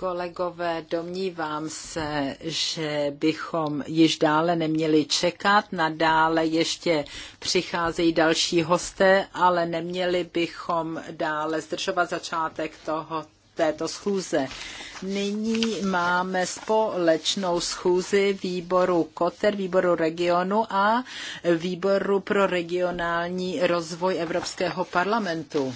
Kolegové, domnívám se, že bychom již dále neměli čekat. Nadále ještě přicházejí další hosté, ale neměli bychom dále zdržovat začátek toho této schůze. Nyní máme společnou schůzi výboru Koter, výboru regionu a výboru pro regionální rozvoj Evropského parlamentu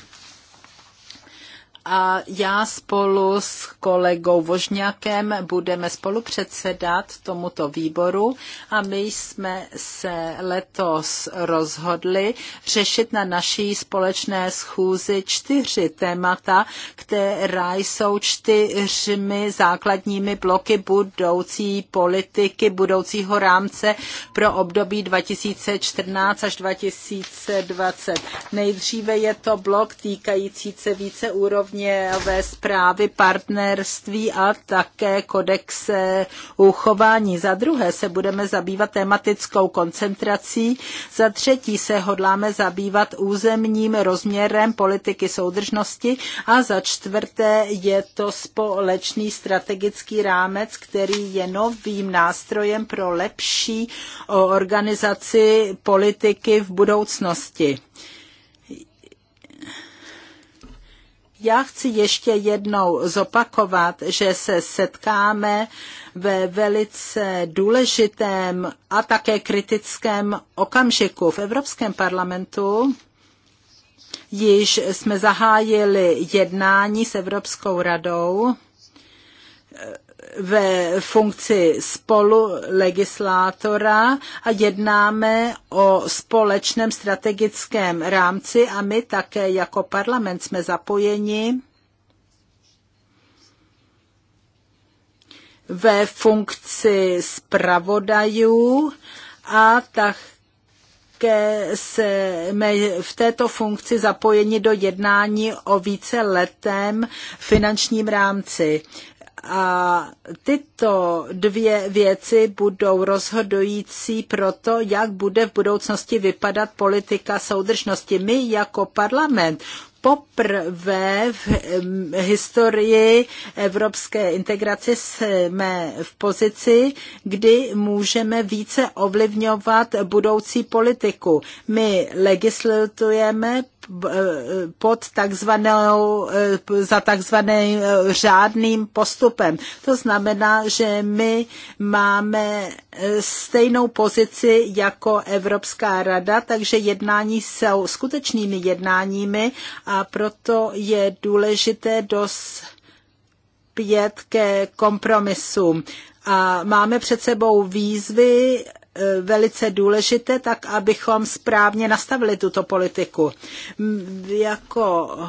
a já spolu s kolegou Vožňákem budeme spolupředsedat tomuto výboru a my jsme se letos rozhodli řešit na naší společné schůzi čtyři témata, která jsou čtyřmi základními bloky budoucí politiky, budoucího rámce pro období 2014 až 2020. Nejdříve je to blok týkající se více úrovní rovněvé zprávy, partnerství a také kodexe uchování. Za druhé se budeme zabývat tematickou koncentrací, za třetí se hodláme zabývat územním rozměrem politiky soudržnosti a za čtvrté je to společný strategický rámec, který je novým nástrojem pro lepší organizaci politiky v budoucnosti. Já chci ještě jednou zopakovat, že se setkáme ve velice důležitém a také kritickém okamžiku v Evropském parlamentu. Již jsme zahájili jednání s Evropskou radou ve funkci spolulegislátora a jednáme o společném strategickém rámci a my také jako parlament jsme zapojeni ve funkci zpravodajů a tak také jsme v této funkci zapojeni do jednání o více letem finančním rámci. A tyto dvě věci budou rozhodující pro to, jak bude v budoucnosti vypadat politika soudržnosti. My jako parlament poprvé v historii evropské integrace jsme v pozici, kdy můžeme více ovlivňovat budoucí politiku. My legislatujeme e, pod takzvanou, e, za takzvaným e, řádným postupem. To znamená, že my máme stejnou pozici jako Evropská rada, takže jednání jsou skutečnými jednáními a proto je důležité dospět ke kompromisu. A máme před sebou výzvy e, velice důležité, tak abychom správně nastavili tuto politiku. Jako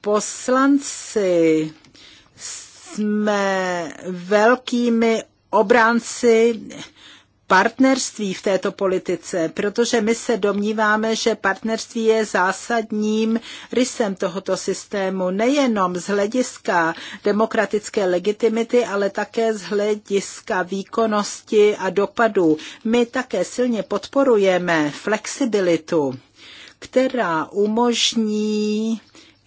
poslanci jsme velkými obránci partnerství v této politice, protože my se domníváme, že partnerství je zásadním rysem tohoto systému, nejenom z hlediska demokratické legitimity, ale také z hlediska výkonnosti a dopadu. My také silně podporujeme flexibilitu, která umožní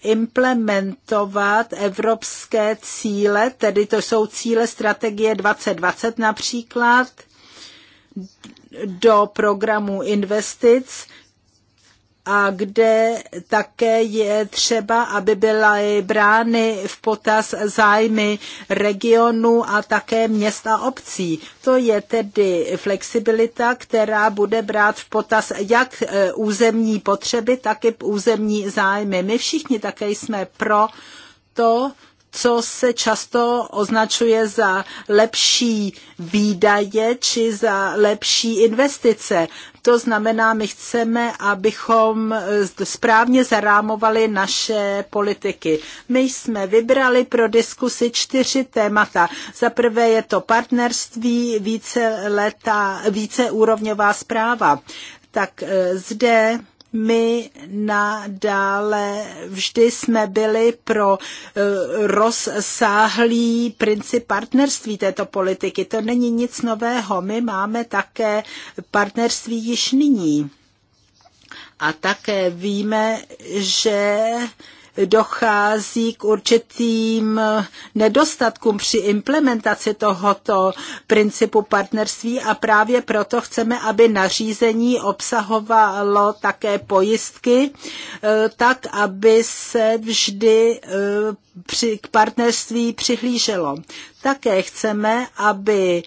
implementovat evropské cíle, tedy to jsou cíle strategie 2020 například, do programu investic, a kde také je třeba, aby byly brány v potaz zájmy regionu a také města obcí. To je tedy flexibilita, která bude brát v potaz jak e, územní potřeby, tak i územní zájmy. My všichni také jsme pro to, co se často označuje za lepší výdaje či za lepší investice. To znamená, my chceme, abychom správně zarámovali naše politiky. My jsme vybrali pro diskusi čtyři témata. Za prvé je to partnerství, více, leta, více úrovňová zpráva. Tak eh, zde my nadále vždy jsme byli pro eh, rozsáhlý princip partnerství této politiky. To není nic nového. My máme také partnerství již nyní. A také víme, že dochází k určitým nedostatkům při implementaci tohoto principu partnerství a právě proto chceme, aby nařízení obsahovalo také pojistky, eh, tak, aby se vždy eh, při, k partnerství přihlíželo. Také chceme, aby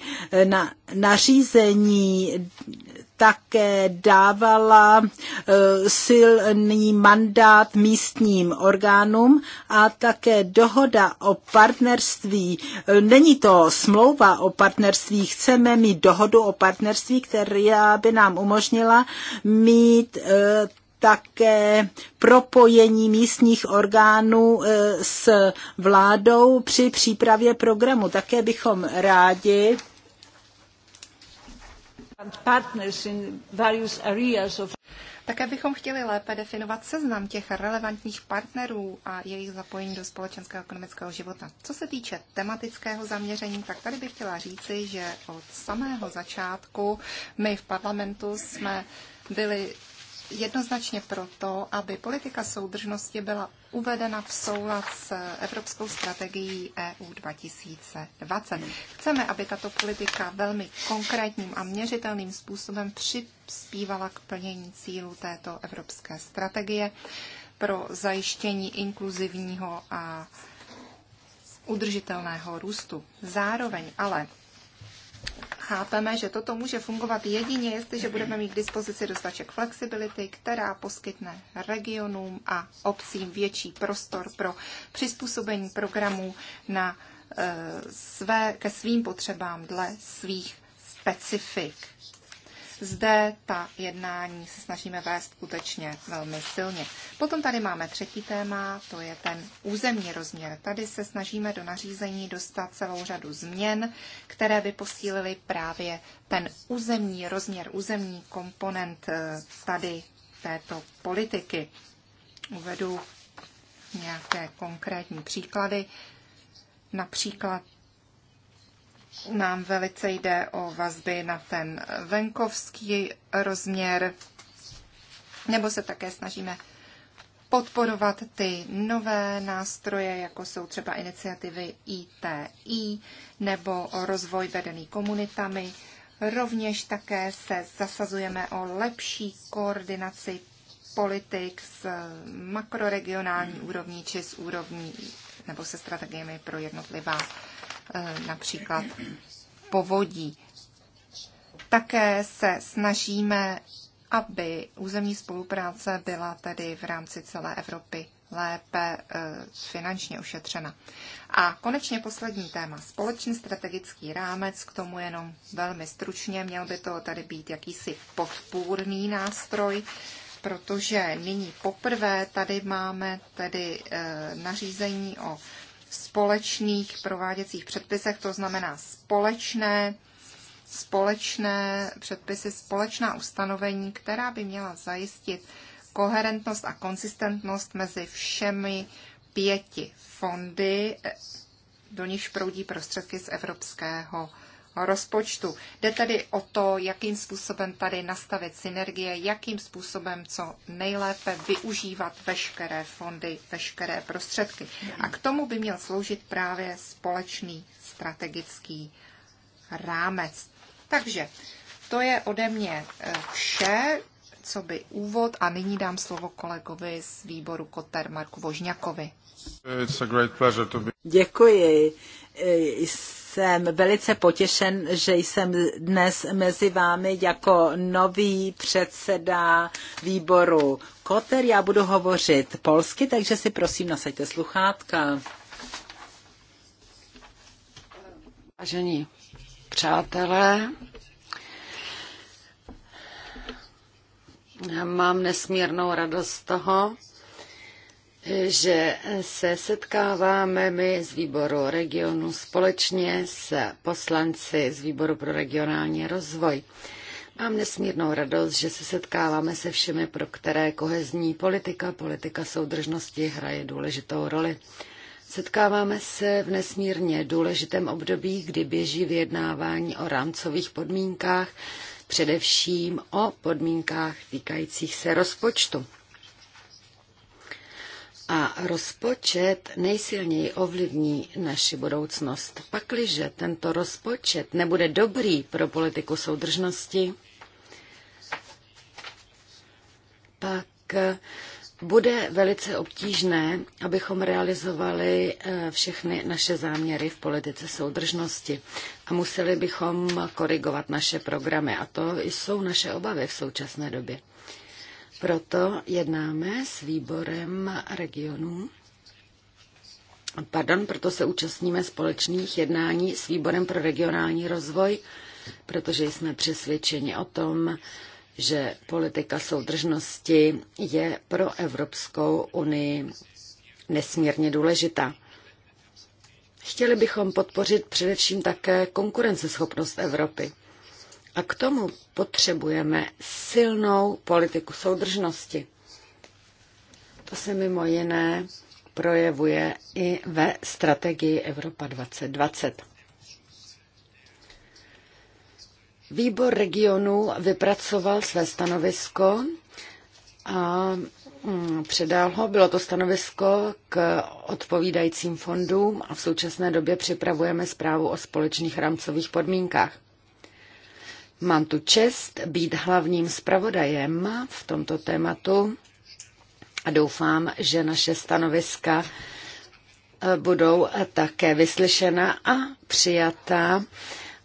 na nařízení také dávala eh, silný mandát místním orgánům a také dohoda o partnerství. Eh, není to smlouva o partnerství, chceme mít dohodu o partnerství, která by nám umožnila mít eh, také propojení místních orgánů s vládou při přípravě programu. Také bychom rádi také bychom chtěli lépe definovat seznam těch relevantních partnerů a jejich zapojení do společenského ekonomického života. Co se týče tematického zaměření, tak tady bych chtěla říci, že od samého začátku my v parlamentu jsme byli jednoznačně proto, aby politika soudržnosti byla uvedena v soulad s Evropskou strategií EU 2020. Chceme, aby tato politika velmi konkrétním a měřitelným způsobem přispívala k plnění cílů této evropské strategie pro zajištění inkluzivního a udržitelného růstu. Zároveň ale chápeme, že toto může fungovat jedině, jestliže budeme mít k dispozici dostatek flexibility, která poskytne regionům a obcím větší prostor pro přizpůsobení programů na e, své, ke svým potřebám dle svých specifik. Zde ta jednání se snažíme vést skutečně velmi silně. Potom tady máme třetí téma, to je ten územní rozměr. Tady se snažíme do nařízení dostat celou řadu změn, které by posílily právě ten územní rozměr, územní komponent eh, tady této politiky. Uvedu nějaké konkrétní příklady. Například nám velice jde o vazby na ten venkovský rozměr, nebo se také snažíme podporovat ty nové nástroje, jako jsou třeba iniciativy ITI nebo rozvoj vedený komunitami. Rovněž také se zasazujeme o lepší koordinaci politik s makroregionální úrovní či s úrovní nebo se strategiemi pro jednotlivá Eh, například povodí. Také se snažíme, aby územní spolupráce byla tedy v rámci celé Evropy lépe eh, finančně ušetřena. A konečně poslední téma. Společný strategický rámec, k tomu jenom velmi stručně, měl by to tady být jakýsi podpůrný nástroj, protože nyní poprvé tady máme tedy eh, nařízení o společných prováděcích předpisech, to znamená společné, společné předpisy, společná ustanovení, která by měla zajistit koherentnost a konsistentnost mezi všemi pěti fondy, do nichž proudí prostředky z Evropského rozpočtu. Jde tedy o to, jakým způsobem tady nastavit synergie, jakým způsobem co nejlépe využívat veškeré fondy, veškeré prostředky. A k tomu by měl sloužit právě společný strategický rámec. Takže to je ode mě eh, vše, co by úvod a nyní dám slovo kolegovi z výboru Koter Marku Vožňakovi. Děkuji. Eh, jsem velice potěšen, že jsem dnes mezi vámi jako nový předseda výboru Koter. Já budu hovořit polsky, takže si prosím nasaďte sluchátka. Vážení přátelé, mám nesmírnou radost z toho, že se setkáváme my z výboru regionu společně s poslanci z výboru pro regionální rozvoj. Mám nesmírnou radost, že se setkáváme se všemi, pro které kohezní politika, politika soudržnosti hraje důležitou roli. Setkáváme se v nesmírně důležitém období, kdy běží vyjednávání o rámcových podmínkách, především o podmínkách týkajících se rozpočtu. A rozpočet nejsilněji ovlivní naši budoucnost. Pakliže tento rozpočet nebude dobrý pro politiku soudržnosti, pak bude velice obtížné, abychom realizovali eh, všechny naše záměry v politice soudržnosti a museli bychom korigovat naše programy. A to jsou naše obavy v současné době. Proto jednáme s výborem regionů. Pardon, proto se účastníme společných jednání s výborem pro regionální rozvoj, protože jsme přesvědčeni o tom, že politika soudržnosti je pro Evropskou unii nesmírně důležitá. Chtěli bychom podpořit především také konkurenceschopnost Evropy. A k tomu potřebujeme silnou politiku soudržnosti. To se mimo jiné projevuje i ve strategii Evropa 2020. Výbor regionů vypracoval své stanovisko a mm, předal ho. Bylo to stanovisko k odpovídajícím fondům a v současné době připravujeme zprávu o společných rámcových podmínkách. Mám tu čest být hlavním zpravodajem v tomto tématu a doufám, že naše stanoviska eh, budou také vyslyšena a přijata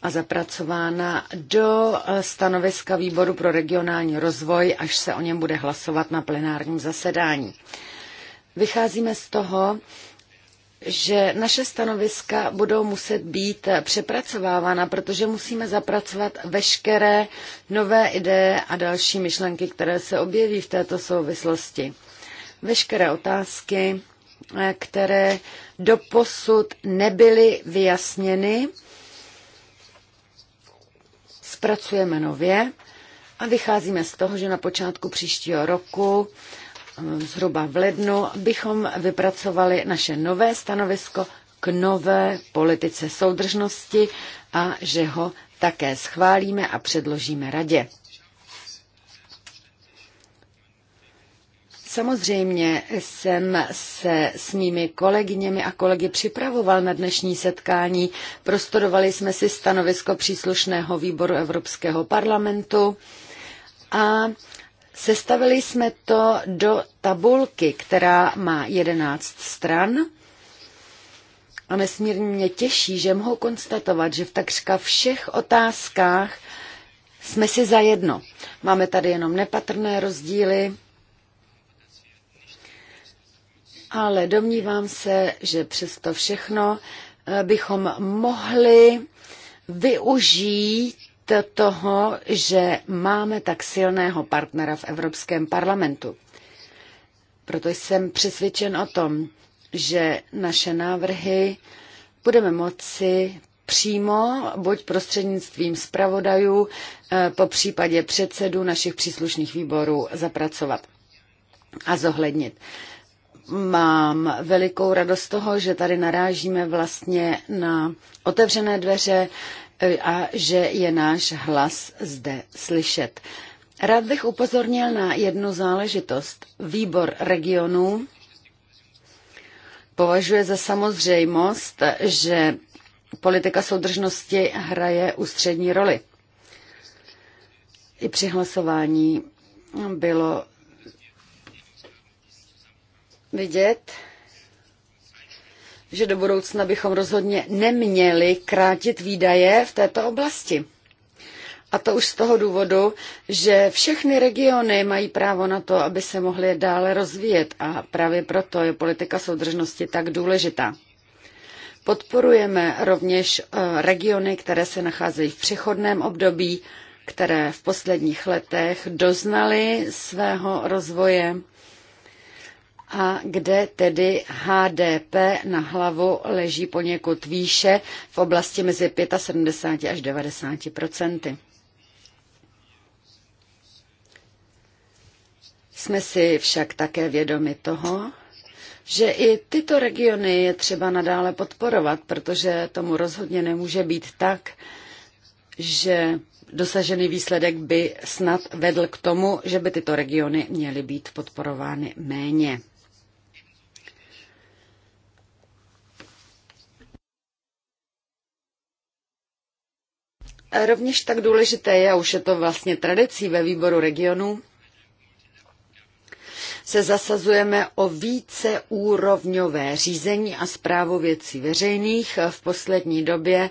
a zapracována do eh, stanoviska výboru pro regionální rozvoj, až se o něm bude hlasovat na plenárním zasedání. Vycházíme z toho, že naše stanoviska budou muset být přepracovávána, protože musíme zapracovat veškeré nové ideje a další myšlenky, které se objeví v této souvislosti. Veškeré otázky, eh, které doposud nebyly vyjasněny, zpracujeme nově a vycházíme z toho, že na počátku příštího roku zhruba v lednu bychom vypracovali naše nové stanovisko k nové politice soudržnosti a že ho také schválíme a předložíme radě. Samozřejmě jsem se s mými kolegyněmi a kolegy připravoval na dnešní setkání. Prostudovali jsme si stanovisko příslušného výboru Evropského parlamentu a Sestavili jsme to do tabulky, která má 11 stran. A nesmírně mě těší, že mohu konstatovat, že v takřka všech otázkách jsme si zajedno. Máme tady jenom nepatrné rozdíly, ale domnívám se, že přesto všechno eh, bychom mohli využít toho, že máme tak silného partnera v Evropském parlamentu. Proto jsem přesvědčen o tom, že naše návrhy budeme moci přímo, buď prostřednictvím zpravodajů, eh, po případě předsedů našich příslušných výborů zapracovat a zohlednit. Mám velikou radost toho, že tady narážíme vlastně na otevřené dveře, a že je náš hlas zde slyšet. Rád bych upozornil na jednu záležitost. Výbor regionů považuje za samozřejmost, že politika soudržnosti hraje ústřední roli. I při hlasování bylo vidět, že do budoucna bychom rozhodně neměli krátit výdaje v této oblasti. A to už z toho důvodu, že všechny regiony mají právo na to, aby se mohly dále rozvíjet a právě proto je politika soudržnosti tak důležitá. Podporujeme rovněž eh, regiony, které se nacházejí v přechodném období, které v posledních letech doznaly svého rozvoje a kde tedy HDP na hlavu leží poněkud výše v oblasti mezi 75 až 90 procenty. Jsme si však také vědomi toho, že i tyto regiony je třeba nadále podporovat, protože tomu rozhodně nemůže být tak, že dosažený výsledek by snad vedl k tomu, že by tyto regiony měly být podporovány méně. Rovněž tak důležité je, a už je to vlastně tradicí ve výboru regionu, se zasazujeme o víceúrovňové řízení a zprávu věcí veřejných. V poslední době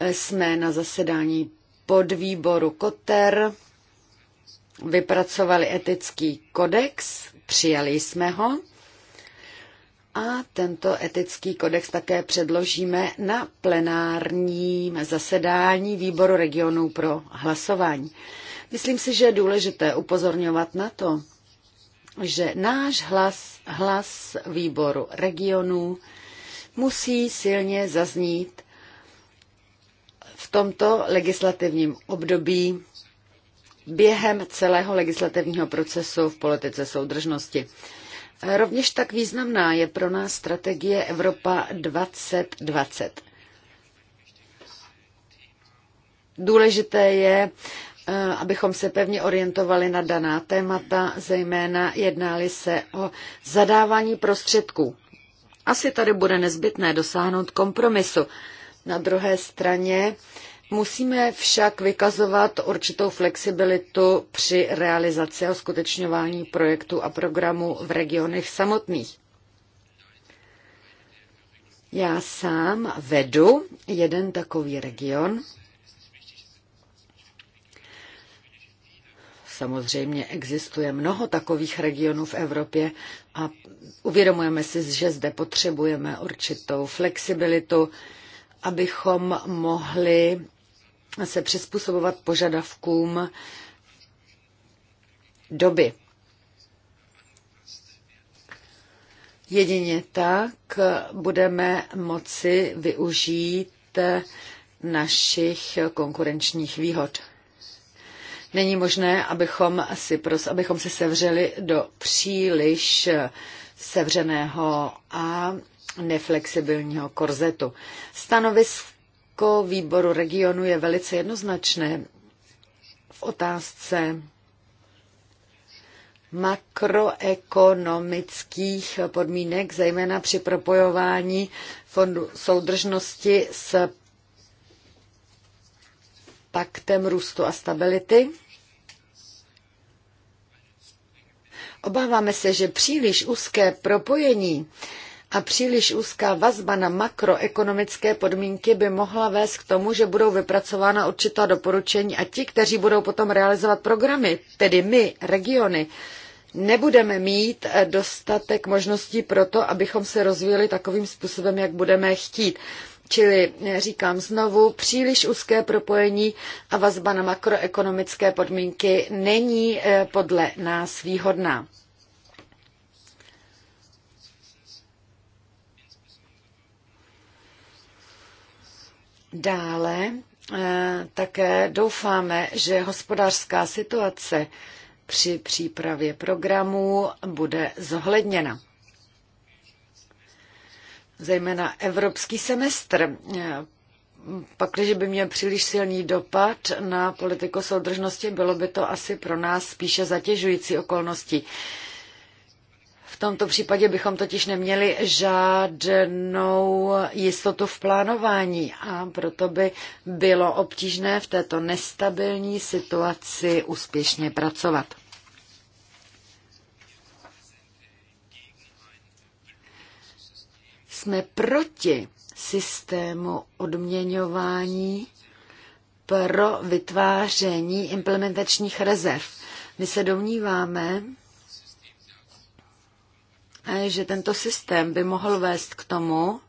eh, jsme na zasedání podvýboru Koter vypracovali etický kodex, přijali jsme ho a tento etický kodex také předložíme na plenárním zasedání výboru regionů pro hlasování. Myslím si, že je důležité upozorňovat na to, že náš hlas, hlas výboru regionů, musí silně zaznít v tomto legislativním období během celého legislativního procesu v politice soudržnosti. Rovněž tak významná je pro nás strategie Evropa 2020. Důležité je, eh, abychom se pevně orientovali na daná témata, zejména jednáli se o zadávání prostředků. Asi tady bude nezbytné dosáhnout kompromisu. Na druhé straně Musíme však vykazovat určitou flexibilitu při realizaci a uskutečňování projektů a programů v regionech samotných. Já sám vedu jeden takový region. Samozřejmě existuje mnoho takových regionů v Evropě a uvědomujeme si, že zde potřebujeme určitou flexibilitu, abychom mohli se přizpůsobovat požadavkům doby. Jedině tak budeme moci využít našich konkurenčních výhod. Není možné, abychom, si pros, abychom se sevřeli do příliš sevřeného a neflexibilního korzetu. Stanovisko Stanovisko výboru regionu je velice jednoznačné v otázce makroekonomických podmínek, zejména při propojování fondu soudržnosti s paktem růstu a stability. Obáváme se, že příliš úzké propojení a příliš úzká vazba na makroekonomické podmínky by mohla vést k tomu, že budou vypracována určitá doporučení a ti, kteří budou potom realizovat programy, tedy my, regiony, nebudeme mít eh, dostatek možností pro to, abychom se rozvíjeli takovým způsobem, jak budeme chtít. Čili, eh, říkám znovu, příliš úzké propojení a vazba na makroekonomické podmínky není eh, podle nás výhodná. Dále eh, také doufáme, že hospodářská situace při přípravě programů bude zohledněna. Zejména evropský semestr eh, pakliže by měl příliš silný dopad na politiku soudržnosti, bylo by to asi pro nás spíše zatěžující okolnosti tomto případě bychom totiž neměli žádnou jistotu v plánování a proto by bylo obtížné v této nestabilní situaci úspěšně pracovat. Jsme proti systému odměňování pro vytváření implementačních rezerv. My se domníváme, že tento systém by mohl vést k tomu,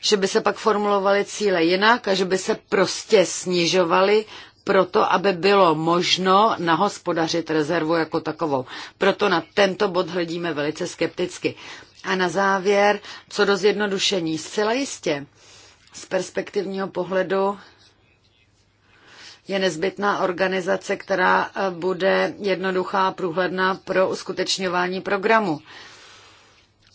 že by se pak formulovaly cíle jinak a že by se prostě snižovaly proto, aby bylo možno nahospodařit rezervu jako takovou. Proto na tento bod hledíme velice skepticky. A na závěr, co do zjednodušení, zcela jistě z perspektivního pohledu je nezbytná organizace, která eh, bude jednoduchá a průhledná pro uskutečňování programu.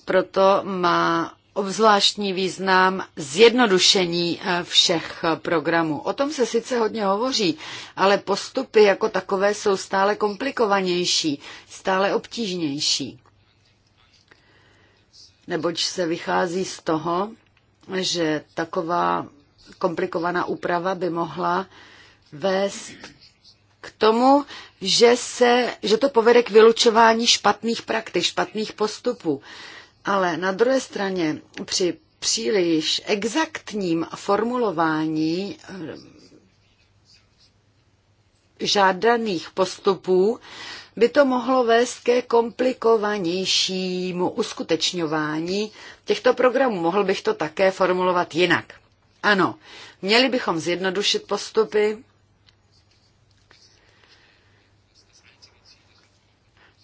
Proto má obzvláštní význam zjednodušení eh, všech eh, programů. O tom se sice hodně hovoří, ale postupy jako takové jsou stále komplikovanější, stále obtížnější. Neboť se vychází z toho, že taková komplikovaná úprava by mohla vést k tomu, že, se, že to povede k vylučování špatných praktik, špatných postupů. Ale na druhé straně při příliš exaktním formulování eh, žádaných postupů by to mohlo vést ke komplikovanějšímu uskutečňování těchto programů. Mohl bych to také formulovat jinak. Ano, měli bychom zjednodušit postupy,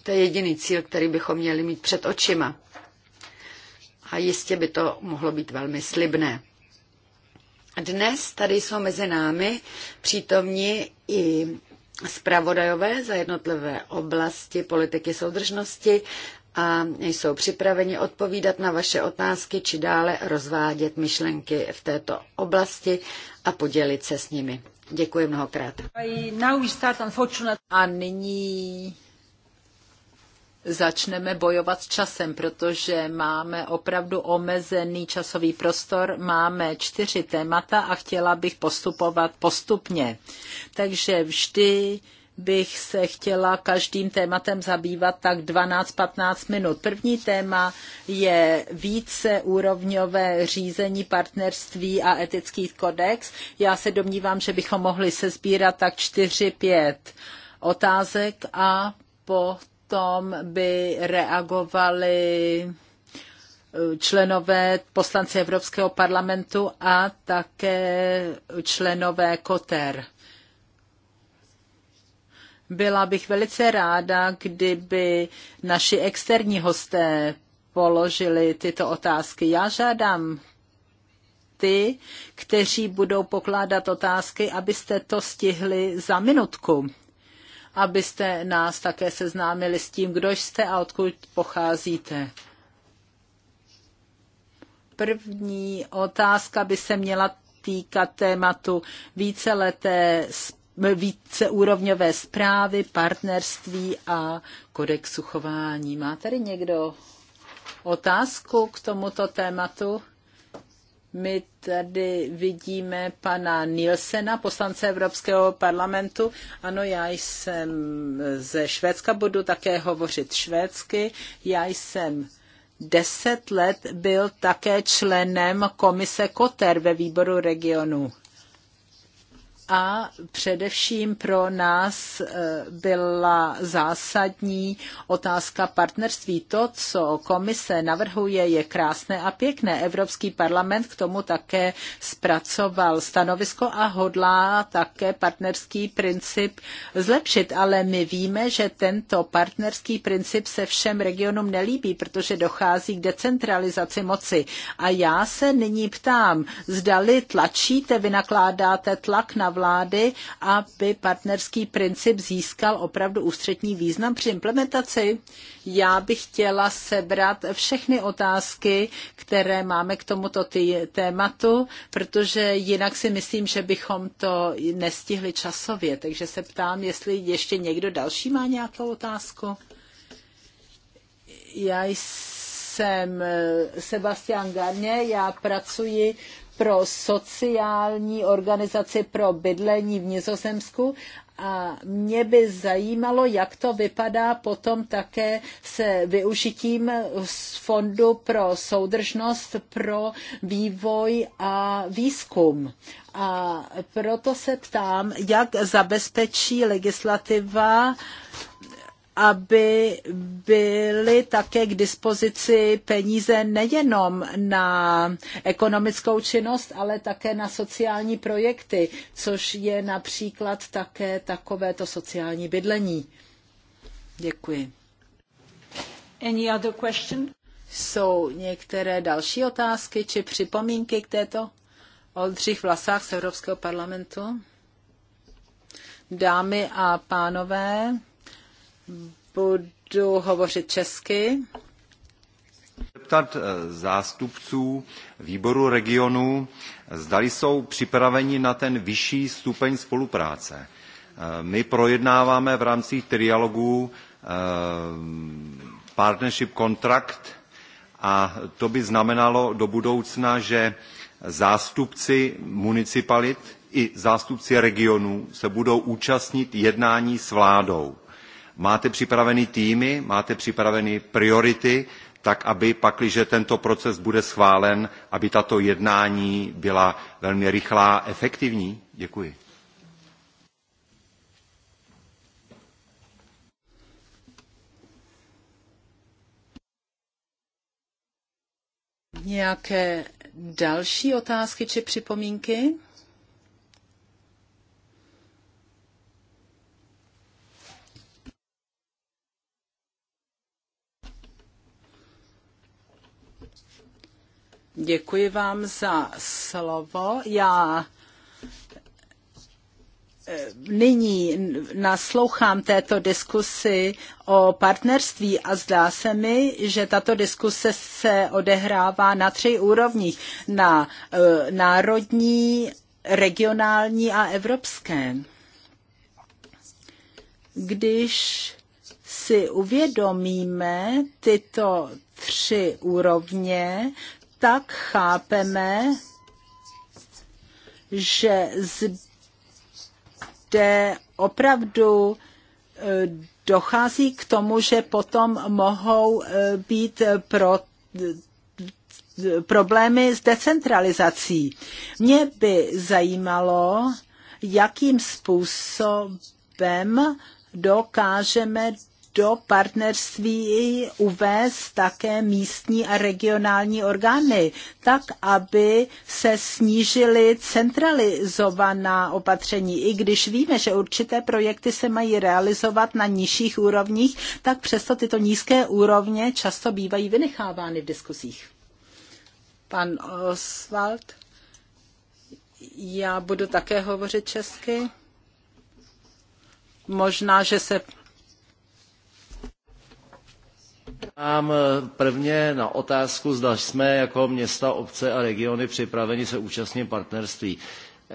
To je jediný cíl, který bychom měli mít před očima. A jistě by to mohlo být velmi slibné. Dnes tady jsou mezi námi přítomní i zpravodajové za jednotlivé oblasti politiky soudržnosti a jsou připraveni odpovídat na vaše otázky či dále rozvádět myšlenky v této oblasti a podělit se s nimi. Děkuji mnohokrát. A nyní začneme bojovat s časem, protože máme opravdu omezený časový prostor, máme čtyři témata a chtěla bych postupovat postupně. Takže vždy bych se chtěla každým tématem zabývat tak 12-15 minut. První téma je víceúrovňové řízení partnerství a etický kodex. Já se domnívám, že bychom mohli sezbírat tak 4-5 otázek a po potom by reagovali eh, členové poslanci Evropského parlamentu a také členové Koter. Byla bych velice ráda, kdyby naši externí hosté položili tyto otázky. Já žádám ty, kteří budou pokládat otázky, abyste to stihli za minutku abyste nás také seznámili s tím, kdo jste a odkud pocházíte. První otázka by se měla týkat tématu víceleté víceúrovňové zprávy, partnerství a kodexu chování. Má tady někdo otázku k tomuto tématu? My tady vidíme pana Nielsena, poslance Evropského parlamentu. Ano, já jsem ze Švédska, budu také hovořit švédsky. Já jsem deset let byl také členem komise Koter ve výboru regionu a především pro nás eh, byla zásadní otázka partnerství. To, co komise navrhuje, je krásné a pěkné. Evropský parlament k tomu také zpracoval stanovisko a hodlá také partnerský princip zlepšit, ale my víme, že tento partnerský princip se všem regionům nelíbí, protože dochází k decentralizaci moci. A já se nyní ptám, zdali tlačíte, vynakládáte tlak na vlády, aby partnerský princip získal opravdu ústřední význam při implementaci? Já bych chtěla sebrat všechny otázky, které máme k tomuto tématu, protože jinak si myslím, že bychom to nestihli časově. Takže se ptám, jestli ještě někdo další má nějakou otázku. Já jsem Sebastian Garně, já pracuji pro sociální organizaci pro bydlení v Nizozemsku a mě by zajímalo, jak to vypadá potom také se využitím z Fondu pro soudržnost pro vývoj a výzkum. A proto se ptám, jak zabezpečí legislativa aby byly také k dispozici peníze nejenom na ekonomickou činnost, ale také na sociální projekty, což je například také takovéto sociální bydlení. Děkuji. Any other question? Jsou některé další otázky či připomínky k této? Oldřich Vlasák z Evropského parlamentu. Dámy a pánové, budu hovořit česky. Zeptat eh, zástupců výboru regionu, zdali jsou připraveni na ten vyšší stupeň spolupráce. Eh, my projednáváme v rámci trialogu eh, partnership contract a to by znamenalo do budoucna, že zástupci municipalit i zástupci regionů se budou účastnit jednání s vládou Máte připravené týmy, máte připraveny priority, tak aby pakliže tento proces bude schválen, aby tato jednání byla velmi rychlá, efektivní? Děkuji. Nějaké další otázky či připomínky? Děkuji vám za slovo. Já eh, nyní naslouchám této diskusi o partnerství a zdá se mi, že tato diskuse se odehrává na tři úrovních. Na eh, národní, regionální a evropské. Když si uvědomíme tyto tři úrovně, tak chápeme, že zde opravdu eh, dochází k tomu, že potom mohou eh, být pro problémy s decentralizací. Mě by zajímalo, jakým způsobem dokážeme do partnerství uvést také místní a regionální orgány, tak aby se snížily centralizovaná opatření. I když víme, že určité projekty se mají realizovat na nižších úrovních, tak přesto tyto nízké úrovně často bývají vynechávány v diskusích. Pan Oswald, já budu také hovořit česky. Možná, že se Mám eh, prvně na otázku, zda jsme jako města, obce a regiony připraveni se účastnit partnerství.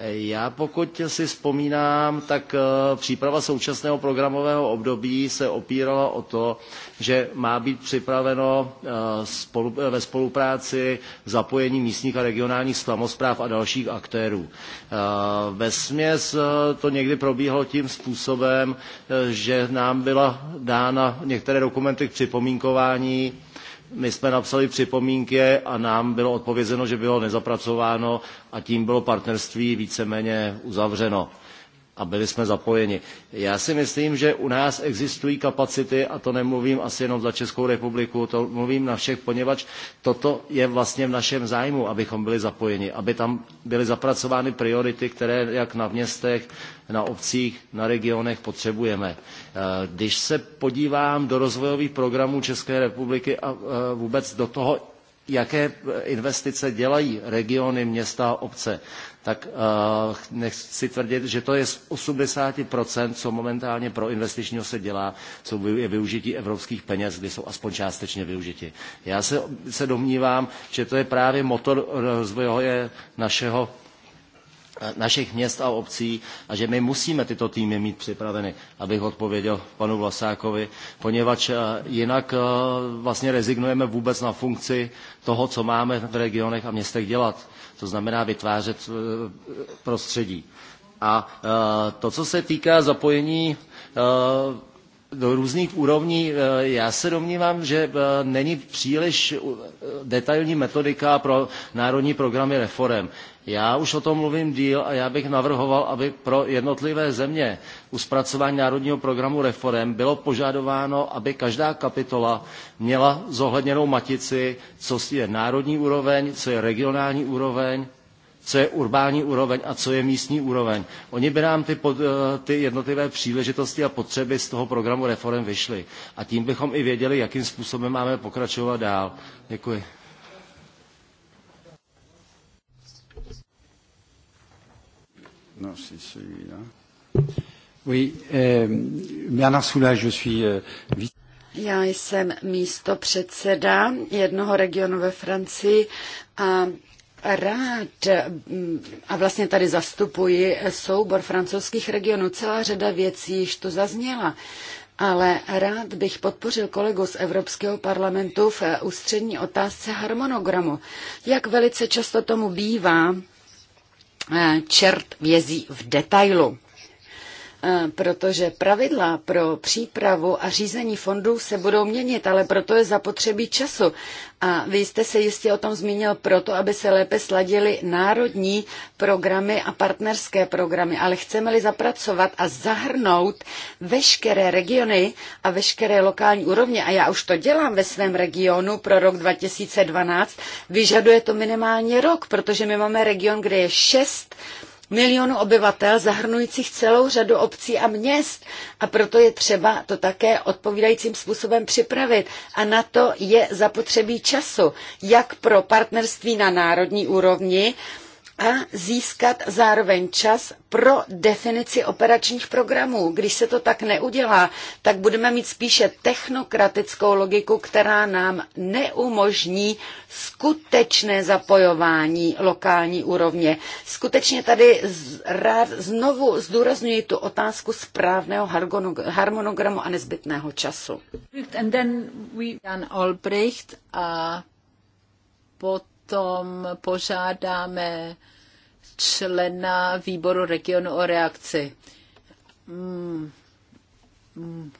Já pokud si vzpomínám, tak eh, příprava současného programového období se opírala o to, že má být připraveno eh, eh, ve spolupráci zapojení místních a regionálních samospráv a dalších aktérů. Ve směs to někdy probíhalo tím způsobem, že nám byla dána některé dokumenty k připomínkování my jsme napsali připomínky a nám bylo odpovězeno, že bylo nezapracováno a tím bylo partnerství víceméně uzavřeno a byli jsme zapojeni. Já si myslím, že u nás existují kapacity, a to nemluvím asi jenom za Českou republiku, to mluvím na všech, poněvadž toto je vlastně v našem zájmu, abychom byli zapojeni, aby tam byly zapracovány priority, které jak na městech, na obcích, na regionech potřebujeme. Eh, když se podívám do rozvojových programů České republiky a eh, vůbec do toho, jaké eh, investice dělají regiony, města a obce, tak eh, nechci tvrdit, že to je z 80%, co momentálně pro investičního se dělá, co je využití evropských peněz, kdy jsou aspoň částečně využiti. Já se, se domnívám, že to je právě motor rozvoje našeho našich měst a obcí a že my musíme tyto týmy mít připraveny, abych odpověděl panu Vlasákovi, poněvadž eh, jinak eh, vlastně rezignujeme vůbec na funkci toho, co máme v regionech a městech dělat to znamená vytvářet eh, prostředí. A eh, to, co se týká zapojení eh, do různých úrovní. Eh, já se domnívám, že eh, není příliš eh, detailní metodika pro národní programy reform. Já už o tom mluvím díl a já bych navrhoval, aby pro jednotlivé země u zpracování národního programu reform bylo požadováno, aby každá kapitola měla zohledněnou matici, co je národní úroveň, co je regionální úroveň, co je urbání úroveň a co je místní úroveň. Oni by nám ty, pod, eh, ty jednotlivé příležitosti a potřeby z toho programu reform vyšly. A tím bychom i věděli, jakým způsobem máme pokračovat dál. Děkuji. No, si, si, ja. Oui, euh, Bernard je suis euh, vice. Já jsem místo předseda jednoho regionu ve Francii a rád a vlastně tady zastupuji soubor francouzských regionů. Celá řada věcí již tu zazněla. Ale rád bych podpořil kolegu z Evropského parlamentu v ústřední otázce harmonogramu. Jak velice často tomu bývá, eh, čert vězí v detailu. Eh, protože pravidla pro přípravu a řízení fondů se budou měnit, ale proto je zapotřebí času. A vy jste se jistě o tom zmínil proto, aby se lépe sladily národní programy a partnerské programy. Ale chceme-li zapracovat a zahrnout veškeré regiony a veškeré lokální úrovně, a já už to dělám ve svém regionu pro rok 2012, vyžaduje to minimálně rok, protože my máme region, kde je šest milionů obyvatel, zahrnujících celou řadu obcí a měst. A proto je třeba to také odpovídajícím způsobem připravit. A na to je zapotřebí času, jak pro partnerství na národní úrovni, a získat zároveň čas pro definici operačních programů. Když se to tak neudělá, tak budeme mít spíše technokratickou logiku, která nám neumožní skutečné zapojování lokální úrovně. Skutečně tady rád znovu zdůrazňuji tu otázku správného harmonogramu a nezbytného času. And then we... Jan Olbricht a potom potom požádáme člena výboru regionu o reakci. Hmm. Hmm.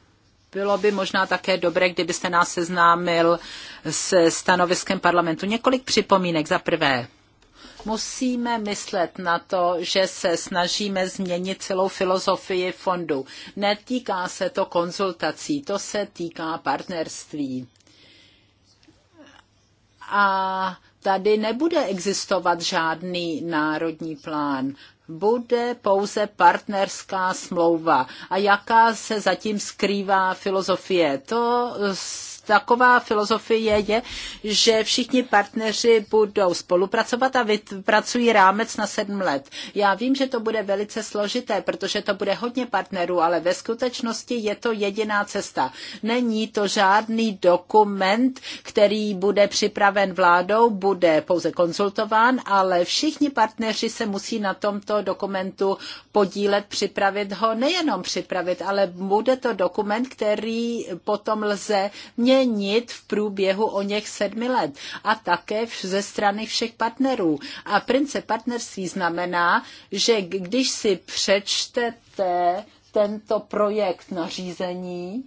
Bylo by možná také dobré, kdybyste nás seznámil se stanoviskem parlamentu. Několik připomínek. Za prvé, musíme myslet na to, že se snažíme změnit celou filozofii fondu. Netýká se to konzultací, to se týká partnerství. A tady nebude existovat žádný národní plán. Bude pouze partnerská smlouva. A jaká se zatím skrývá filozofie? To taková filozofie je, že všichni partneři budou spolupracovat a vypracují rámec na sedm let. Já vím, že to bude velice složité, protože to bude hodně partnerů, ale ve skutečnosti je to jediná cesta. Není to žádný dokument, který bude připraven vládou, bude pouze konzultován, ale všichni partneři se musí na tomto dokumentu podílet, připravit ho, nejenom připravit, ale bude to dokument, který potom lze měnit změnit v průběhu o něch sedmi let a také ze strany všech partnerů. A princip partnerství znamená, že když si přečtete tento projekt nařízení,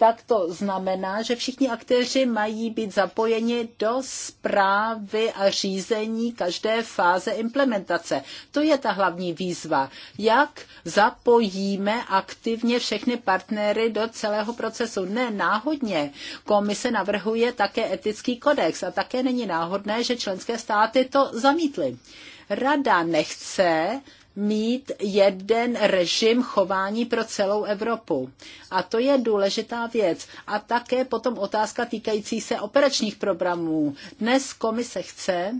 tak to znamená, že všichni aktéři mají být zapojeni do zprávy a řízení každé fáze implementace. To je ta hlavní výzva. Jak zapojíme aktivně všechny partnery do celého procesu? Ne náhodně. Komise navrhuje také etický kodex a také není náhodné, že členské státy to zamítly. Rada nechce mít jeden režim chování pro celou Evropu. A to je důležitá věc. A také potom otázka týkající se operačních programů. Dnes komise chce,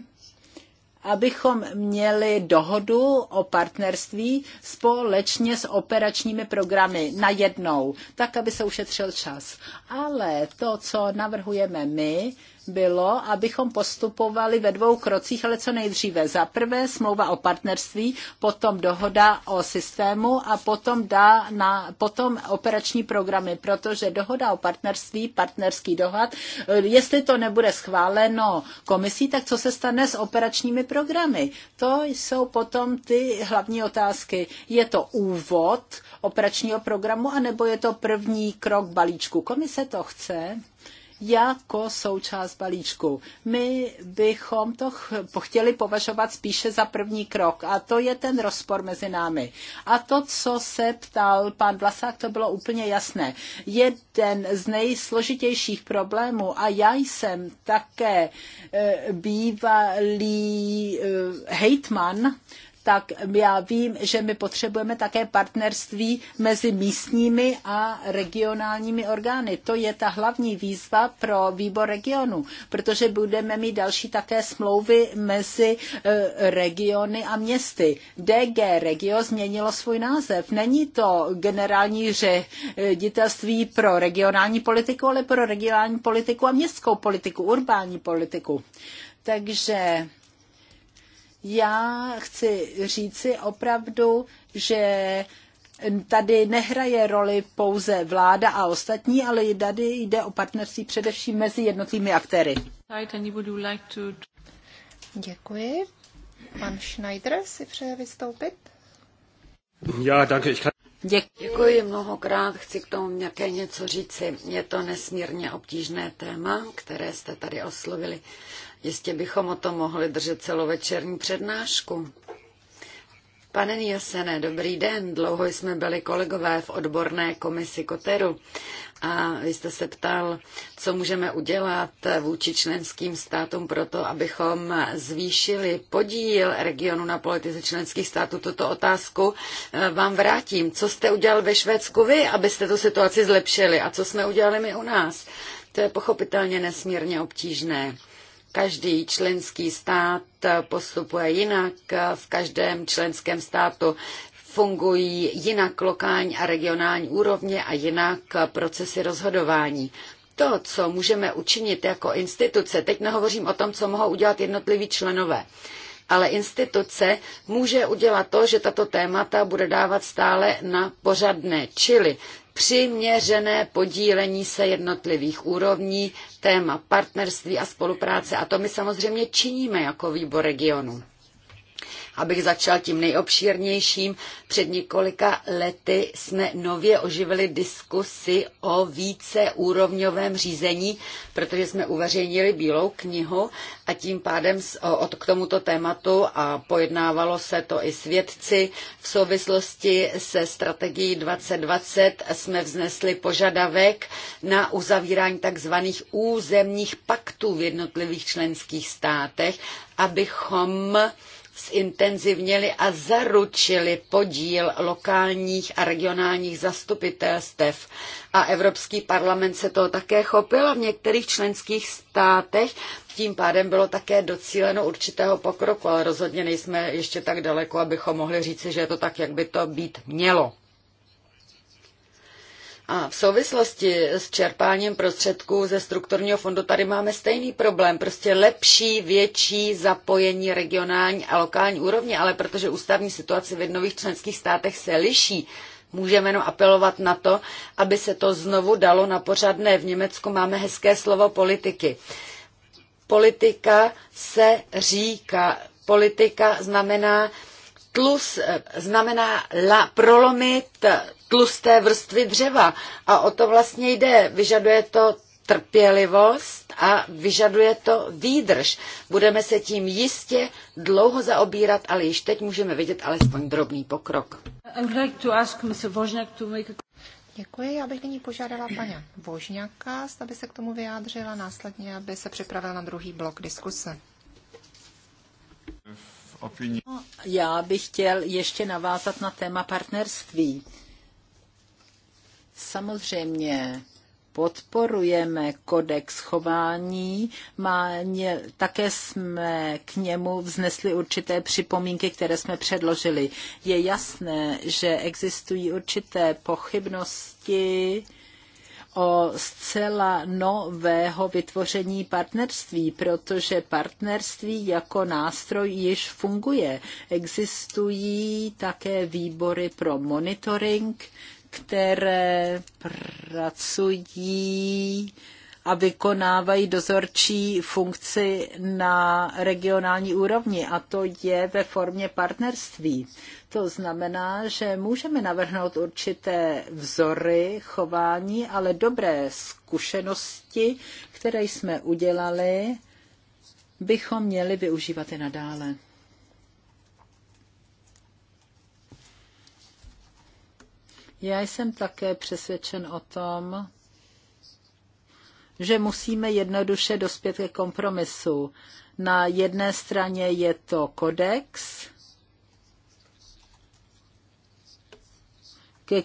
abychom měli dohodu o partnerství společně s operačními programy na jednou, tak aby se ušetřil čas. Ale to, co navrhujeme my, bylo, abychom postupovali ve dvou krocích, ale co nejdříve. Za prvé smlouva o partnerství, potom dohoda o systému a potom, dá na, potom operační programy, protože dohoda o partnerství, partnerský dohad, eh, jestli to nebude schváleno komisí, tak co se stane s operačními programy? To jsou potom ty hlavní otázky. Je to úvod operačního programu, anebo je to první krok balíčku? Komise to chce jako součást balíčku. My bychom to chtěli považovat spíše za první krok a to je ten rozpor mezi námi. A to, co se ptal pan Vlasák, to bylo úplně jasné. Jeden z nejsložitějších problémů a já jsem také eh, bývalý eh, hejtman, tak já vím, že my potřebujeme také partnerství mezi místními a regionálními orgány. To je ta hlavní výzva pro výbor regionu, protože budeme mít další také smlouvy mezi e, regiony a městy. DG Regio změnilo svůj název. Není to generální ředitelství pro regionální politiku, ale pro regionální politiku a městskou politiku, urbání politiku. Takže já chci říci opravdu, že tady nehraje roli pouze vláda a ostatní, ale tady jde o partnerství především mezi jednotlivými aktéry. Děkuji. Pan Schneider si přeje vystoupit. Já danke, Děkuji mnohokrát, chci k tomu nějaké něco říci. Je to nesmírně obtížné téma, které jste tady oslovili. Jistě bychom o tom mohli držet celovečerní přednášku. Pane Nielsene, dobrý den. Dlouho jsme byli kolegové v odborné komisi Koteru a vy jste se ptal, co můžeme udělat vůči členským státům pro to, abychom zvýšili podíl regionu na politice členských států. Tuto otázku eh, vám vrátím. Co jste udělal ve Švédsku vy, abyste tu situaci zlepšili a co jsme udělali my u nás? To je pochopitelně nesmírně obtížné. Každý členský stát postupuje jinak, v každém členském státu fungují jinak lokální a regionální úrovně a jinak procesy rozhodování to, co můžeme učinit jako instituce, teď nehovořím o tom, co mohou udělat jednotliví členové, ale instituce může udělat to, že tato témata bude dávat stále na pořadné, čili přiměřené podílení se jednotlivých úrovní, téma partnerství a spolupráce. A to my samozřejmě činíme jako výbor regionu abych začal tím nejobšírnějším. Před několika lety jsme nově oživili diskusi o víceúrovňovém řízení, protože jsme uveřejnili bílou knihu a tím pádem od k tomuto tématu a pojednávalo se to i svědci. V souvislosti se strategií 2020 jsme vznesli požadavek na uzavírání tzv. územních paktů v jednotlivých členských státech, abychom zintenzivnili a zaručili podíl lokálních a regionálních zastupitelstev. A Evropský parlament se toho také chopil a v některých členských státech tím pádem bylo také docíleno určitého pokroku, ale rozhodně nejsme ještě tak daleko, abychom mohli říci, že je to tak, jak by to být mělo. A v souvislosti s čerpáním prostředků ze strukturního fondu tady máme stejný problém, prostě lepší, větší zapojení regionální a lokální úrovně, ale protože ústavní situace v jednotlivých členských státech se liší, Můžeme jenom apelovat na to, aby se to znovu dalo na pořadné. V Německu máme hezké slovo politiky. Politika se říká, politika znamená tlus eh, znamená la, prolomit eh, tlusté vrstvy dřeva. A o to vlastně jde. Vyžaduje to trpělivost a vyžaduje to výdrž. Budeme se tím jistě dlouho zaobírat, ale již teď můžeme vidět alespoň drobný pokrok. Děkuji, já bych nyní požádala paní Vožňáka, aby se k tomu vyjádřila, následně aby se připravil na druhý blok diskuse. Já bych chtěl ještě navázat na téma partnerství. Samozřejmě podporujeme kodex chování, má, ně, také jsme k němu vznesli určité připomínky, které jsme předložili. Je jasné, že existují určité pochybnosti, o zcela nového vytvoření partnerství, protože partnerství jako nástroj již funguje. Existují také výbory pro monitoring, které pracují a vykonávají dozorčí funkci na regionální úrovni a to je ve formě partnerství. To znamená, že můžeme navrhnout určité vzory chování, ale dobré zkušenosti, které jsme udělali, bychom měli využívat i nadále. Já jsem také přesvědčen o tom, že musíme jednoduše dospět ke kompromisu. Na jedné straně je to kodex, ke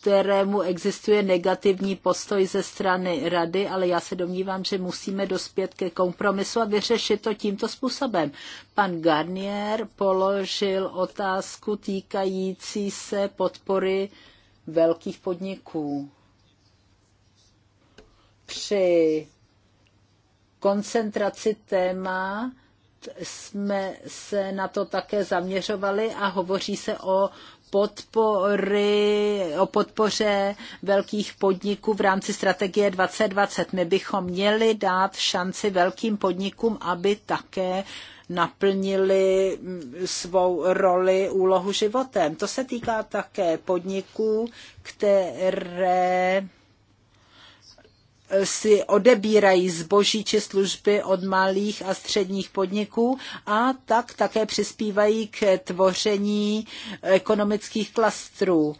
kterému existuje negativní postoj ze strany rady, ale já se domnívám, že musíme dospět ke kompromisu a vyřešit to tímto způsobem. Pan Garnier položil otázku týkající se podpory velkých podniků. Při koncentraci téma jsme se na to také zaměřovali a hovoří se o podpory, o podpoře velkých podniků v rámci strategie 2020. My bychom měli dát šanci velkým podnikům, aby také naplnili mm, svou roli, úlohu životem. To se týká také podniků, které si odebírají zboží či služby od malých a středních podniků a tak také přispívají k tvoření ekonomických klastrů.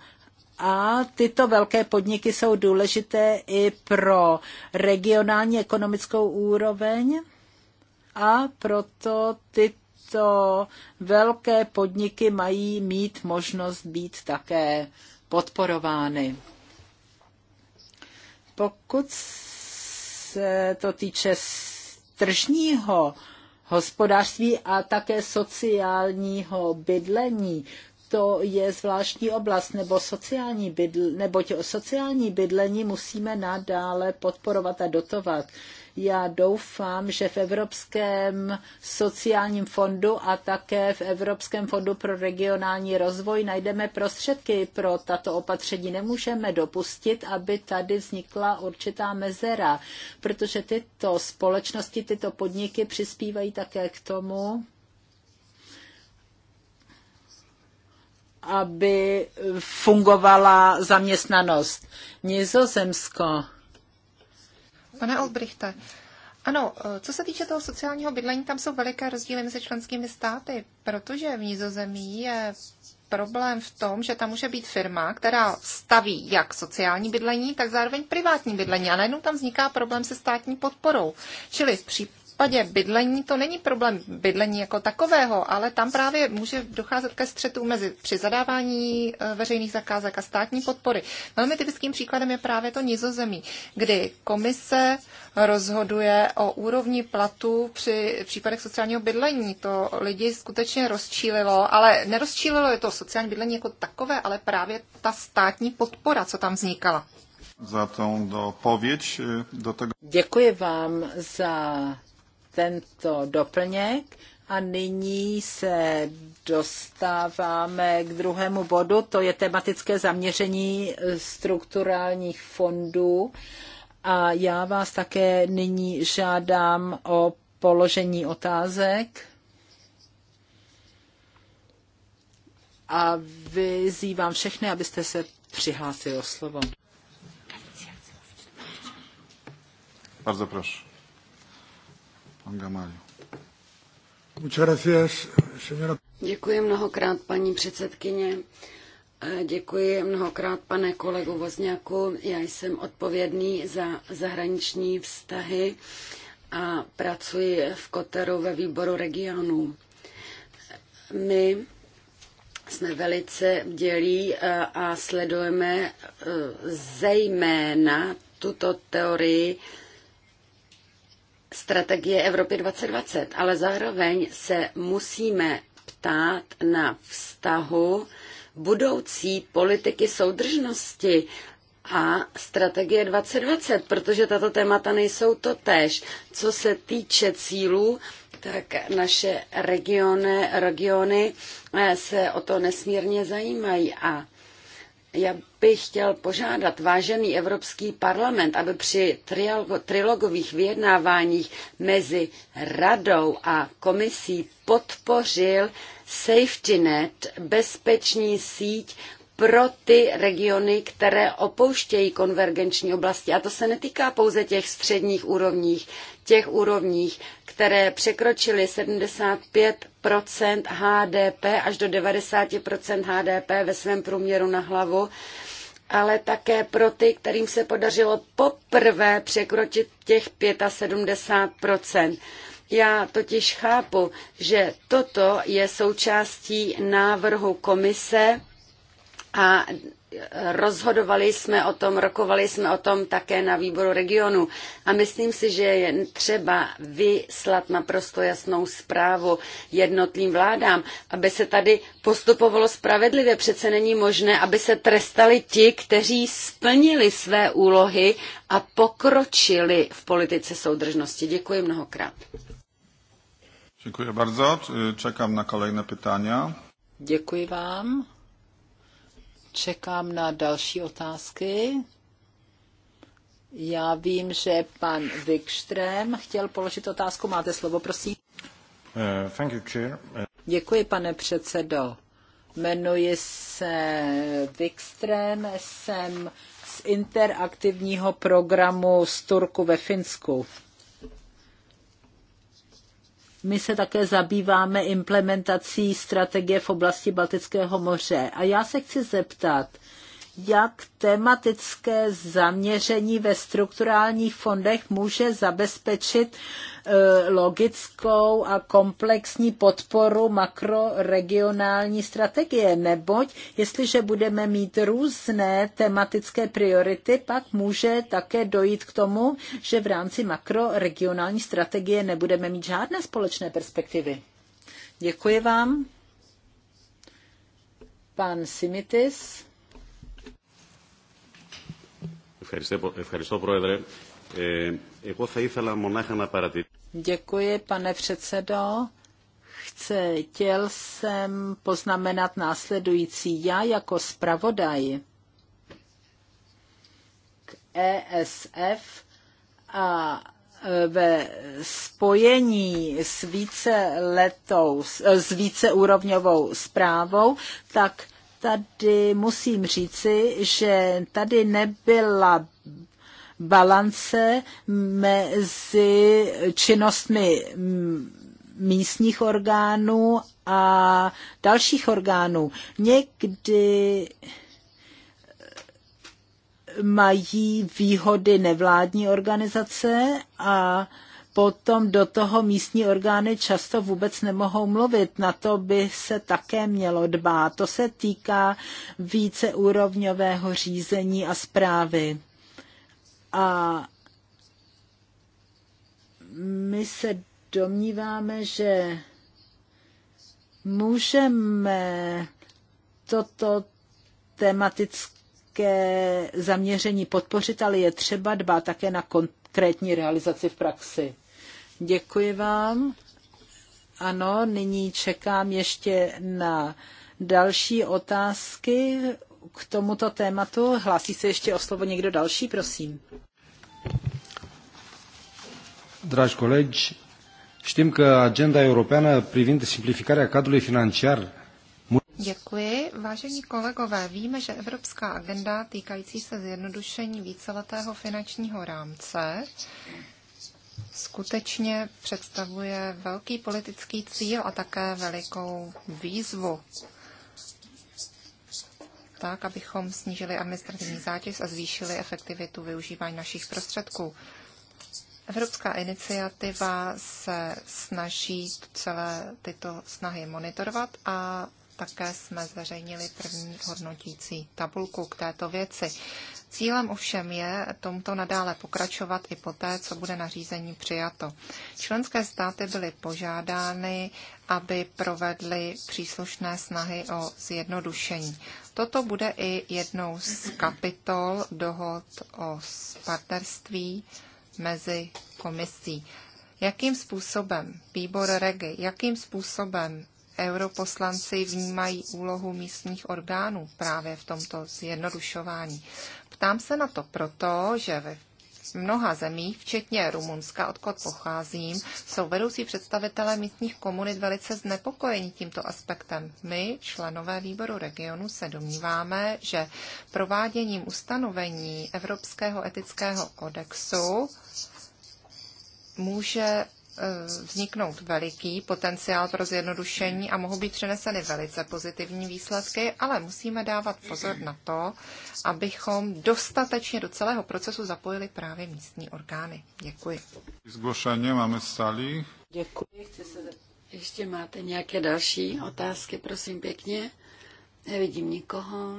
A tyto velké podniky jsou důležité i pro regionální ekonomickou úroveň a proto tyto velké podniky mají mít možnost být také podporovány. Pokud se to týče tržního hospodářství a také sociálního bydlení, to je zvláštní oblast, nebo sociální bydl, neboť sociální bydlení musíme nadále podporovat a dotovat. Já doufám, že v Evropském sociálním fondu a také v Evropském fondu pro regionální rozvoj najdeme prostředky pro tato opatření. Nemůžeme dopustit, aby tady vznikla určitá mezera, protože tyto společnosti, tyto podniky přispívají také k tomu, aby fungovala zaměstnanost. Nizozemsko Pane Olbrichte, ano, eh, co se týče toho sociálního bydlení, tam jsou veliké rozdíly mezi členskými státy, protože v Nizozemí je problém v tom, že tam může být firma, která staví jak sociální bydlení, tak zároveň privátní bydlení a najednou tam vzniká problém se státní podporou. Čili v případě bydlení to není problém bydlení jako takového, ale tam právě může docházet ke střetu mezi při zadávání e, veřejných zakázek a státní podpory. Velmi typickým příkladem je právě to nizozemí, kdy komise rozhoduje o úrovni platu při případech sociálního bydlení. To lidi skutečně rozčílilo, ale nerozčílilo je to sociální bydlení jako takové, ale právě ta státní podpora, co tam vznikala za tą dopowiedź e, do tego. Dziękuję wam za tento doplněk. A nyní se dostáváme k druhému bodu, to je tematické zaměření strukturálních fondů. A já vás také nyní žádám o položení otázek. A vyzývám všechny, abyste se přihlásili o slovo. Bardzo proszę. Děkuji mnohokrát, paní předsedkyně. Děkuji mnohokrát, pane kolego Vozňaku. Já jsem odpovědný za zahraniční vztahy a pracuji v Koteru ve výboru regionů. My jsme velice dělí eh, a sledujeme eh, zejména tuto teorii strategie Evropy 2020, ale zároveň se musíme ptát na vztahu budoucí politiky soudržnosti a strategie 2020, protože tato témata nejsou totéž. Co se týče cílů, tak naše regiony, regiony eh, se o to nesmírně zajímají a já bych chtěl požádat vážený Evropský parlament, aby při trilogových vyjednáváních mezi radou a komisí podpořil safety net, bezpečný síť pro ty regiony, které opouštějí konvergenční oblasti. A to se netýká pouze těch středních úrovních, těch úrovních, které překročily 75 HDP až do 90 HDP ve svém průměru na hlavu, ale také pro ty, kterým se podařilo poprvé překročit těch 75 já totiž chápu, že toto je součástí návrhu komise a rozhodovali jsme o tom, rokovali jsme o tom také na výboru regionu a myslím si, že je třeba vyslat naprosto jasnou zprávu jednotlým vládám, aby se tady postupovalo spravedlivě. Přece není možné, aby se trestali ti, kteří splnili své úlohy a pokročili v politice soudržnosti. Děkuji mnohokrát. Děkuji bardzo. Čekám na kolejné pytania. Děkuji vám. Čekám na další otázky. Já vím, že pan Wikström chtěl položit otázku. Máte slovo, prosím. Uh, thank you, chair. Uh... Děkuji, pane předsedo. Jmenuji se Wikström, jsem z interaktivního programu z Turku ve Finsku my se také zabýváme implementací strategie v oblasti Baltického moře. A já se chci zeptat, jak tematické zaměření ve strukturálních fondech může zabezpečit e, logickou a komplexní podporu makroregionální strategie, neboť jestliže budeme mít různé tematické priority, pak může také dojít k tomu, že v rámci makroregionální strategie nebudeme mít žádné společné perspektivy. Děkuji vám. Pan Simitis. Ευχαριστώ, Πρόεδρε. Ε, εγώ θα ήθελα μονάχα να παρατηρήσω. Děkuji, pane předsedo. chtěl jsem poznamenat následující. Já jako zpravodaj k ESF a e, ve spojení s více letou, e, s víceúrovňovou zprávou, tak tady musím říci, že tady nebyla balance mezi činnostmi místních orgánů a dalších orgánů. Někdy mají výhody nevládní organizace a potom do toho místní orgány často vůbec nemohou mluvit. Na to by se také mělo dbát. To se týká víceúrovňového řízení a zprávy. A my se domníváme, že můžeme toto tematické zaměření podpořit, ale je třeba dbát také na konkrétní realizaci v praxi. Děkuji vám. Ano, nyní čekám ještě na další otázky k tomuto tématu. Hlásí se ještě o slovo někdo další, prosím. Dragi colegi, știm că agenda europeană privind simplificarea cadrului financiar Děkuji. Vážení kolegové, víme, že Evropská agenda týkající se zjednodušení víceletého finančního rámce skutečně představuje velký politický cíl a také velikou výzvu. Tak, abychom snížili administrativní zátěž a zvýšili efektivitu využívání našich prostředků. Evropská iniciativa se snaží celé tyto snahy monitorovat a také jsme zveřejnili první hodnotící tabulku k této věci. Cílem ovšem je tomto nadále pokračovat i poté, co bude nařízení přijato. Členské státy byly požádány, aby provedly příslušné snahy o zjednodušení. Toto bude i jednou z kapitol dohod o partnerství mezi komisí. Jakým způsobem výbor REGI, jakým způsobem europoslanci vnímají úlohu místních orgánů právě v tomto zjednodušování. Ptám se na to proto, že ve mnoha zemích, včetně Rumunska, odkud pocházím, jsou vedoucí představitelé místních komunit velice znepokojeni tímto aspektem. My, členové výboru regionu, se domníváme, že prováděním ustanovení Evropského etického kodexu může Eh, vzniknout veliký potenciál pro zjednodušení a mohou být přeneseny velice pozitivní výsledky, ale musíme dávat pozor na to, abychom dostatečně do celého procesu zapojili právě místní orgány. Děkuji. Zgošeně máme stálí. Děkuji. Ještě máte nějaké další otázky, prosím pěkně. Nevidím nikoho.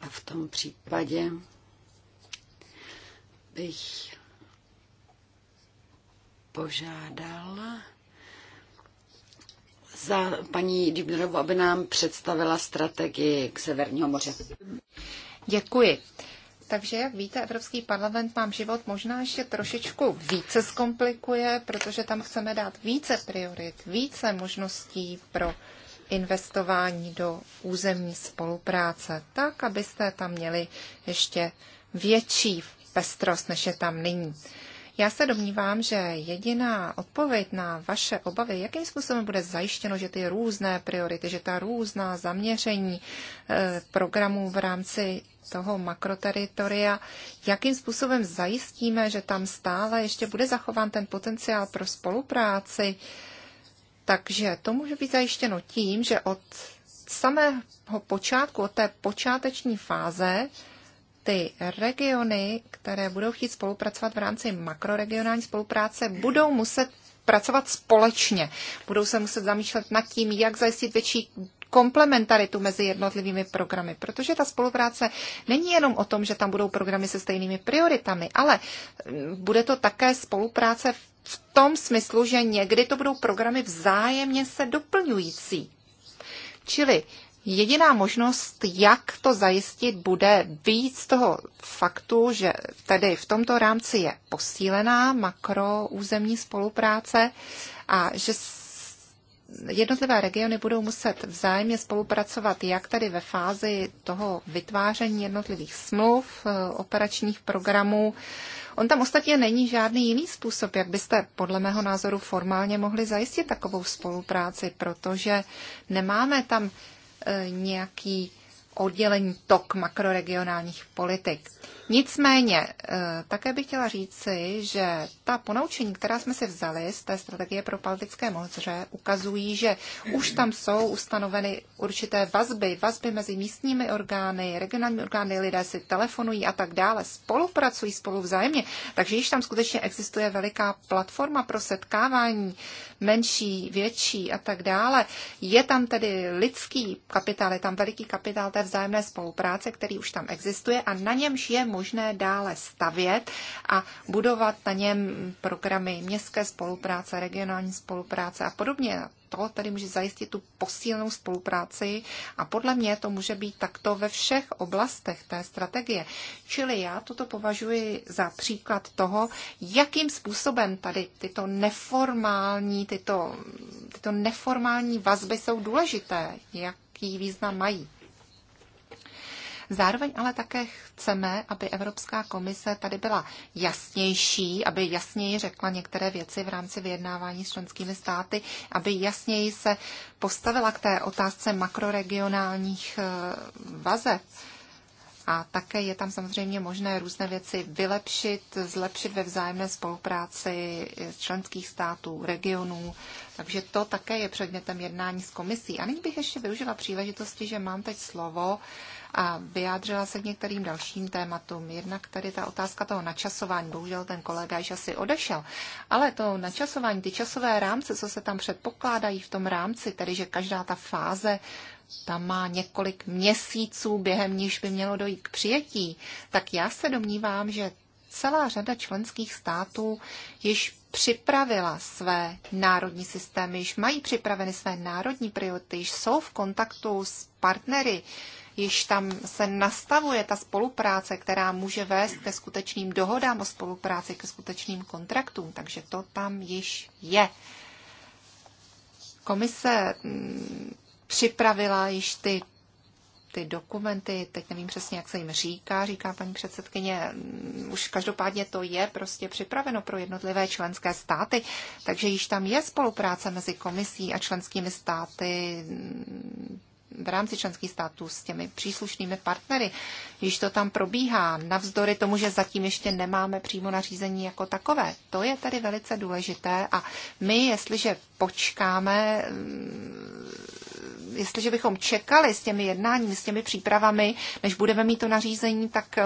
A v tom případě bych požádal za paní Dibnerovou, aby nám představila strategii k Severního moře. Děkuji. Takže, jak víte, Evropský parlament nám život možná ještě trošičku více zkomplikuje, protože tam chceme dát více priorit, více možností pro investování do územní spolupráce, tak, abyste tam měli ještě větší pestrost, než je tam nyní. Já se domnívám, že jediná odpověď na vaše obavy, jakým způsobem bude zajištěno, že ty různé priority, že ta různá zaměření eh, programů v rámci toho makroteritoria, jakým způsobem zajistíme, že tam stále ještě bude zachován ten potenciál pro spolupráci. Takže to může být zajištěno tím, že od samého počátku, od té počáteční fáze, ty regiony, které budou chtít spolupracovat v rámci makroregionální spolupráce, budou muset pracovat společně. Budou se muset zamýšlet nad tím, jak zajistit větší komplementaritu mezi jednotlivými programy, protože ta spolupráce není jenom o tom, že tam budou programy se stejnými prioritami, ale bude to také spolupráce v tom smyslu, že někdy to budou programy vzájemně se doplňující. Čili Jediná možnost, jak to zajistit, bude víc toho faktu, že tedy v tomto rámci je posílená makroúzemní spolupráce a že jednotlivé regiony budou muset vzájemně spolupracovat jak tedy ve fázi toho vytváření jednotlivých smluv, eh, operačních programů. On tam ostatně není žádný jiný způsob, jak byste podle mého názoru formálně mohli zajistit takovou spolupráci, protože nemáme tam Eh, nějaký oddělení tok makroregionálních politik. Nicméně, eh, také bych chtěla říci, že ta ponaučení, která jsme si vzali z té strategie pro politické moře, ukazují, že už tam jsou ustanoveny určité vazby, vazby mezi místními orgány, regionálními orgány, lidé si telefonují a tak dále, spolupracují spolu vzájemně, takže již tam skutečně existuje veliká platforma pro setkávání, menší, větší a tak dále. Je tam tedy lidský kapitál, je tam veliký kapitál té vzájemné spolupráce, který už tam existuje a na němž je možné možné dále stavět a budovat na něm programy městské spolupráce, regionální spolupráce a podobně. To tady může zajistit tu posílenou spolupráci a podle mě to může být takto ve všech oblastech té strategie. Čili já toto považuji za příklad toho, jakým způsobem tady tyto neformální, tyto, tyto neformální vazby jsou důležité, jaký význam mají. Zároveň ale také chceme, aby Evropská komise tady byla jasnější, aby jasněji řekla některé věci v rámci vyjednávání s členskými státy, aby jasněji se postavila k té otázce makroregionálních eh, vazeb. A také je tam samozřejmě možné různé věci vylepšit, zlepšit ve vzájemné spolupráci eh, členských států, regionů. Takže to také je předmětem jednání s komisí. A nyní bych ještě využila příležitosti, že mám teď slovo a vyjádřila se k některým dalším tématům. Jednak tady ta otázka toho načasování, bohužel ten kolega již asi odešel, ale to načasování, ty časové rámce, co se tam předpokládají v tom rámci, tedy že každá ta fáze tam má několik měsíců, během níž by mělo dojít k přijetí, tak já se domnívám, že celá řada členských států již připravila své národní systémy, již mají připraveny své národní priority, již jsou v kontaktu s partnery, již tam se nastavuje ta spolupráce, která může vést ke skutečným dohodám o spolupráci, ke skutečným kontraktům, takže to tam již je. Komise mm, připravila již ty, ty dokumenty, teď nevím přesně, jak se jim říká, říká paní předsedkyně, mm, už každopádně to je prostě připraveno pro jednotlivé členské státy, takže již tam je spolupráce mezi komisí a členskými státy mm, v rámci členských států s těmi příslušnými partnery. když to tam probíhá, navzdory tomu, že zatím ještě nemáme přímo nařízení jako takové. To je tedy velice důležité a my, jestliže počkáme jestliže bychom čekali s těmi jednáními, s těmi přípravami, než budeme mít to nařízení, tak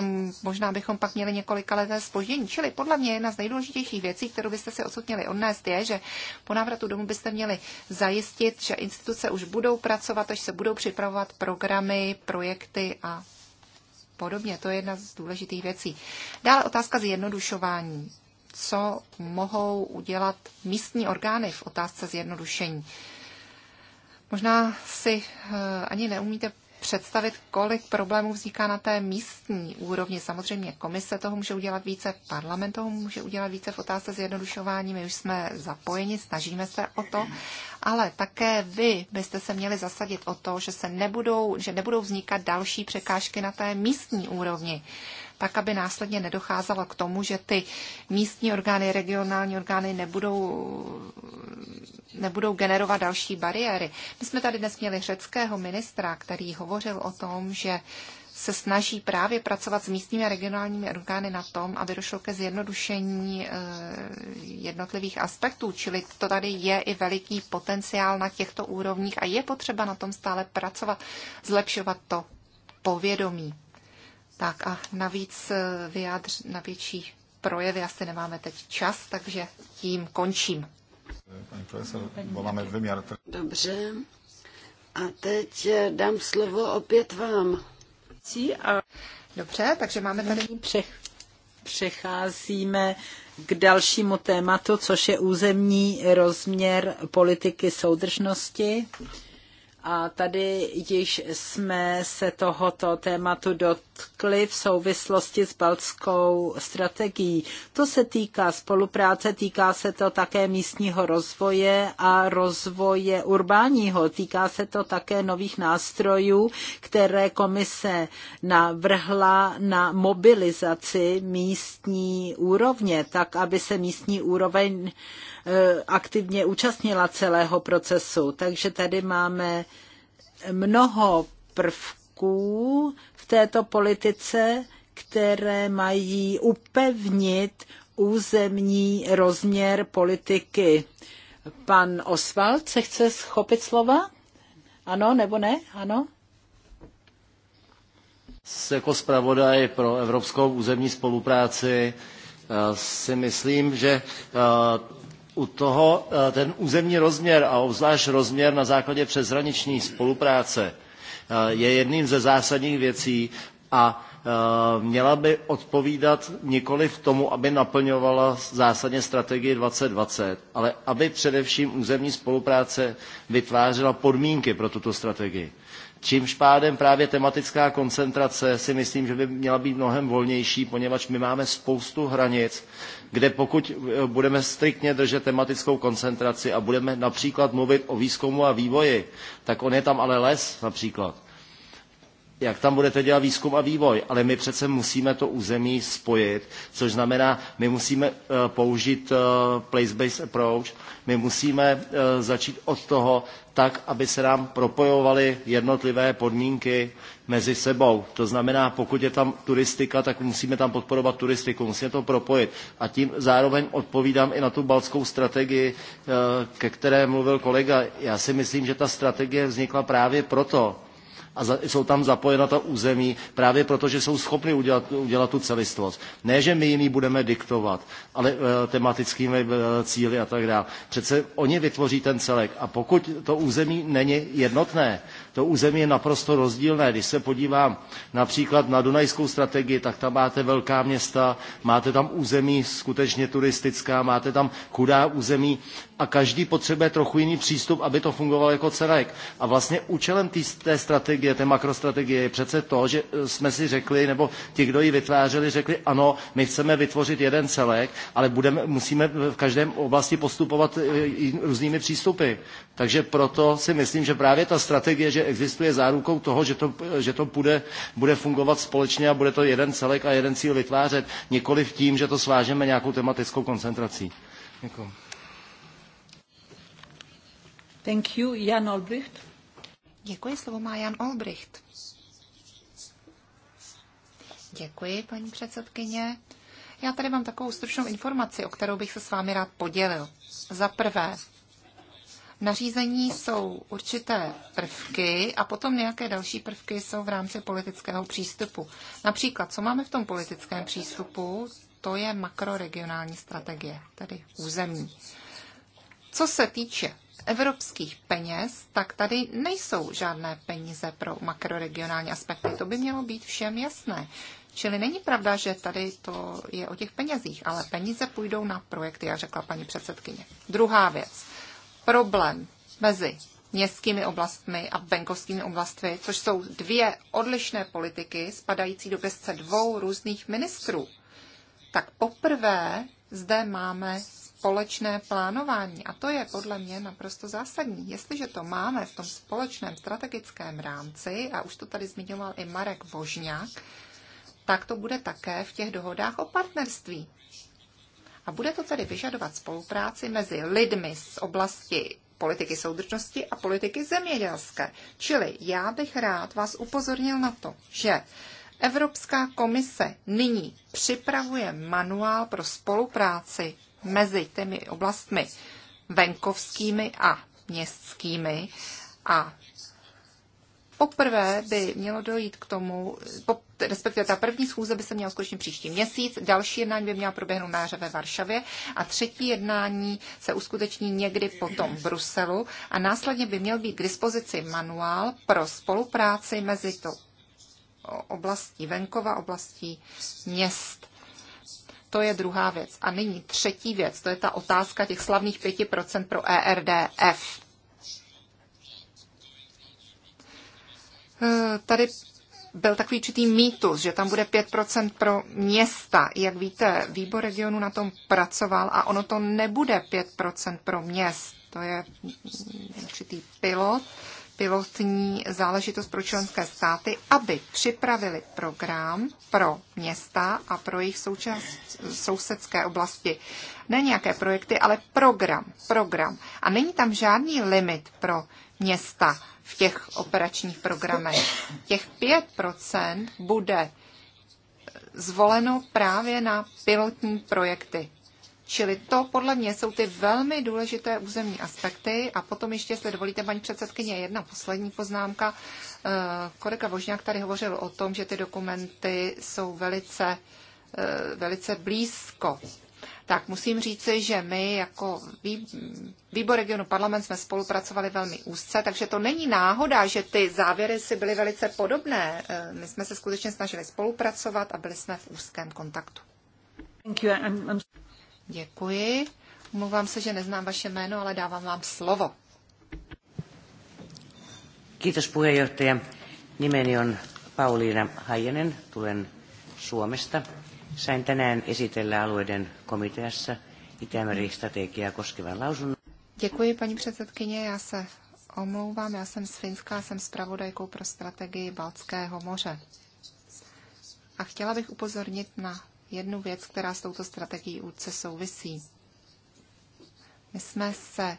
možná bychom pak měli několika leté spoždění. Čili podle mě jedna z nejdůležitějších věcí, kterou byste si odsud měli odnést, je, že po návratu domů byste měli zajistit, že instituce už budou pracovat, až se budou připravovat programy, projekty a podobně. To je jedna z důležitých věcí. Dále otázka zjednodušování. Co mohou udělat místní orgány v otázce zjednodušení? Možná si eh, ani neumíte představit, kolik problémů vzniká na té místní úrovni. Samozřejmě komise toho může udělat více, parlament toho může udělat více v otázce zjednodušování. My už jsme zapojeni, snažíme se o to, ale také vy byste se měli zasadit o to, že, se nebudou, že nebudou vznikat další překážky na té místní úrovni tak aby následně nedocházelo k tomu, že ty místní orgány, regionální orgány nebudou, nebudou generovat další bariéry. My jsme tady dnes měli řeckého ministra, který hovořil o tom, že se snaží právě pracovat s místními a regionálními orgány na tom, aby došlo ke zjednodušení eh, jednotlivých aspektů. Čili to tady je i veliký potenciál na těchto úrovních a je potřeba na tom stále pracovat, zlepšovat to povědomí. Tak a navíc eh, vyjádř, na větší projevy asi nemáme teď čas, takže tím končím. profesor, voláme vyměr. Dobře. A teď eh, dám slovo opět vám. Dobře, takže máme tady... Přech, přecházíme k dalšímu tématu, což je územní rozměr politiky soudržnosti. A tady již jsme se tohoto tématu dotkli v souvislosti s baltskou strategií. To se týká spolupráce, týká se to také místního rozvoje a rozvoje urbáního. Týká se to také nových nástrojů, které komise navrhla na mobilizaci místní úrovně, tak aby se místní úroveň Eh, aktivně účastnila celého procesu. Takže tady máme mnoho prvků v této politice, které mají upevnit územní rozměr politiky. Pan Oswald se chce schopit slova? Ano nebo ne? Ano? Jako zpravodaj pro evropskou územní spolupráci eh, si myslím, že eh, u toho eh, ten územní rozměr a obzvlášť rozměr na základě přeshraniční spolupráce eh, je jedním ze zásadních věcí a eh, měla by odpovídat v tomu, aby naplňovala zásadně strategii 2020, ale aby především územní spolupráce vytvářela podmínky pro tuto strategii. Čímž pádem právě tematická koncentrace si myslím, že by měla být mnohem volnější, poněvadž my máme spoustu hranic, kde pokud eh, budeme striktně držet tematickou koncentraci a budeme například mluvit o výzkumu a vývoji, tak on je tam ale les například jak tam budete dělat výzkum a vývoj, ale my přece musíme to území spojit, což znamená, my musíme eh, použít eh, place-based approach, my musíme eh, začít od toho, tak, aby se nám propojovaly jednotlivé podmínky mezi sebou. To znamená, pokud je tam turistika, tak musíme tam podporovat turistiku, musíme to propojit. A tím zároveň odpovídám i na tu balckou strategii, ke které mluvil kolega. Já si myslím, že ta strategie vznikla právě proto, a za, jsou tam zapojena ta území právě proto, že jsou schopny udělat, udělat tu celistvost. Ne, že my jim budeme diktovat, ale e, tematickými e, cíly a tak dále. Přece oni vytvoří ten celek a pokud to území není jednotné, to území je naprosto rozdílné. Když se podívám například na Dunajskou strategii, tak tam máte velká města, máte tam území skutečně turistická, máte tam chudá území a každý potřebuje trochu jiný přístup, aby to fungovalo jako celek. A vlastně účelem tý, té strategie, té makrostrategie je přece to, že eh, jsme si řekli, nebo ti, kdo ji vytvářeli, řekli, ano, my chceme vytvořit jeden celek, ale budeme, musíme v každém oblasti postupovat eh, různými přístupy. Takže proto si myslím, že právě ta strategie, že existuje zárukou toho, že to, že to bude, bude fungovat společně a bude to jeden celek a jeden cíl vytvářet, nikoli v tím, že to svážeme nějakou tematickou koncentrací. Děkuji. Thank you, Jan Olbricht. Děkuji, slovo má Jan Olbricht. Děkuji, paní předsedkyně. Já tady mám takovou stručnou informaci, o kterou bych se s vámi rád podělil. Za prvé, nařízení jsou určité prvky a potom nějaké další prvky jsou v rámci politického přístupu. Například, co máme v tom politickém přístupu, to je makroregionální strategie, tedy území. Co se týče evropských peněz, tak tady nejsou žádné peníze pro makroregionální aspekty. To by mělo být všem jasné. Čili není pravda, že tady to je o těch penězích, ale peníze půjdou na projekty, jak řekla paní předsedkyně. Druhá věc problém mezi městskými oblastmi a venkovskými oblastmi, což jsou dvě odlišné politiky spadající do gestce dvou různých ministrů, tak poprvé zde máme společné plánování. A to je podle mě naprosto zásadní. Jestliže to máme v tom společném strategickém rámci, a už to tady zmiňoval i Marek Božňák, tak to bude také v těch dohodách o partnerství. A bude to tedy vyžadovat spolupráci mezi lidmi z oblasti politiky soudržnosti a politiky zemědělské. Čili já bych rád vás upozornil na to, že Evropská komise nyní připravuje manuál pro spolupráci mezi těmi oblastmi venkovskými a městskými a Poprvé by mělo dojít k tomu, respektive ta první schůze by se měla skutečně příští měsíc, další jednání by měla proběhnout na ve Varšavě a třetí jednání se uskuteční někdy potom v Bruselu a následně by měl být k dispozici manuál pro spolupráci mezi to oblastí venkova, oblastí měst. To je druhá věc. A nyní třetí věc, to je ta otázka těch slavných 5% pro ERDF. Eh, tady byl takový určitý mýtus, že tam bude 5% pro města. Jak víte, výbor regionu na tom pracoval a ono to nebude 5% pro měst. To je určitý pilot, pilotní záležitost pro členské státy, aby připravili program pro města a pro jejich součást, sousedské oblasti. Ne nějaké projekty, ale program, program. A není tam žádný limit pro města v těch operačních programech. Těch 5% bude zvoleno právě na pilotní projekty. Čili to podle mě jsou ty velmi důležité územní aspekty. A potom ještě, jestli dovolíte, paní předsedkyně, jedna poslední poznámka. Eh, kolega Vožňák tady hovořil o tom, že ty dokumenty jsou velice, eh, velice blízko tak musím říci, že my jako výbor regionu parlament jsme spolupracovali velmi úzce, takže to není náhoda, že ty závěry si byly velice podobné. E, my jsme se skutečně snažili spolupracovat a byli jsme v úzkém kontaktu. Děkuji. Mluvám se, že neznám vaše jméno, ale dávám vám slovo. Kiitos puheenjohtaja. Nimeni on Pauliina Hajenen, tulen Suomesta. Sain tänään esitellä alueiden komiteassa Itämeri-strategiaa koskevan lausunnon. Děkuji, paní předsedkyně. Já se omlouvám. Já jsem z Finska, jsem zpravodajkou pro strategii Baltského moře. A chtěla bych upozornit na jednu věc, která s touto strategií úce souvisí. My jsme se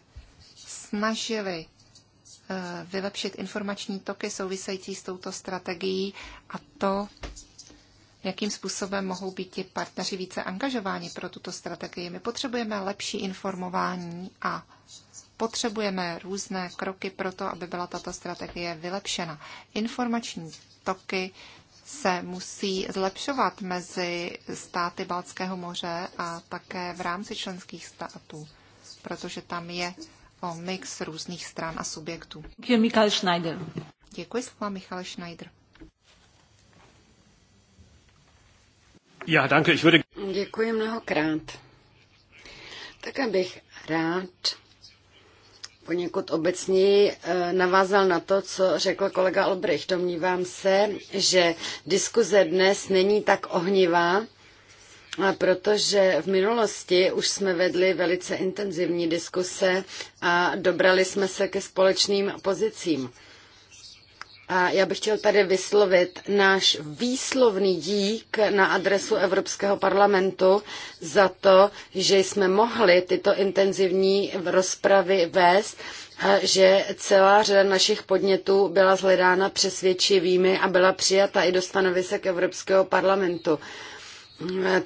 snažili eh, vylepšit informační toky související s touto strategií a to jakým způsobem mohou být ti partneři více angažováni pro tuto strategii. My potřebujeme lepší informování a potřebujeme různé kroky pro to, aby byla tato strategie vylepšena. Informační toky se musí zlepšovat mezi státy Balckého moře a také v rámci členských států, protože tam je o mix různých stran a subjektů. Děkuji, Michal Schneider. Děkuji, slova Michal Schneider. Já, danke, ich würde... Děkuji mnohokrát. Tak bych rád poněkud obecně eh, navázal na to, co řekl kolega Albrecht. Domnívám se, že diskuze dnes není tak ohnivá, protože v minulosti už jsme vedli velice intenzivní diskuse a dobrali jsme se ke společným pozicím. A já bych chtěl tady vyslovit náš výslovný dík na adresu Evropského parlamentu za to, že jsme mohli tyto intenzivní rozpravy vést že celá řada našich podnětů byla zhledána přesvědčivými a byla přijata i do stanovisek Evropského parlamentu.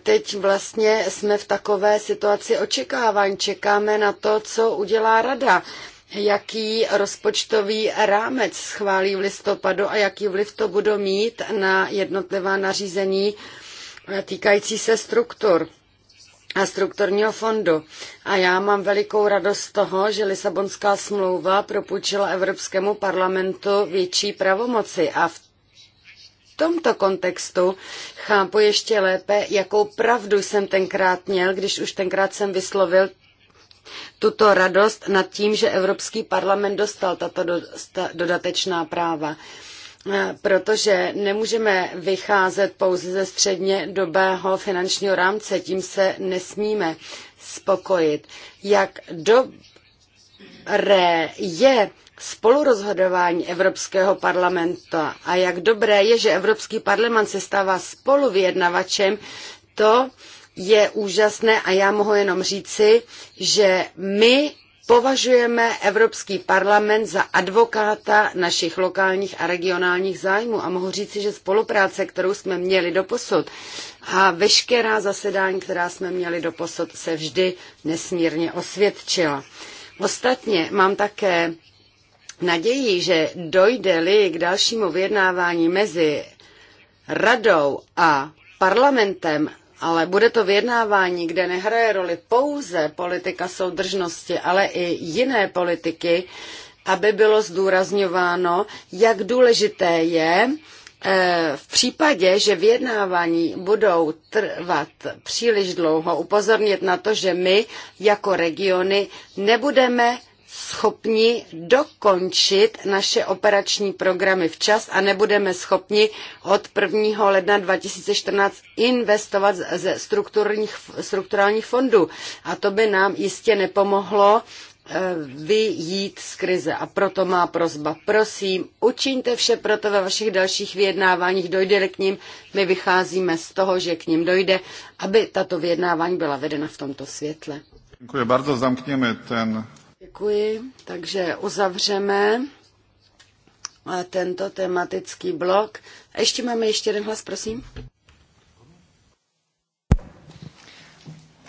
Teď vlastně jsme v takové situaci očekávání. Čekáme na to, co udělá rada jaký rozpočtový rámec schválí v listopadu a jaký vliv to bude mít na jednotlivá nařízení eh, týkající se struktur a strukturního fondu. A já mám velikou radost z toho, že Lisabonská smlouva propůjčila Evropskému parlamentu větší pravomoci a v tomto kontextu chápu ještě lépe, jakou pravdu jsem tenkrát měl, když už tenkrát jsem vyslovil tuto radost nad tím, že Evropský parlament dostal tato dodatečná práva eh, protože nemůžeme vycházet pouze ze středně dobého finančního rámce, tím se nesmíme spokojit. Jak dobré je spolurozhodování Evropského parlamentu a jak dobré je, že Evropský parlament se stává spoluvyjednavačem, to je úžasné a já mohu jenom říci, že my považujeme Evropský parlament za advokáta našich lokálních a regionálních zájmů a mohu říci, že spolupráce, kterou jsme měli doposud a veškerá zasedání, která jsme měli doposud, se vždy nesmírně osvědčila. Ostatně mám také naději, že dojde-li k dalšímu vyjednávání mezi radou a parlamentem, ale bude to vyjednávání, kde nehraje roli pouze politika soudržnosti, ale i jiné politiky, aby bylo zdůrazňováno, jak důležité je eh, v případě, že vyjednávání budou trvat příliš dlouho, upozornit na to, že my jako regiony nebudeme schopni dokončit naše operační programy včas a nebudeme schopni od 1. ledna 2014 investovat ze strukturálních, strukturálních fondů. A to by nám jistě nepomohlo eh, vyjít z krize. A proto má prozba, prosím, učiňte vše proto ve vašich dalších vyjednáváních, dojde k ním, my vycházíme z toho, že k ním dojde, aby tato vyjednávání byla vedena v tomto světle. Děkuji bardzo, zamkněme ten Děkuji, takže uzavřeme eh, tento tematický blok. Ještě máme ještě jeden hlas, prosím.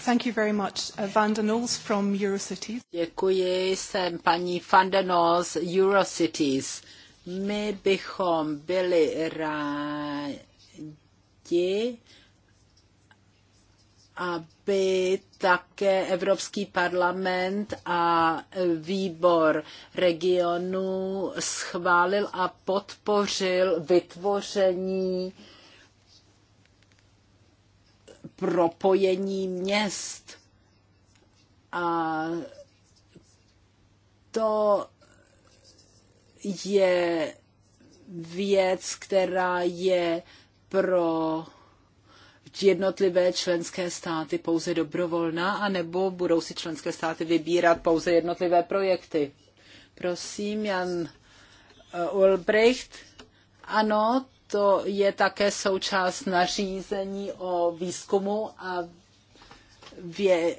Thank you very much. Eh, Van den Nulls from Eurocities. Děkuji, jsem paní Van den Nulls, Eurocities. My bychom byli rádi, aby také Evropský parlament a výbor regionu schválil a podpořil vytvoření propojení měst. A to je věc, která je pro jednotlivé členské státy pouze dobrovolná, anebo budou si členské státy vybírat pouze jednotlivé projekty. Prosím, Jan eh, Ulbricht. Ano, to je také součást nařízení o výzkumu a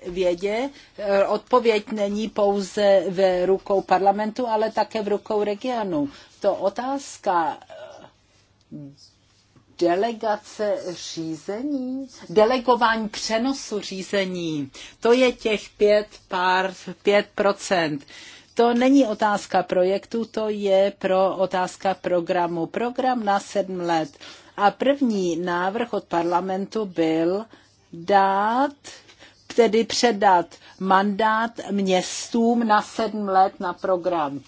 vědě. Eh, odpověď není pouze v rukou parlamentu, ale také v rukou regionu. To otázka eh, delegace řízení, delegování přenosu řízení. To je těch pět pár, pět procent. To není otázka projektu, to je pro otázka programu. Program na sedm let. A první návrh od parlamentu byl dát tedy předat mandát městům na sedm let na program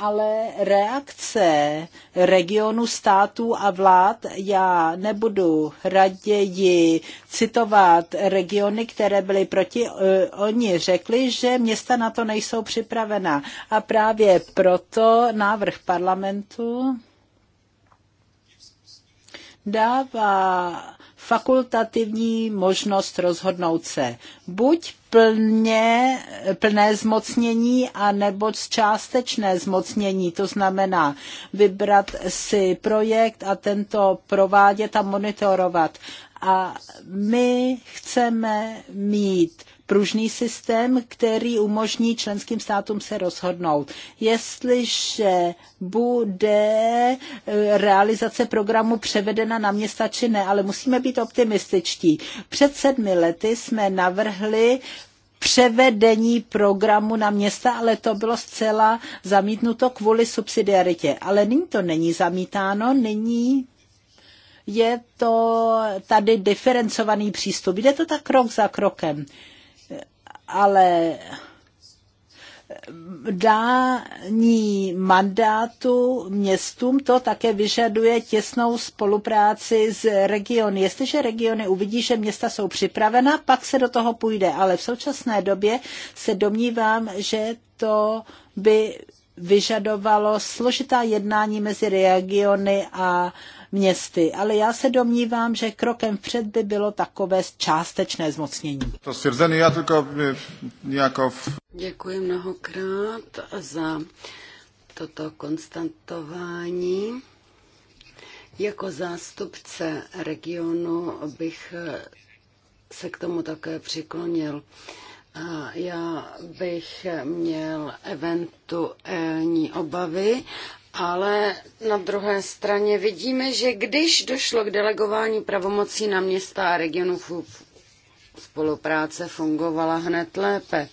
ale reakce regionu, států a vlád, já nebudu raději citovat regiony, které byly proti, eh, oni řekli, že města na to nejsou připravena. A právě proto návrh parlamentu dává fakultativní možnost rozhodnout se. Buď plně, plné zmocnění a nebo částečné zmocnění, to znamená vybrat si projekt a tento provádět a monitorovat. A my chceme mít pružný systém, který umožní členským státům se rozhodnout. Jestliže bude eh, realizace programu převedena na města či ne, ale musíme být optimističtí. Před sedmi lety jsme navrhli převedení programu na města, ale to bylo zcela zamítnuto kvůli subsidiaritě. Ale nyní to není zamítáno, nyní je to tady diferencovaný přístup. Jde to tak krok za krokem ale dání mandátu městům, to také vyžaduje těsnou spolupráci s regiony. Jestliže regiony uvidí, že města jsou připravena, pak se do toho půjde. Ale v současné době se domnívám, že to by vyžadovalo složitá jednání mezi regiony a uh, městy. Ale já se domnívám, že krokem vpřed by bylo takové částečné zmocnění. To stvrzení já tylko e, jako... Děkuji mnohokrát za toto konstantování. Jako zástupce regionu bych se k tomu také přiklonil. Já bych měl eventuální obavy ale na druhé straně vidíme, že když došlo k delegování pravomocí na města a regionu, spolupráce fungovala hned lépe.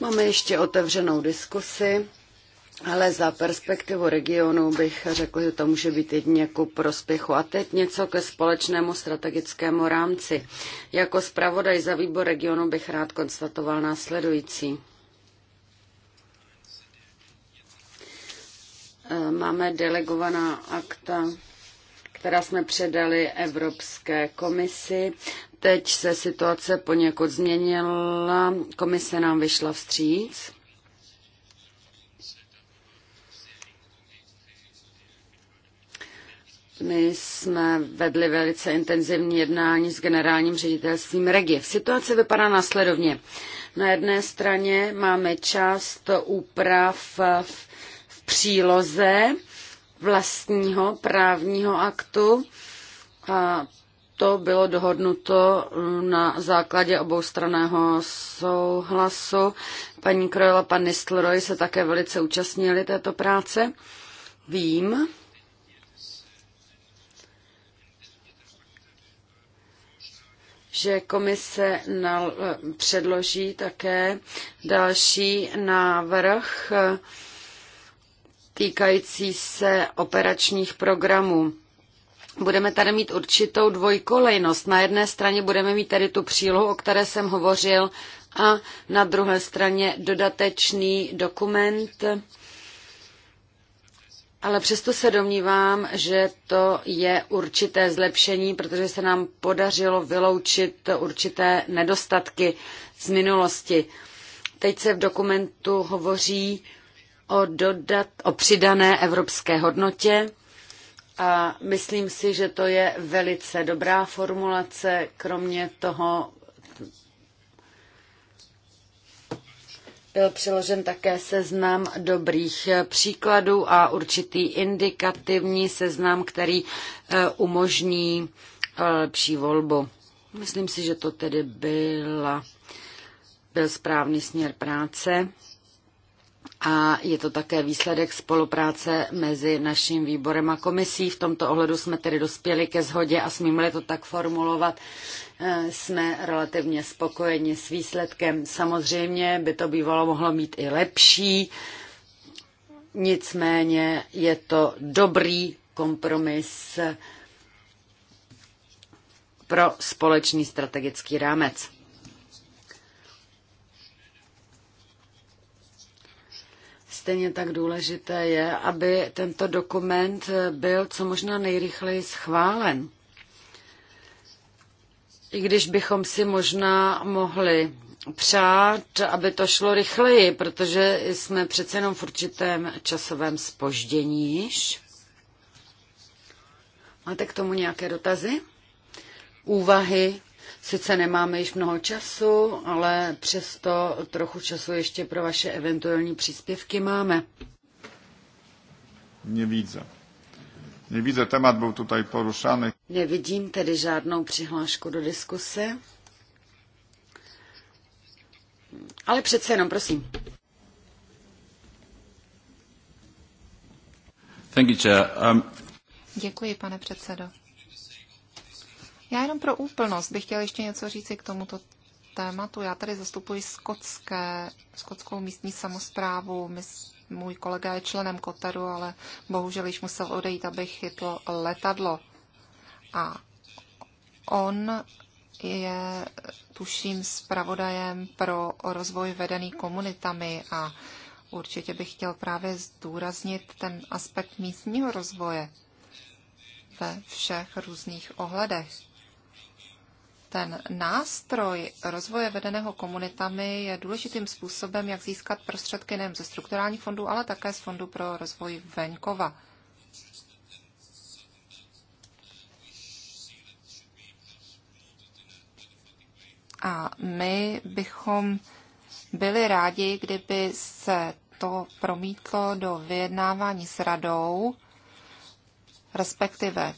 Máme ještě otevřenou diskusi, ale za perspektivu regionu bych řekl, že to může být jedině ku prospěchu. A teď něco ke společnému strategickému rámci. Jako zpravodaj za výbor regionu bych rád konstatoval následující. Eh, máme delegovaná akta, která jsme předali Evropské komisi. Teď se situace poněkud změnila. Komise nám vyšla vstříc. My jsme vedli velice intenzivní jednání s generálním ředitelstvím regie. Situace vypadá následovně. Na jedné straně máme část úprav v příloze vlastního právního aktu a to bylo dohodnuto na základě oboustraného souhlasu. Paní Krojel a pan Nistleroy se také velice účastnili této práce. Vím, že komise předloží také další návrh týkající se operačních programů. Budeme tady mít určitou dvojkolejnost. Na jedné straně budeme mít tady tu přílohu, o které jsem hovořil, a na druhé straně dodatečný dokument. Ale přesto se domnívám, že to je určité zlepšení, protože se nám podařilo vyloučit určité nedostatky z minulosti. Teď se v dokumentu hovoří o, dodat, o přidané evropské hodnotě a myslím si, že to je velice dobrá formulace. Kromě toho byl přiložen také seznam dobrých příkladů a určitý indikativní seznam, který e, umožní e, lepší volbu. Myslím si, že to tedy byla, byl správný směr práce a je to také výsledek spolupráce mezi naším výborem a komisí. V tomto ohledu jsme tedy dospěli ke shodě a smíme to tak formulovat. Eh, jsme relativně spokojeni s výsledkem. Samozřejmě by to bývalo mohlo být i lepší, nicméně je to dobrý kompromis pro společný strategický rámec. Stejně tak důležité je, aby tento dokument byl co možná nejrychleji schválen. I když bychom si možná mohli přát, aby to šlo rychleji, protože jsme přece jenom v určitém časovém spoždění. Máte k tomu nějaké dotazy? Úvahy? Sice nemáme již mnoho času, ale přesto trochu času ještě pro vaše eventuální příspěvky máme. Nevidím. Nevidím. témat byl tutaj porušany. Nevidím tedy žádnou přihlášku do diskuse. Ale přece jenom, prosím. Thank you, chair. Um... Děkuji, pane předsedo. Já jenom pro úplnost bych chtěl ještě něco říci k tomuto tématu. Já tady zastupuji skotské, skotskou místní samozprávu. My, můj kolega je členem Kotaru, ale bohužel již musel odejít, aby chytl letadlo. A on je, tuším, zpravodajem pro rozvoj vedený komunitami a určitě bych chtěl právě zdůraznit ten aspekt místního rozvoje ve všech různých ohledech ten nástroj rozvoje vedeného komunitami je důležitým způsobem, jak získat prostředky nejen ze strukturálních fondů, ale také z Fondu pro rozvoj venkova. A my bychom byli rádi, kdyby se to promítlo do vyjednávání s radou, respektive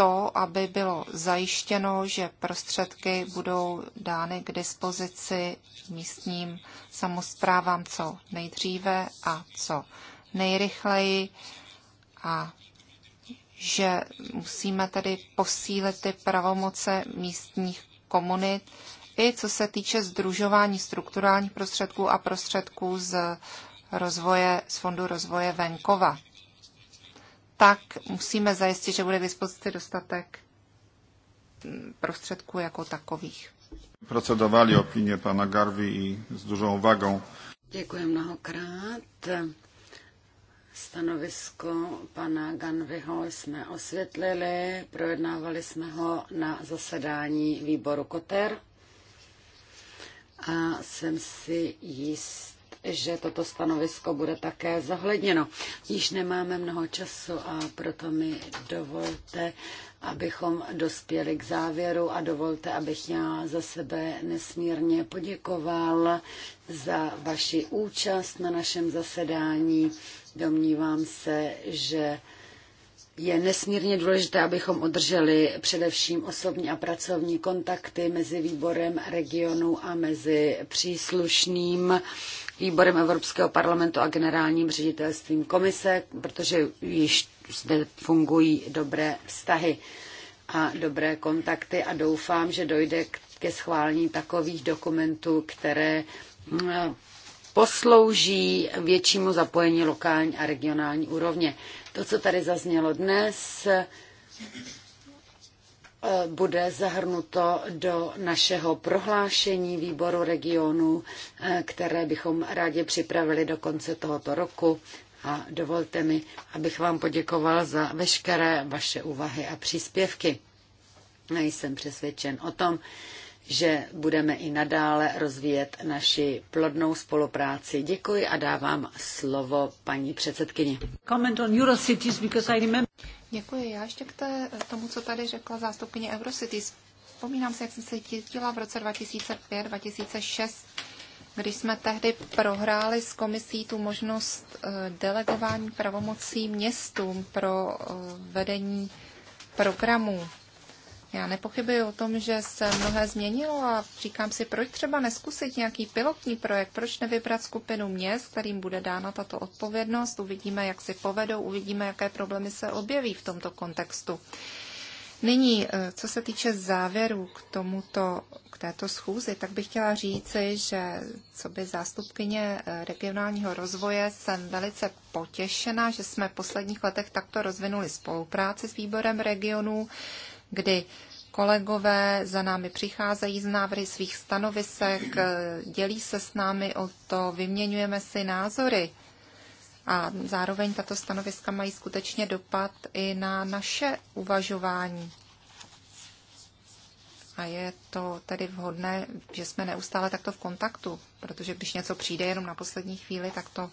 to, aby bylo zajištěno, že prostředky budou dány k dispozici místním samozprávám co nejdříve a co nejrychleji a že musíme tedy posílit ty pravomoce místních komunit, i co se týče združování strukturálních prostředků a prostředků z rozvoje, z Fondu rozvoje venkova tak musíme zajistit, že bude k dispozici dostatek prostředků jako takových. Procedovali opinie pana Garvy i s dużą uwagą. Děkuji mnohokrát. Stanovisko pana Ganviho jsme osvětlili, projednávali jsme ho na zasedání výboru Koter a jsem si jist, že toto stanovisko bude také zohledněno. Již nemáme mnoho času a proto mi dovolte, abychom dospěli k závěru a dovolte, abych já za sebe nesmírně poděkoval za vaši účast na našem zasedání. Domnívám se, že je nesmírně důležité, abychom udrželi především osobní a pracovní kontakty mezi výborem regionu a mezi příslušným výborem Evropského parlamentu a generálním ředitelstvím komise, protože již zde fungují dobré vztahy a dobré kontakty a doufám, že dojde ke schválení takových dokumentů, které mm, poslouží většímu zapojení lokální a regionální úrovně. To, co tady zaznělo dnes, eh, bude zahrnuto do našeho prohlášení výboru regionu, eh, které bychom rádi připravili do konce tohoto roku. A dovolte mi, abych vám poděkoval za veškeré vaše úvahy a příspěvky. Nejsem přesvědčen o tom, že budeme i nadále rozvíjet naši plodnou spolupráci. Děkuji a dávám slovo paní předsedkyni. Děkuji. Já ještě k té, tomu, co tady řekla zástupkyně Eurocities. Vzpomínám se, jak jsem se cítila v roce 2005-2006, když jsme tehdy prohráli s komisí tu možnost eh, delegování pravomocí městům pro eh, vedení programů já nepochybuji o tom, že se mnohé změnilo a říkám si, proč třeba neskusit nějaký pilotní projekt, proč nevybrat skupinu měst, kterým bude dána tato odpovědnost, uvidíme, jak si povedou, uvidíme, jaké problémy se objeví v tomto kontextu. Nyní, eh, co se týče závěru k tomuto, k této schůzi, tak bych chtěla říci, že co by zástupkyně eh, regionálního rozvoje jsem velice potěšena, že jsme v posledních letech takto rozvinuli spolupráci s výborem regionů kdy kolegové za námi přicházejí z návrhy svých stanovisek, eh, dělí se s námi o to, vyměňujeme si názory. A zároveň tato stanoviska mají skutečně dopad i na naše uvažování. A je to tedy vhodné, že jsme neustále takto v kontaktu, protože když něco přijde jenom na poslední chvíli, tak to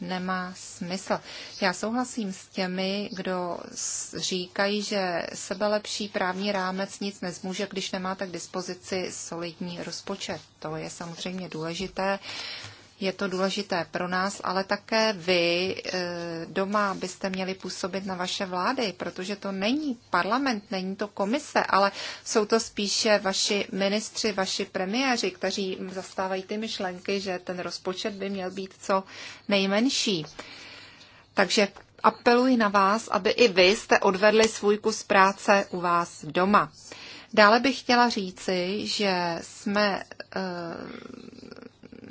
nemá smysl. Já souhlasím s těmi, kdo říkají, že sebelepší právní rámec nic nezmůže, když nemáte k dispozici solidní rozpočet. To je samozřejmě důležité je to důležité pro nás, ale také vy eh, doma byste měli působit na vaše vlády, protože to není parlament, není to komise, ale jsou to spíše vaši ministři, vaši premiéři, kteří zastávají ty myšlenky, že ten rozpočet by měl být co nejmenší. Takže apeluji na vás, aby i vy jste odvedli svůj kus práce u vás doma. Dále bych chtěla říci, že jsme eh,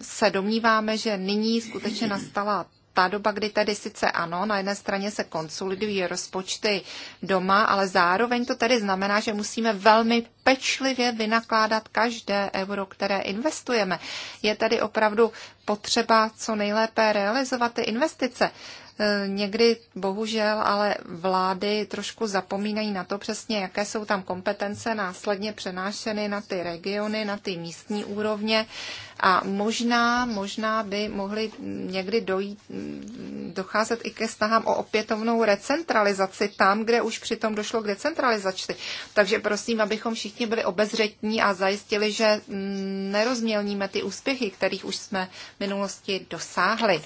se domníváme, že nyní skutečně nastala ta doba, kdy tedy sice ano, na jedné straně se konsolidují rozpočty doma, ale zároveň to tedy znamená, že musíme velmi pečlivě vynakládat každé euro, které investujeme. Je tady opravdu potřeba co nejlépe realizovat ty investice. E, někdy bohužel, ale vlády trošku zapomínají na to přesně, jaké jsou tam kompetence následně přenášeny na ty regiony, na ty místní úrovně. A možná, možná by mohly někdy dojít, docházet i ke snahám o opětovnou recentralizaci tam, kde už přitom došlo k decentralizaci. Takže prosím, abychom všichni byli obezřetní a zajistili, že mm, nerozmělníme ty úspěchy, kterých už jsme v minulosti dosáhli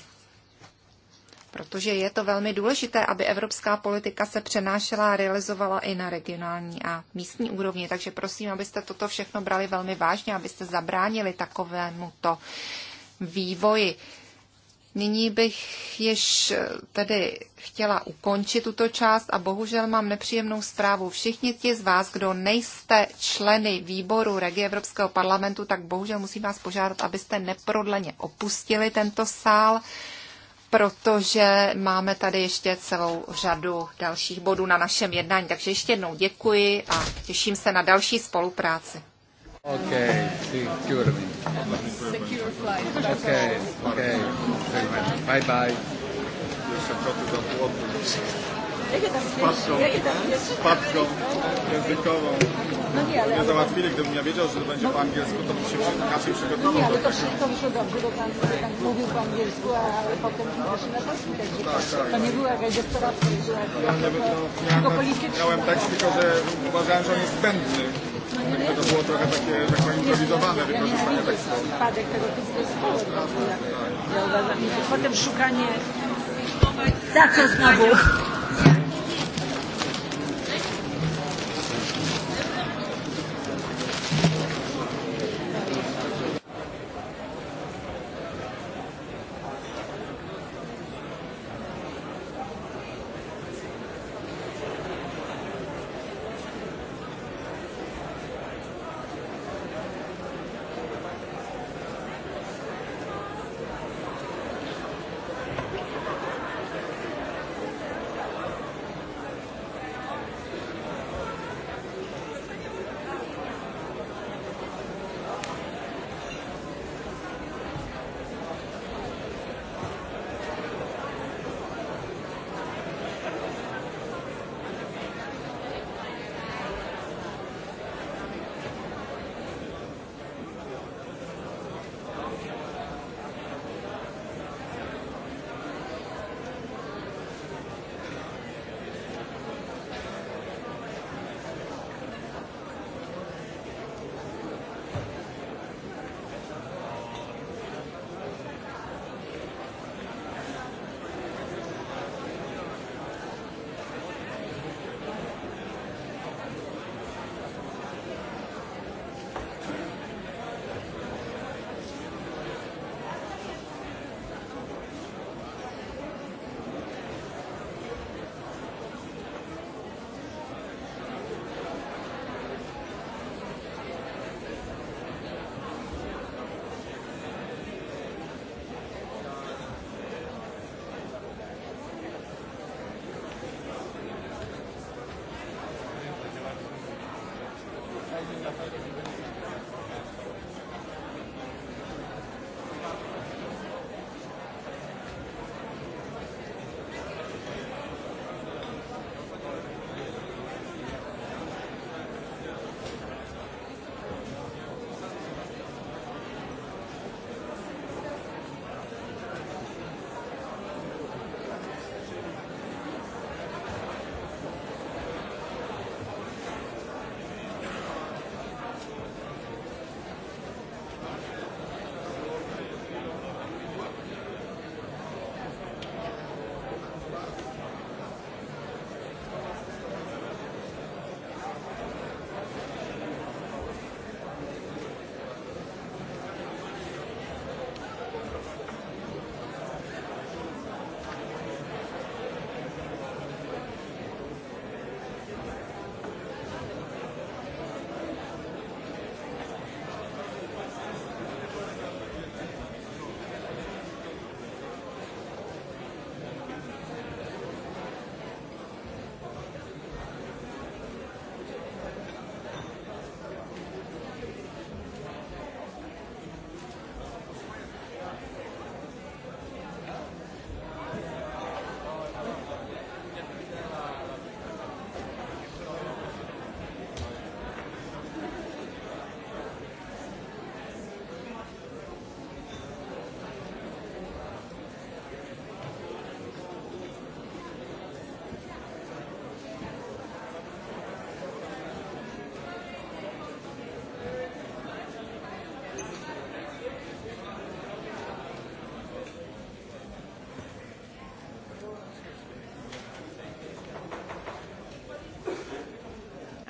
protože je to velmi důležité, aby evropská politika se přenášela a realizovala i na regionální a místní úrovni. Takže prosím, abyste toto všechno brali velmi vážně, abyste zabránili takovému to vývoji. Nyní bych již eh, tedy chtěla ukončit tuto část a bohužel mám nepříjemnou zprávu. Všichni ti z vás, kdo nejste členy výboru Regi Evropského parlamentu, tak bohužel musím vás požádat, abyste neprodleně opustili tento sál protože máme tady ještě celou řadu dalších bodů na našem jednání. Takže ještě jednou děkuji a těším se na další spolupráci. Okay, secure me. Secure flight. Okay, okay. Bye bye z paczką, z paczką językową. Nie załatwili, gdybym nie wiedział, że będzie po angielsku, to bym się inaczej przygotował. Nie, ale to wszystko wyszło dobrze, bo pan, pan mówił po angielsku, a potem też na polsku, także tak, tak. to nie była jakaś desperacja, że tylko politycznie. No, miałem tekst, tylko że uważałem, że on jest zbędny. Także no to było trochę takie, tak powiem, improwizowane wykorzystanie tekstu. Spadek tego typu jest Ja uważam, że potem szukanie za co znowu?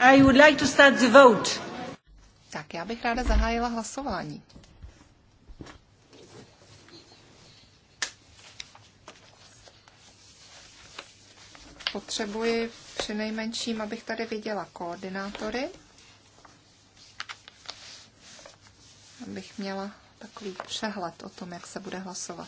I would like to start the vote. Tak já bych ráda zahájila hlasování. Potřebuji při nejmenším, abych tady viděla koordinátory, abych měla takový přehled o tom, jak se bude hlasovat.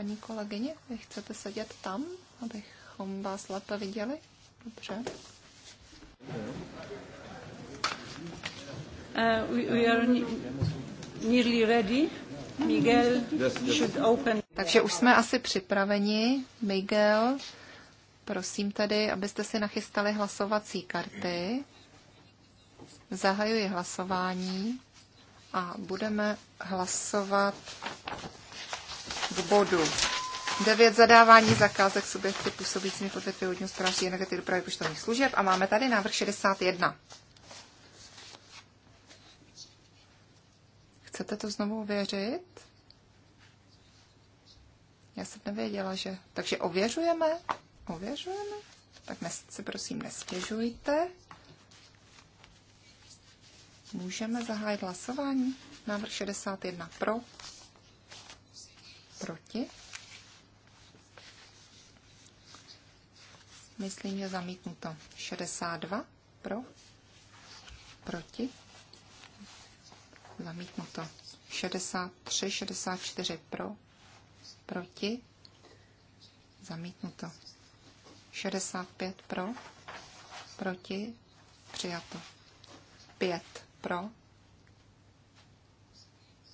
Paní kolegyně, vy chcete sedět tam, abychom vás lépe viděli? Dobře. Uh, we, are nearly ready. Miguel should open. Takže už jsme asi připraveni. Miguel, prosím tedy, abyste si nachystali hlasovací karty. Zahajuji hlasování a budeme hlasovat k bodu 9 zadávání zakázek subjekty působícími podle pivotního správství energetiky dopravy poštovních služeb a máme tady návrh 61. Chcete to znovu ověřit? Já jsem nevěděla, že... Takže ověřujeme? Ověřujeme? Tak nes, se prosím nestěžujte. Můžeme zahájit hlasování. Návrh 61 pro, proti. Myslím, že zamítnuto. 62 pro, proti. Zamítnuto. 63, 64 pro, proti. Zamítnuto. 65 pro, proti. Přijato. 5 pro,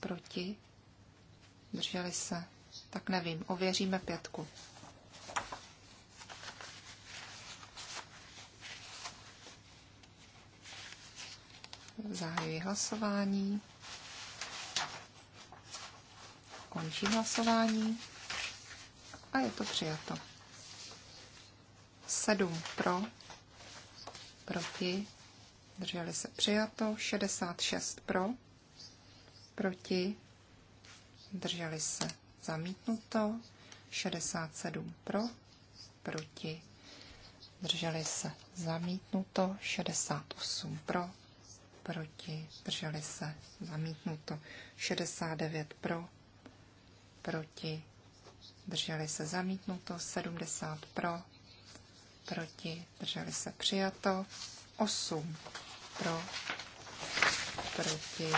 proti. Drželi se tak nevím, ověříme pětku. Zahajuji hlasování. Končím hlasování. A je to přijato. Sedm pro, proti, drželi se přijato, 66 pro, proti, drželi se zamítnuto, 67 pro, proti, drželi se zamítnuto, 68 pro, proti, drželi se zamítnuto, 69 pro, proti, drželi se zamítnuto, 70 pro, proti, drželi se přijato, 8 pro, proti,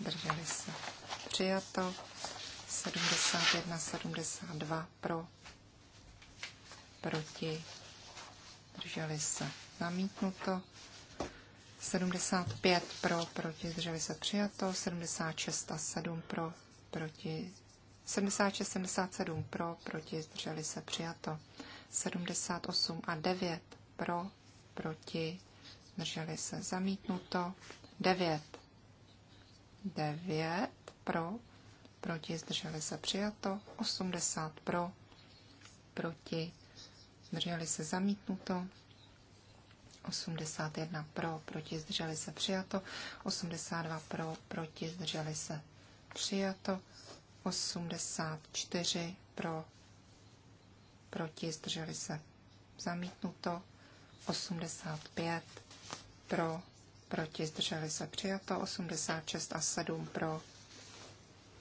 drželi se přijato, 71, 72 pro, proti, drželi se zamítnuto, 75 pro, proti, zdrželi se přijato, 76 a 7 pro, proti, 76, 77 pro, proti, zdrželi se přijato, 78 a 9 pro, proti, zdrželi se zamítnuto, 9, 9 pro, proti, zdrželi se přijato, 80 pro, proti, zdrželi se zamítnuto, 81 pro, proti, zdrželi se přijato, 82 pro, proti, zdrželi se přijato, 84 pro, proti, zdrželi se zamítnuto, 85 pro, proti, zdrželi se přijato, 86 a 7 pro,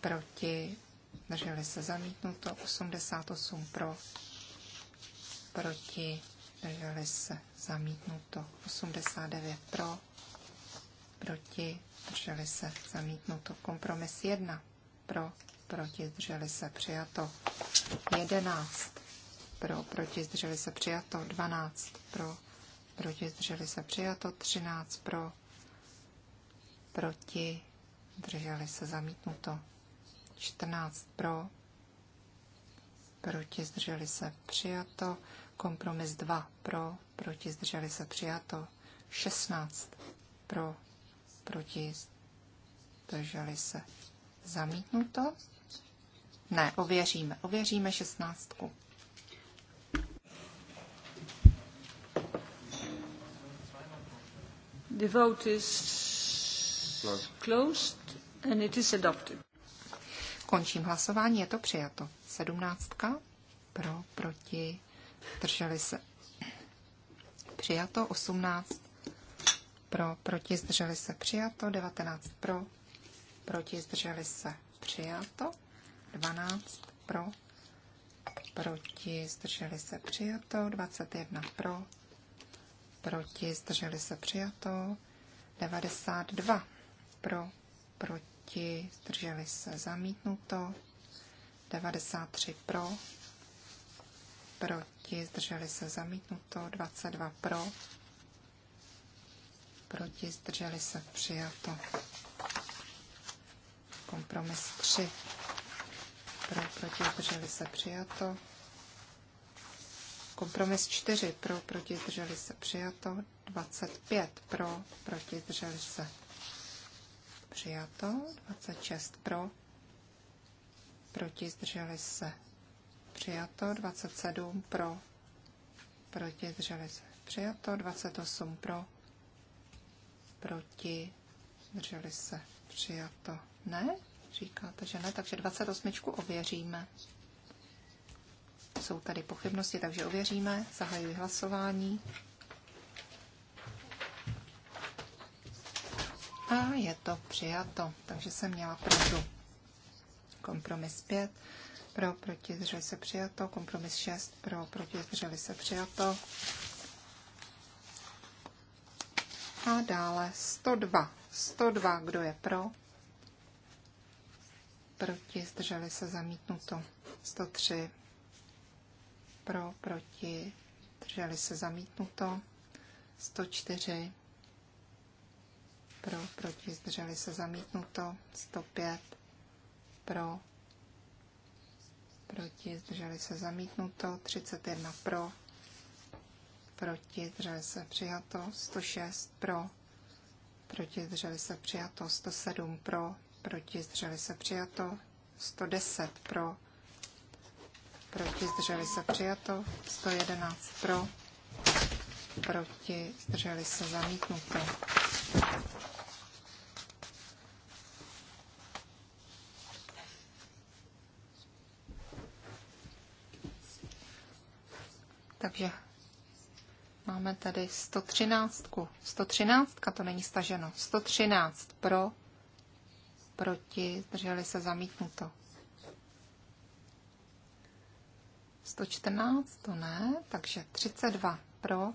proti, drželi se zamítnuto, 88 pro, proti, drželi se zamítnuto, 89 pro, proti, drželi se zamítnuto, kompromis 1 pro, proti, drželi se přijato, 11 pro, proti, drželi se přijato, 12 pro, proti, drželi se přijato, 13 pro, proti, drželi se zamítnuto. 14 pro, proti zdrželi se přijato, kompromis 2 pro, proti zdrželi se přijato, 16 pro, proti zdrželi se zamítnuto. Ne, ověříme, ověříme 16. The vote is closed and it is adopted. Končím hlasování, je to přijato. Sedmnáctka pro, proti, zdrželi se. Přijato 18 pro, proti, zdrželi se. Přijato 19 pro, proti, zdrželi se. Přijato dvanáct, pro, proti, zdrželi se. Přijato 21 pro, proti, zdrželi se. Přijato dva, pro, proti proti, zdrželi se zamítnuto, 93 pro, proti, zdrželi se zamítnuto, 22 pro, proti, zdrželi se přijato. Kompromis 3. Pro, proti, zdrželi se přijato. Kompromis 4. Pro, proti, zdrželi se přijato. 25. Pro, proti, zdrželi se Přijato. 26 pro. Proti zdrželi se. Přijato. 27 pro. Proti zdrželi se. Přijato. 28 pro. Proti zdrželi se. Přijato. Ne? Říkáte, že ne. Takže 28 ověříme. Jsou tady pochybnosti, takže ověříme. Zahajuji hlasování. A je to přijato, takže jsem měla pravdu. Kompromis 5 pro, proti, zdrželi se přijato. Kompromis 6 pro, proti, zdrželi se přijato. A dále 102. 102, kdo je pro? Proti, zdrželi se zamítnuto. 103 pro, proti, zdrželi se zamítnuto. 104 pro, proti, zdrželi se zamítnuto, 105 pro, proti, zdrželi se zamítnuto, 31 pro, proti, zdrželi se přijato, 106 pro, proti, zdrželi se přijato, 107 pro, proti, zdrželi se přijato, 110 pro, proti, zdrželi se přijato, 111 pro, proti, zdrželi se zamítnuto. Takže máme tady 113. 113, to není staženo. 113 pro, proti, zdrželi se zamítnuto. 114 to ne, takže 32 pro,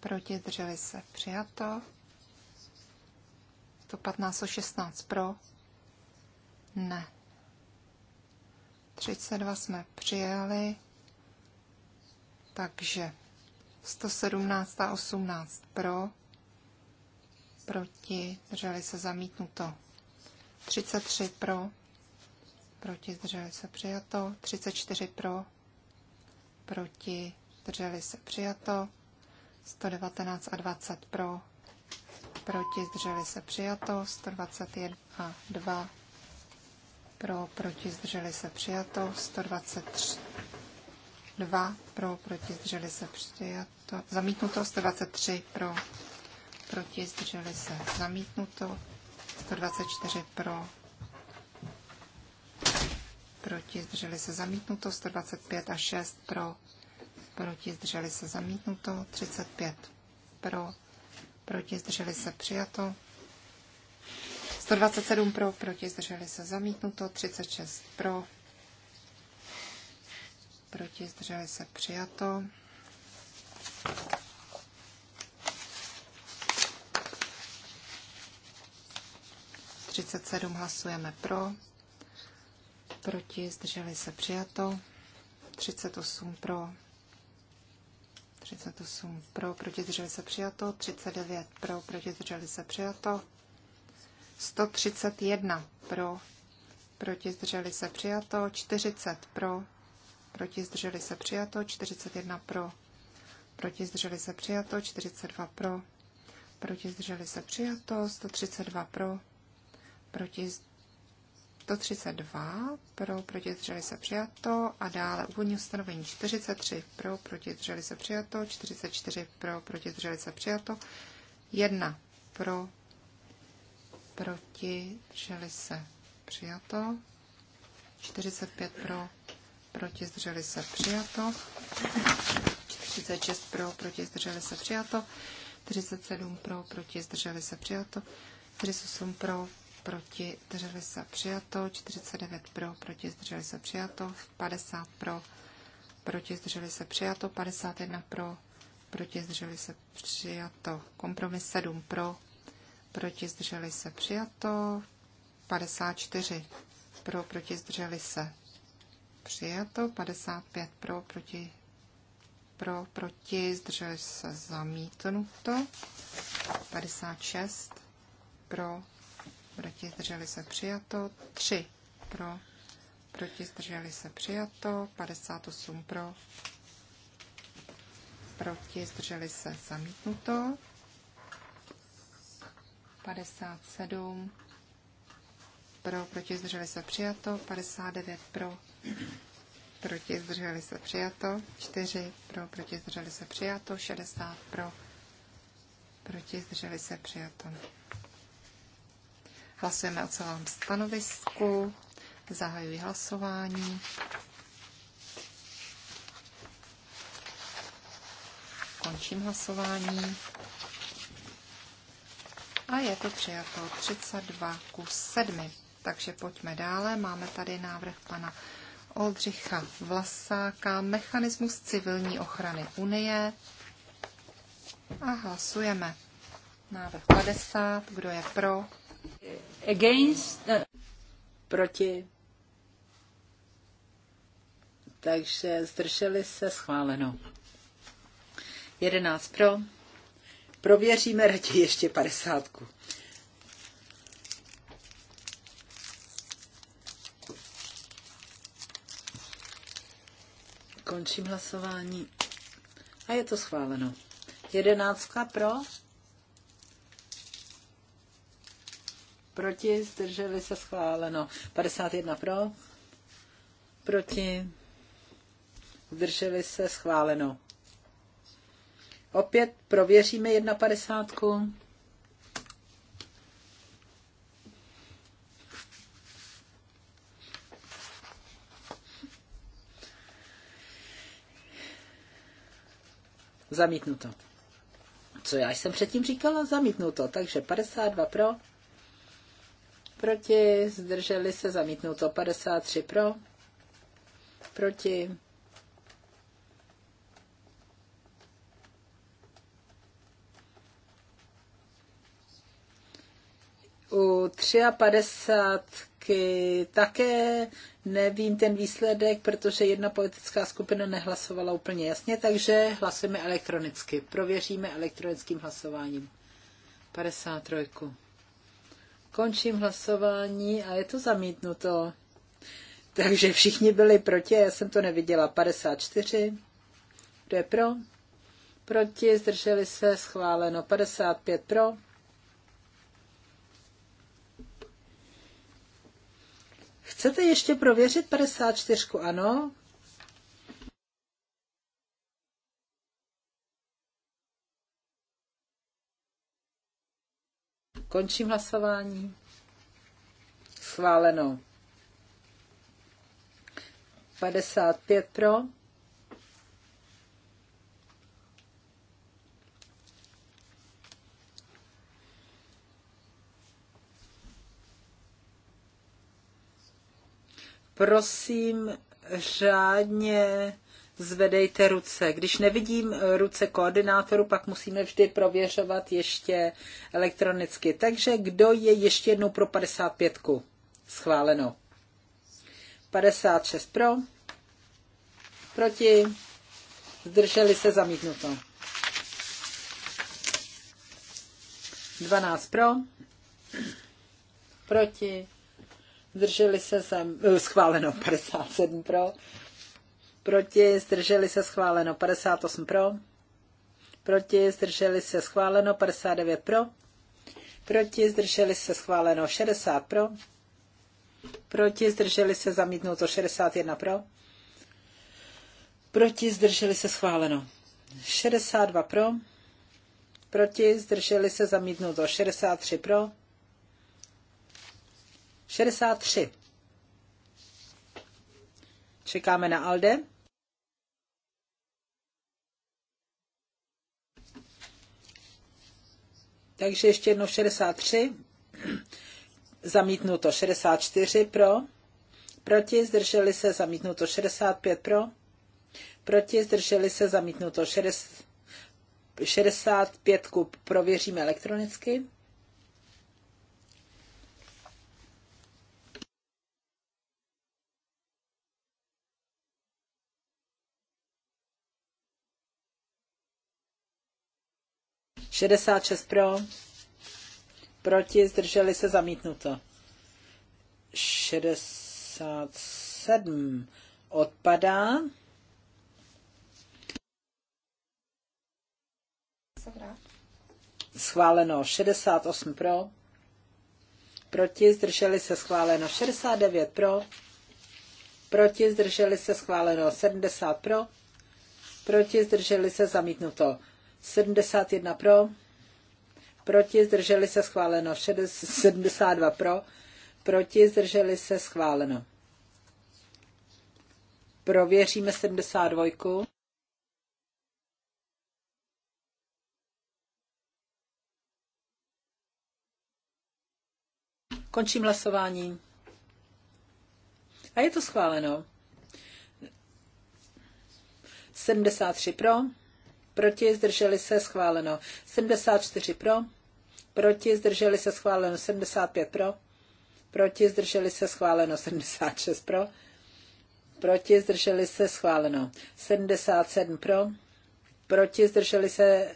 proti, drželi se přijato. 115, 116 pro, ne. 32 jsme přijali, takže 117 a 18 pro, proti, zdrželi se zamítnuto. 33 pro, proti, zdrželi se přijato. 34 pro, proti, zdrželi se přijato. 119 a 20 pro, proti, zdrželi se přijato. 121 a 2 pro, proti, zdrželi se přijato. 123 2 pro, proti, zdrželi se přijato. Zamítnuto 123 pro, proti, zdrželi se zamítnuto. 124 pro, proti, zdrželi se zamítnuto. 125 a 6 pro, proti, zdrželi se zamítnuto. 35 pro, proti, zdrželi se přijato. 127 pro, proti, zdrželi se zamítnuto. 36 pro, proti, zdrželi se přijato. Třicet sedm hlasujeme pro, proti, zdrželi se přijato. 38 pro, 38 pro, proti zdrželi se přijato, 39 pro, proti zdrželi se přijato, 131 pro, proti zdrželi se přijato, 40 pro, proti zdrželi se přijato, 41 pro, proti zdrželi se přijato, 42 pro, proti zdrželi se přijato, 132 pro, proti 132 pro, proti zdrželi se přijato a dále úvodní ustanovení 43 pro, proti zdrželi se přijato, 44 pro, proti zdrželi se přijato, 1 pro, proti zdrželi se přijato, 45 pro, proti zdrželi se přijato. 46 pro, proti zdrželi se přijato. 47 pro, proti zdrželi se přijato. 48 pro, proti zdrželi se přijato. 49 pro, proti zdrželi se přijato. 50 pro, proti zdrželi se přijato. 51 pro, proti zdrželi se přijato. Kompromis 7 pro, proti zdrželi se přijato. 54 pro, proti zdrželi se přijato, 55 pro, proti, pro, proti, zdrželi se zamítnuto, 56 pro, proti, zdrželi se přijato, 3 pro, proti, zdrželi se přijato, 58 pro, proti, zdrželi se zamítnuto, 57 pro, proti, zdrželi se přijato, 59 pro, proti zdrželi se přijato, 4 pro, proti zdrželi se přijato, 60 pro, proti zdrželi se přijato. Hlasujeme o celém stanovisku, zahajuji hlasování. Končím hlasování. A je to přijato 32 ku 7. Takže pojďme dále. Máme tady návrh pana Oldřicha Vlasáka, mechanismus civilní ochrany Unie. A hlasujeme. Návrh 50, kdo je pro? Against. Eh, proti. Takže zdrželi se schváleno. 11 pro. Prověříme raději ještě 50. Končím hlasování. A je to schváleno. Jedenáctka pro. Proti, zdrželi se schváleno. 51 pro. Proti, zdrželi se schváleno. Opět prověříme 51. Zamítnuto. Co já jsem předtím říkala? Zamítnuto. Takže 52 pro, proti, zdrželi se, zamítnuto. 53 pro, proti. U 53 také nevím ten výsledek, protože jedna politická skupina nehlasovala úplně jasně, takže hlasujeme elektronicky. Prověříme elektronickým hlasováním. 53. Končím hlasování a je to zamítnuto. Takže všichni byli proti, já jsem to neviděla. 54. Kdo je pro? Proti, zdrželi se, schváleno. 55 pro Chcete ještě prověřit 54? Ano. Končím hlasování. Schváleno. 55 pro. Prosím, řádně zvedejte ruce. Když nevidím ruce koordinátoru, pak musíme vždy prověřovat ještě elektronicky. Takže kdo je ještě jednou pro 55? -ku? Schváleno. 56 pro, proti, zdrželi se zamítnuto. 12 pro, proti, zdrželi se sem, eh, schváleno 57 pro, proti, zdrželi se schváleno 58 pro, proti, zdrželi se schváleno 59 pro, proti, zdrželi se schváleno 60 pro, proti, zdrželi se zamítnuto 61 pro, proti, zdrželi se schváleno 62 pro, proti, zdrželi se zamítnuto 63 pro, 63. Čekáme na Alde. Takže ještě jednou 63. Zamítnuto 64 pro. Proti zdrželi se zamítnuto 65 pro. Proti zdrželi se zamítnuto to 65 kup. Prověříme elektronicky. 66 pro, proti, zdrželi se, zamítnuto. 67 odpadá. Schváleno 68 pro, proti, zdrželi se, schváleno 69 pro, proti, zdrželi se, schváleno 70 pro, proti, zdrželi se, zamítnuto 71 pro, proti, zdrželi se schváleno. 72 pro, proti, zdrželi se schváleno. Prověříme 72. Končím hlasování. A je to schváleno. 73 pro, proti, zdrželi se, schváleno. 74 pro, proti, zdrželi se, schváleno. 75 pro, proti, zdrželi se, schváleno. 76 pro, proti, zdrželi se, schváleno. 77 pro, proti, zdrželi se,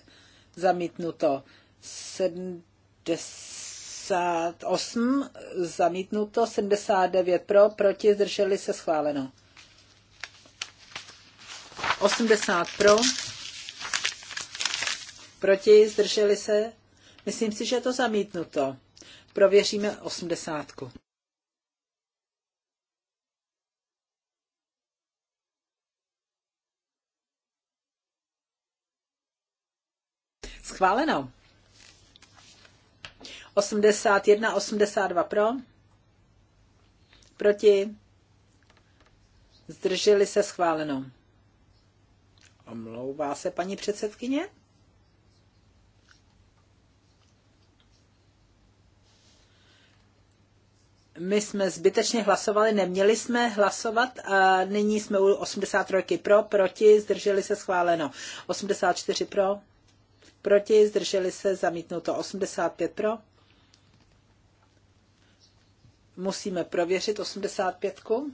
zamítnuto. 78 zamítnuto, 79 pro, proti, zdrželi se, schváleno. 80 pro, Proti? Zdrželi se? Myslím si, že je to zamítnuto. Prověříme osmdesátku. Schváleno. 81, 82 pro. Proti. Zdrželi se schváleno. Omlouvá se paní předsedkyně? my jsme zbytečně hlasovali, neměli jsme hlasovat a nyní jsme u 83 pro, proti, zdrželi se schváleno. 84 pro, proti, zdrželi se zamítnuto. 85 pro. Musíme prověřit 85. -ku.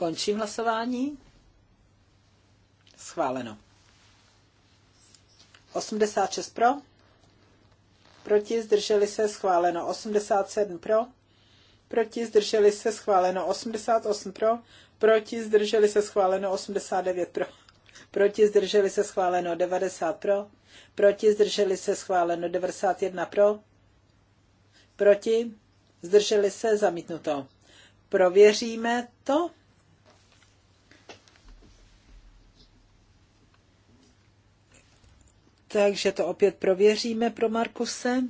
Končím hlasování. Schváleno. 86 pro. Proti zdrželi se schváleno 87 pro. Proti zdrželi se schváleno 88 pro. Proti zdrželi se schváleno 89 pro. Proti zdrželi se schváleno 90 pro. Proti zdrželi se schváleno 91 pro. Proti zdrželi se zamítnuto. Prověříme to. takže to opět prověříme pro Markuse.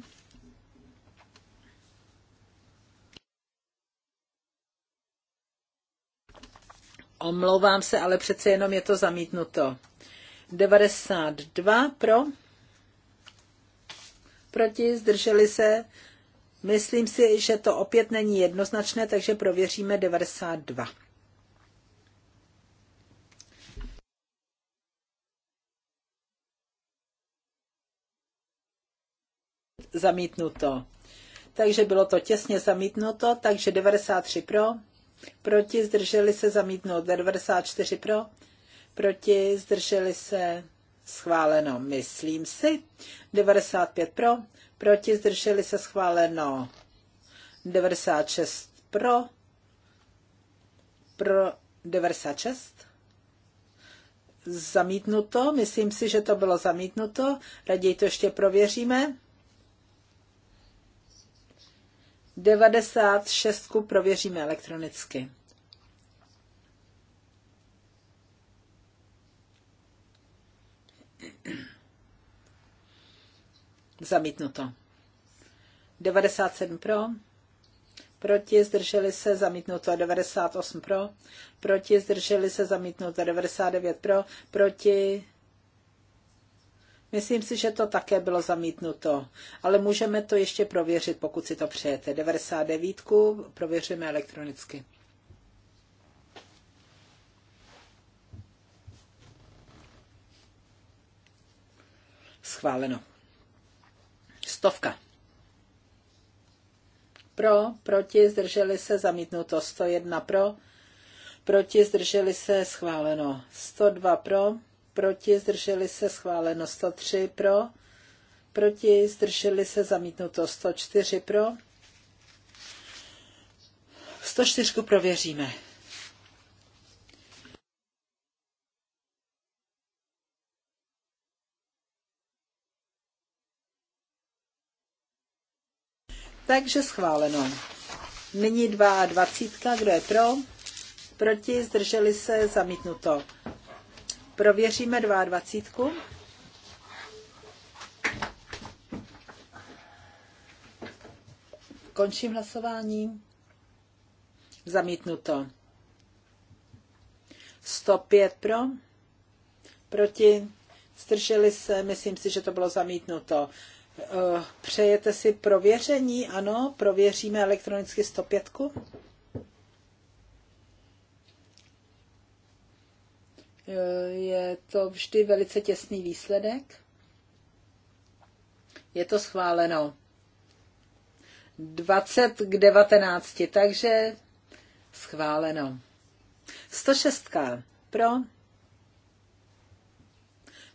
Omlouvám se, ale přece jenom je to zamítnuto. 92 pro. Proti, zdrželi se. Myslím si, že to opět není jednoznačné, takže prověříme 92. zamítnuto. Takže bylo to těsně zamítnuto, takže 93 pro, proti zdrželi se zamítnout 94 pro, proti zdrželi se schváleno, myslím si, 95 pro, proti zdrželi se schváleno, 96 pro, pro 96 zamítnuto. Myslím si, že to bylo zamítnuto. Raději to ještě prověříme. 96 prověříme elektronicky. Zamítnuto. 97 pro, proti zdrželi se zamítnuto 98 pro, proti zdrželi se zamítnuto 99 pro, proti Myslím si, že to také bylo zamítnuto, ale můžeme to ještě prověřit, pokud si to přejete. 99 prověříme elektronicky. Schváleno. Stovka. Pro, proti, zdrželi se, zamítnuto. 101 pro, proti, zdrželi se, schváleno. 102 pro, proti, zdrželi se schváleno 103 pro, proti, zdrželi se zamítnuto 104 pro. 104 prověříme. Takže schváleno. Nyní 22, kdo je pro? Proti, zdrželi se, zamítnuto. Prověříme 22. Končím hlasování. Zamítnuto. 105 pro, proti, zdrželi se, myslím si, že to bylo zamítnuto. Eh, přejete si prověření? Ano, prověříme elektronicky 105. je to vždy velice těsný výsledek. Je to schváleno. 20 k 19, takže schváleno. 106 pro.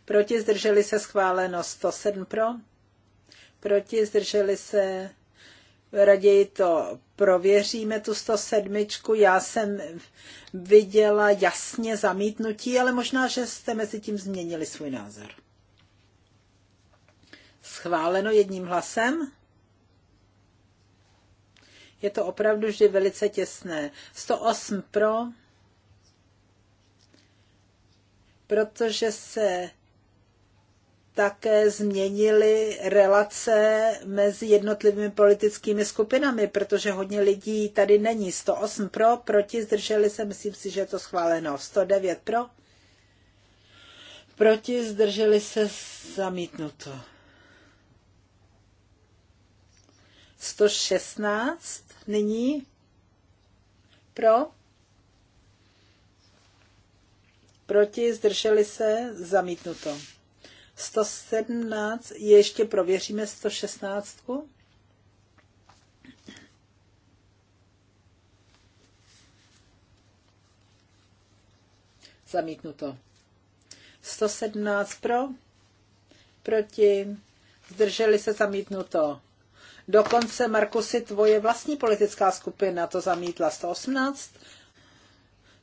Proti zdrželi se schváleno 107 pro. Proti zdrželi se raději to prověříme, tu 107. Já jsem viděla jasně zamítnutí, ale možná, že jste mezi tím změnili svůj názor. Schváleno jedním hlasem. Je to opravdu vždy velice těsné. 108 pro, protože se také změnily relace mezi jednotlivými politickými skupinami, protože hodně lidí tady není. 108 pro, proti, zdrželi se, myslím si, že je to schváleno. 109 pro, proti, zdrželi se, zamítnuto. 116 nyní pro, proti, zdrželi se, zamítnuto. 117, ještě prověříme 116. Zamítnuto. 117 pro, proti, zdrželi se zamítnuto. Dokonce, Markusy, tvoje vlastní politická skupina to zamítla 118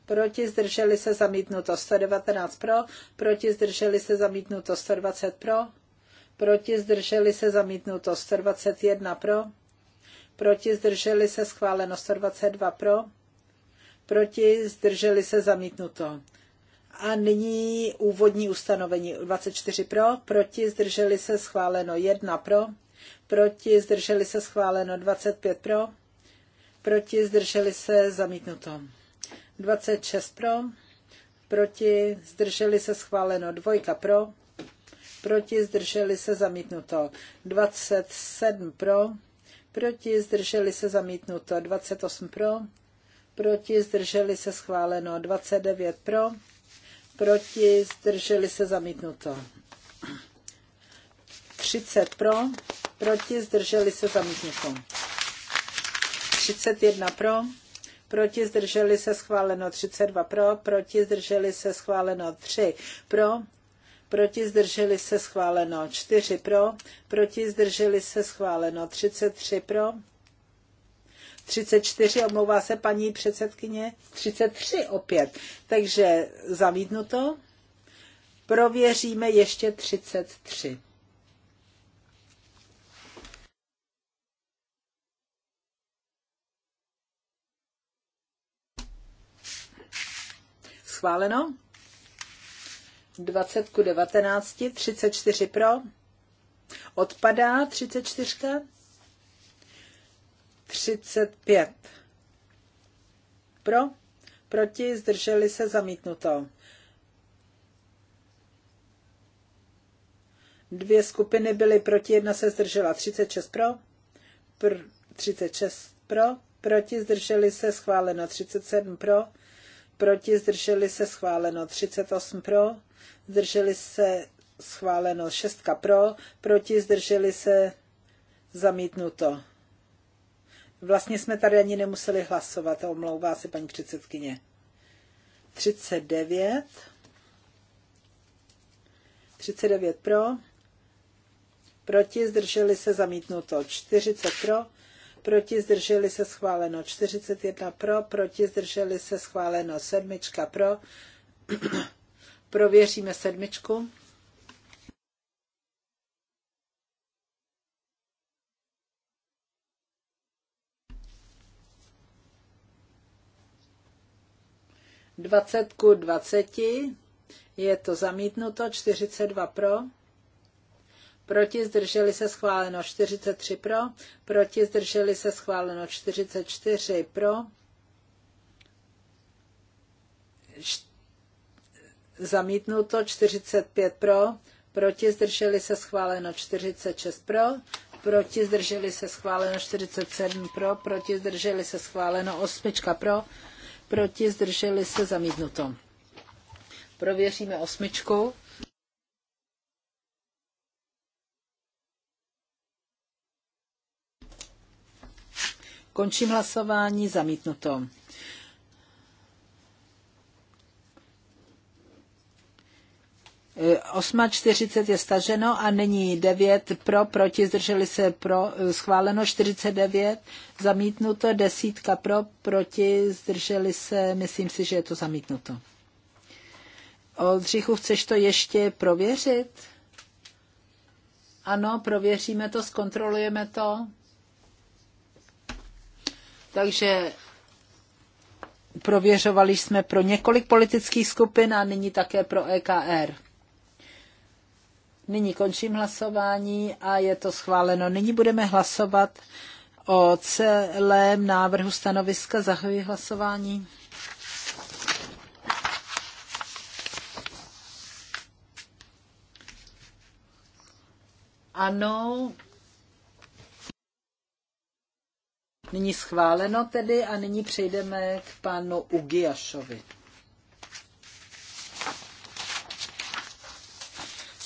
proti, zdrželi se zamítnuto 119 pro, proti, zdrželi se zamítnuto 120 pro, proti, zdrželi se zamítnuto 121 pro, proti, zdrželi se schváleno 122 pro, proti, zdrželi se zamítnuto. A nyní úvodní ustanovení 24 pro, proti, zdrželi se schváleno 1 pro, proti, zdrželi se schváleno 25 pro, proti, zdrželi se zamítnuto. 26 pro, proti, zdrželi se schváleno, dvojka pro, proti, zdrželi se zamítnuto, 27 pro, proti, zdrželi se zamítnuto, 28 pro, proti, zdrželi se schváleno, 29 pro, proti, zdrželi se zamítnuto. 30 pro, proti, zdrželi se zamítnuto. 31 pro, proti, zdrželi se schváleno 32 pro, proti, zdrželi se schváleno 3 pro, proti, zdrželi se schváleno 4 pro, proti, zdrželi se schváleno 33 pro, 34, omlouvá se paní předsedkyně, 33 opět. Takže zamítnuto. Prověříme ještě 33. schváleno. 20 ku 19, 34 pro. Odpadá 34. 35 pro. Proti zdrželi se zamítnuto. Dvě skupiny byly proti, jedna se zdržela. 36 pro. Pr, 36 pro. Proti zdrželi se schváleno. 37 pro proti, zdrželi se schváleno 38 pro, zdrželi se schváleno 6 pro, proti, zdrželi se zamítnuto. Vlastně jsme tady ani nemuseli hlasovat, omlouvá se paní předsedkyně. 39. 39 pro, proti, zdrželi se zamítnuto 40 pro, proti zdrželi se schváleno 41 pro, proti zdrželi se schváleno sedmička pro. Prověříme sedmičku. Dvacetku ku dvaceti, je to zamítnuto, 42 pro proti zdrželi se schváleno 43 pro, proti zdrželi se schváleno 44 pro, zamítnuto 45 pro, proti zdrželi se schváleno 46 pro, proti zdrželi se schváleno 47 pro, proti zdrželi se schváleno 8 pro, proti zdrželi se zamítnuto. Prověříme osmičku. Končím hlasování, zamítnuto. Osma čtyřicet je staženo a nyní devět pro, proti, zdrželi se pro, schváleno 49, zamítnuto, desítka pro, proti, zdrželi se, myslím si, že je to zamítnuto. Oldřichu, chceš to ještě prověřit? Ano, prověříme to, zkontrolujeme to. Takže prověřovali jsme pro několik politických skupin a nyní také pro EKR. Nyní končím hlasování a je to schváleno. Nyní budeme hlasovat o celém návrhu stanoviska. Zahajuji hlasování. Ano, Nyní schváleno tedy a nyní přejdeme k panu Ugiašovi.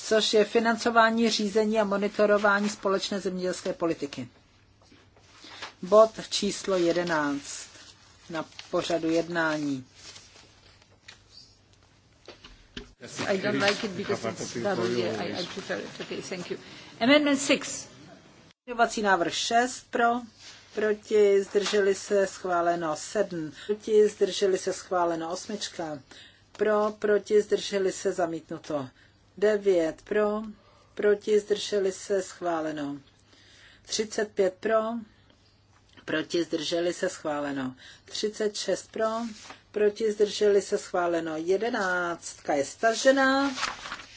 což je financování, řízení a monitorování společné zemědělské politiky. Bod číslo 11 na pořadu jednání. I don't like it because it's I, I prefer it. Okay, thank you. Amendment 6. Návrh 6 pro, proti, zdrželi se, schváleno 7, proti, zdrželi se, schváleno 8, pro, proti, zdrželi se, zamítnuto 9, pro, proti, zdrželi se, schváleno 35 pro, proti, zdrželi se, schváleno 36 pro, proti, zdrželi se, schváleno 11, je stažená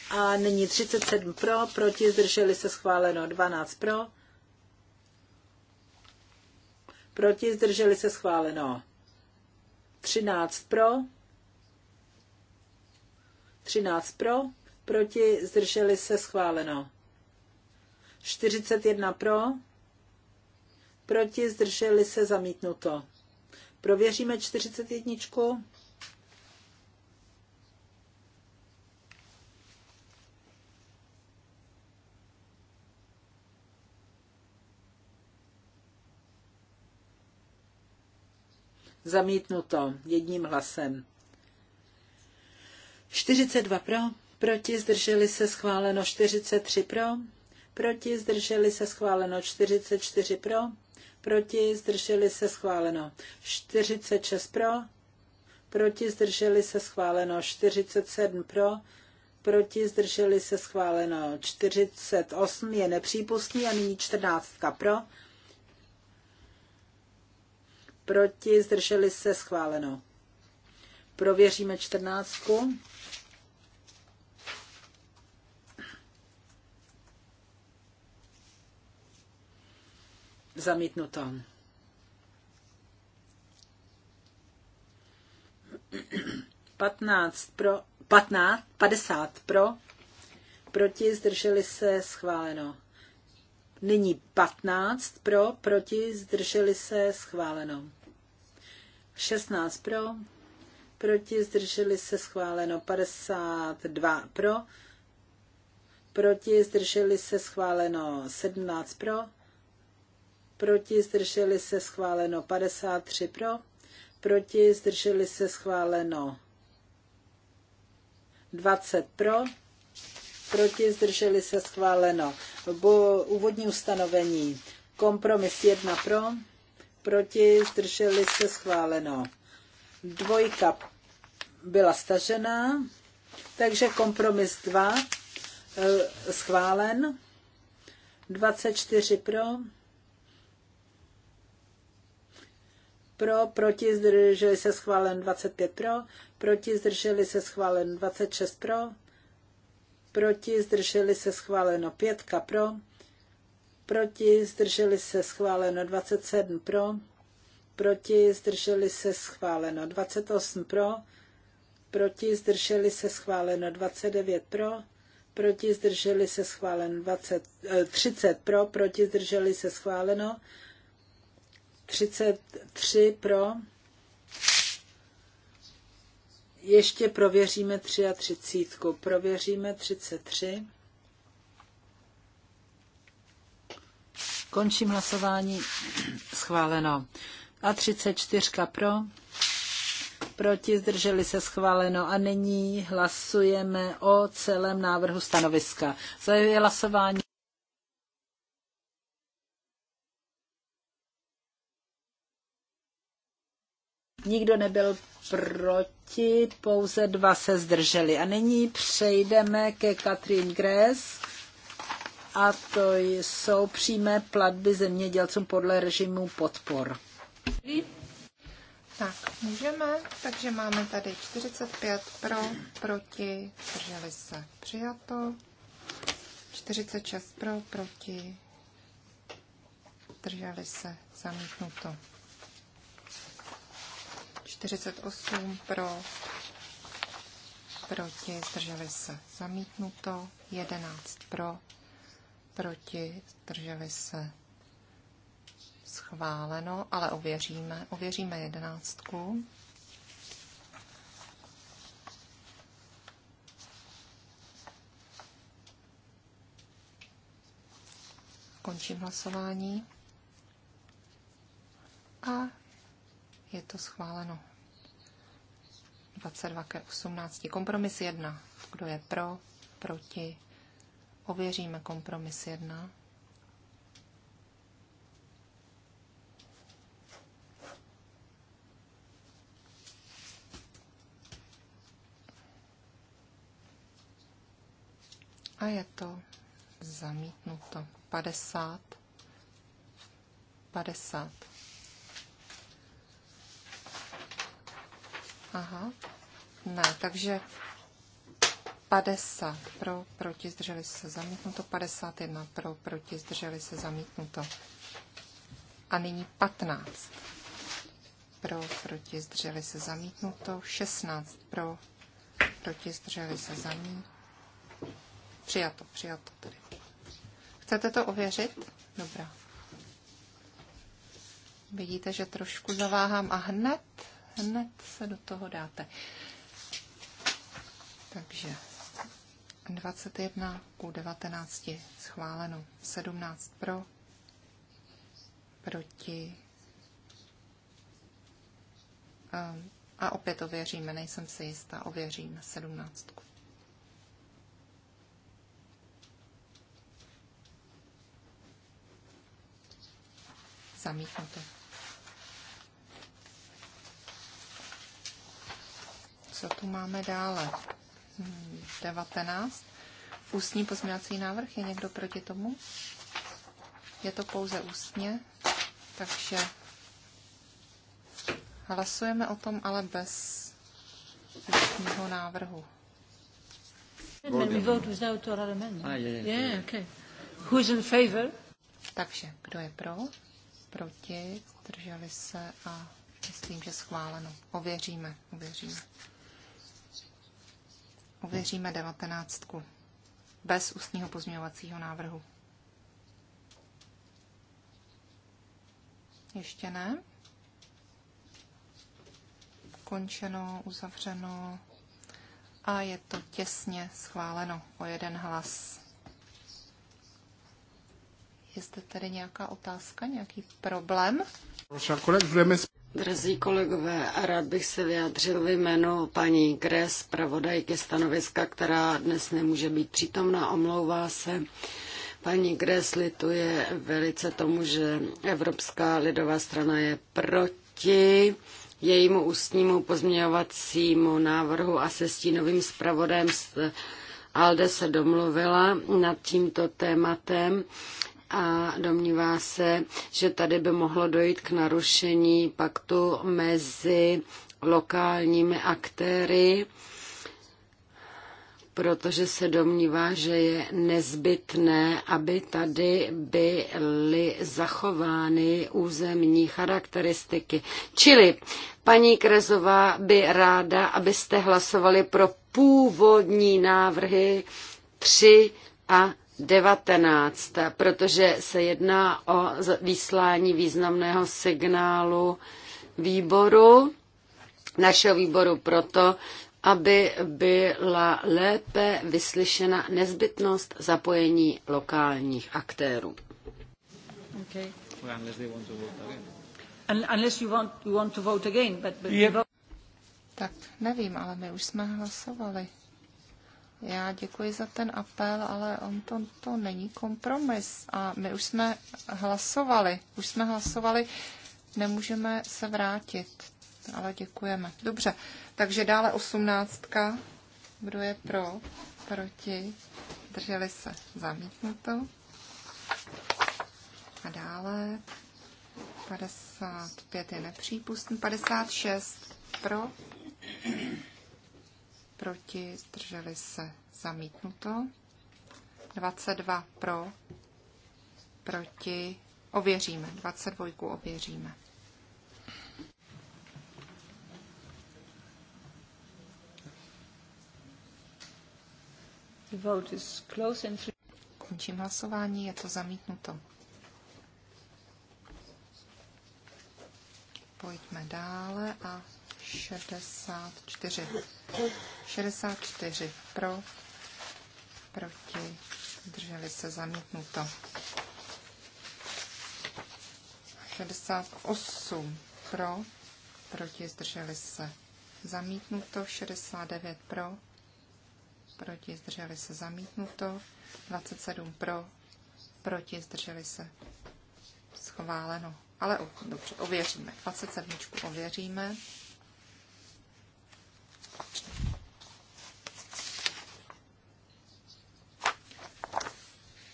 a nyní 37 pro, proti, zdrželi se, schváleno 12 pro, proti, zdrželi se schváleno. 13 pro, 13 pro, proti, zdrželi se schváleno. 41 pro, proti, zdrželi se zamítnuto. Prověříme 41. Zamítnuto jedním hlasem. 42 pro, proti zdrželi se schváleno 43 pro, proti zdrželi se schváleno 44 pro, proti zdrželi se schváleno 46 pro, proti zdrželi se schváleno 47 pro, proti zdrželi se schváleno 48 je nepřípustný a nyní 14 pro, proti, zdrželi se, schváleno. Prověříme čtrnáctku. Zamítnuto. Patnáct pro, patnáct, padesát pro, proti, zdrželi se, schváleno. Nyní 15 pro, proti, zdrželi se, schváleno. 16 pro, proti zdrželi se schváleno 52 pro, proti zdrželi se schváleno 17 pro, proti zdrželi se schváleno 53 pro, proti zdrželi se schváleno 20 pro, proti zdrželi se schváleno. Bo úvodní ustanovení kompromis 1 pro, proti, zdrželi se schváleno. Dvojka byla stažená, takže kompromis 2 e, schválen. 24 pro, pro, proti zdrželi se schválen 25 pro, proti zdrželi se schválen 26 pro, proti zdrželi se schváleno 5 pro, proti, zdrželi se schváleno 27 pro, proti, zdrželi se schváleno 28 pro, proti, zdrželi se schváleno 29 pro, proti, zdrželi se schváleno 20, 30 eh, pro, proti, zdrželi se schváleno 33 pro, ještě prověříme 33. Prověříme 33. Končím hlasování. Schváleno. A 34 pro. Proti zdrželi se schváleno. A nyní hlasujeme o celém návrhu stanoviska. Zajuje hlasování. Nikdo nebyl proti, pouze dva se zdrželi. A nyní přejdeme ke Katrin Gress a to jsou přímé platby zemědělcům podle režimu podpor. Tak, můžeme, takže máme tady 45 pro, proti, drželi se, přijato. 46 pro, proti, drželi se, zamítnuto. 48 pro, proti, zdrželi se, zamítnuto. 11 pro, proti, zdrželi se schváleno, ale ověříme. Ověříme jedenáctku. Končím hlasování. A je to schváleno. 22 ke 18. Kompromis 1. Kdo je pro, proti, Ověříme kompromis 1. A je to zamítnuto. 50. 50. Aha. Ne, takže 50 pro, proti, zdrželi se zamítnuto. 51 pro, proti, zdrželi se zamítnuto. A nyní 15 pro, proti, zdrželi se zamítnuto. 16 pro, proti, zdrželi se zamítnuto. Přijato, přijato tedy. Chcete to ověřit? Dobrá. Vidíte, že trošku zaváhám a hned, hned se do toho dáte. Takže 21 ku 19 schváleno. 17 pro, proti. Ehm, a opět ověříme, nejsem si jistá, ověříme 17. Zamítnuto. 100 co tu máme dále? 19. Ústní pozměňovací návrh, je někdo proti tomu? Je to pouze ústně, takže hlasujeme o tom, ale bez ústního návrhu. Takže, kdo je pro? Proti? Drželi se a myslím, že schváleno. Ověříme, ověříme. Ověříme devatenáctku. Bez ústního pozměňovacího návrhu. Ještě ne. Končeno, uzavřeno a je to těsně schváleno o jeden hlas. Je zde tedy nějaká otázka, nějaký problém? Drazí kolegové, rád bych se vyjádřil ve jménu paní Kres, pravodajky stanoviska, která dnes nemůže být přítomna, omlouvá se. Paní Kres lituje velice tomu, že Evropská lidová strana je proti jejímu ústnímu pozměňovacímu návrhu a se stínovým zpravodem Alde se domluvila nad tímto tématem a domnívá se, že tady by mohlo dojít k narušení paktu mezi lokálními aktéry, protože se domnívá, že je nezbytné, aby tady byly zachovány územní charakteristiky. Čili paní Krezová by ráda, abyste hlasovali pro původní návrhy 3 a 19, protože se jedná o vyslání významného signálu výboru, našeho výboru proto, aby byla lépe vyslyšena nezbytnost zapojení lokálních aktérů. Tak nevím, ale my už jsme hlasovali. Já děkuji za ten apel, ale on to, to není kompromis. A my už jsme hlasovali, už jsme hlasovali, nemůžeme se vrátit, ale děkujeme. Dobře, takže dále osmnáctka. Kdo je pro? Proti? Drželi se zamítnuto. A dále 55 je nepřípustný. 56 pro? proti, zdrželi se zamítnuto. 22 pro, proti, ověříme, 22 ověříme. The vote is close and free. Končím hlasování, je to zamítnuto. Pojďme dále a 64. 64 pro, proti, drželi se zamítnuto. 68 pro, proti, zdrželi se zamítnuto. 69 pro, proti, zdrželi se zamítnuto. 27 pro, proti, zdrželi se schváleno. Ale dobře, ověříme. 27 ověříme.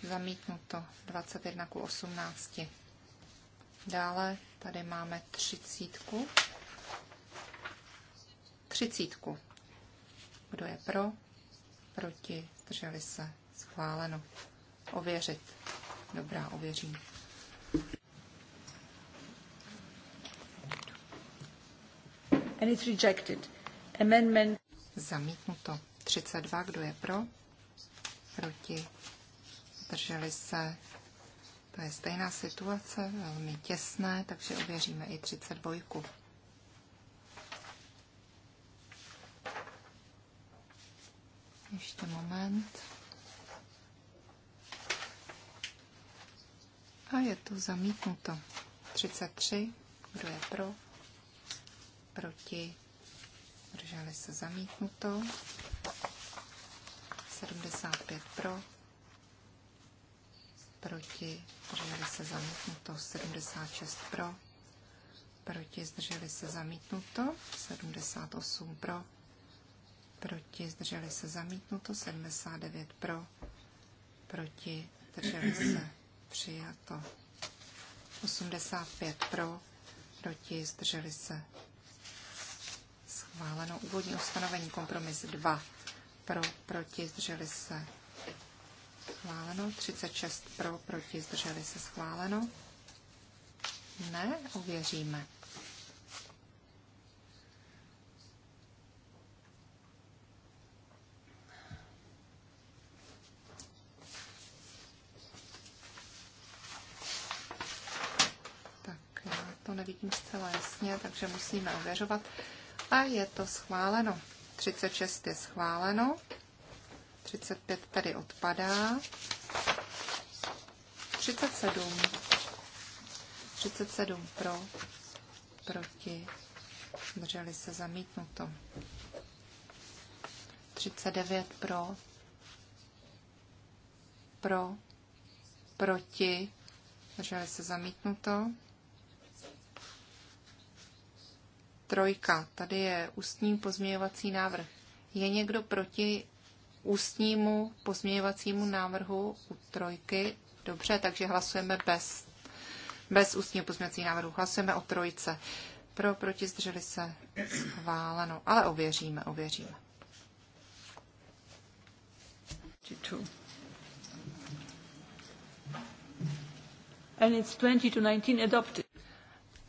zamítnuto 21 k 18. Dále tady máme třicítku. Třicítku. Kdo je pro? Proti? Zdrželi se? Schváleno. Ověřit. Dobrá, ověřím. And it's rejected. Amendment. Zamítnuto. 32. Kdo je pro? Proti? zdrželi se. To je stejná situace, velmi těsné, takže ověříme i 32. Ještě moment. A je tu zamítnuto. 33. Kdo je pro? Proti? Drželi se zamítnuto. 75 pro, proti, zdrželi se zamítnuto, 76 pro, proti, zdrželi se zamítnuto, 78 pro, proti, zdrželi se zamítnuto, 79 pro, proti, zdrželi se přijato, 85 pro, proti, zdrželi se schváleno, úvodní ustanovení, kompromis 2 pro, proti, zdrželi se schváleno. 36 pro, proti, zdrželi se, schváleno. Ne, Uvěříme. Tak to nevidím zcela jasně, takže musíme ověřovat. A je to schváleno. 36 je schváleno. 35 tady odpadá. 37. 37 pro, proti, drželi se zamítnuto. 39 pro, pro, proti, drželi se zamítnuto. Trojka, tady je ústní pozměňovací návrh. Je někdo proti ústnímu pozměňovacímu návrhu u trojky. Dobře, takže hlasujeme bez, bez ústního pozměňovacího návrhu. Hlasujeme o trojce. Pro, proti, zdrželi se. Schváleno. Ale ověříme, ověříme. And it's 20 to 19 adopted.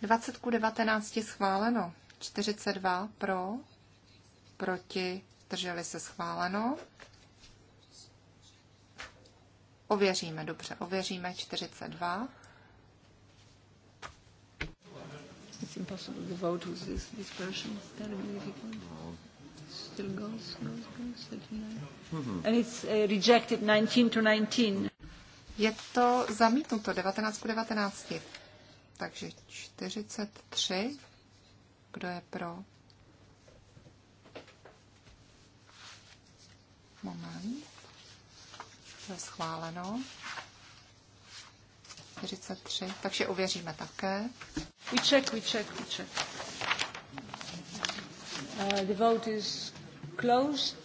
20 ku 19 schváleno. 42 pro, proti, zdrželi se schváleno. Ověříme, dobře, ověříme 42. It's impossible to vote with this, this version. terribly difficult. Still goes, goes, goes, 39. Mm-hmm. And it's uh, rejected 19 to 19. Je to zamítnuto 19 ku 19. Takže 43. Kdo je pro? Moment schváleno. 43, takže uvěříme také. We check, we check, we check. Uh, the vote is closed.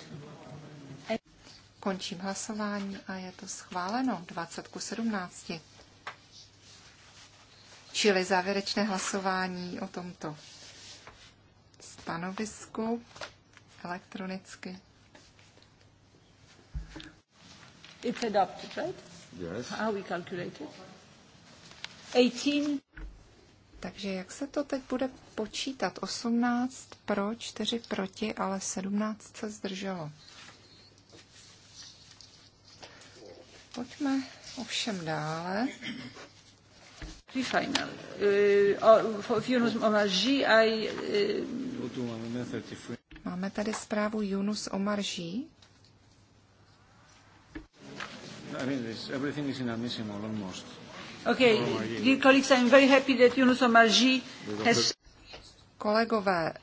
Končím hlasování a je to schváleno 20 ku 17. Čili závěrečné hlasování o tomto stanovisku elektronicky. It's adopted, right? Yes. How we calculate it? 18. Takže jak se to teď bude počítat? 18 pro, 4 proti, ale 17 se zdrželo. Pojďme ovšem dále. Final. Uh, oh, uh, Máme tady zprávu Yunus Omar Omarží. I mean, this, everything is inadmissible almost. Okay, dear colleagues, I'm very happy that Yunus Omarji has... Kolegové,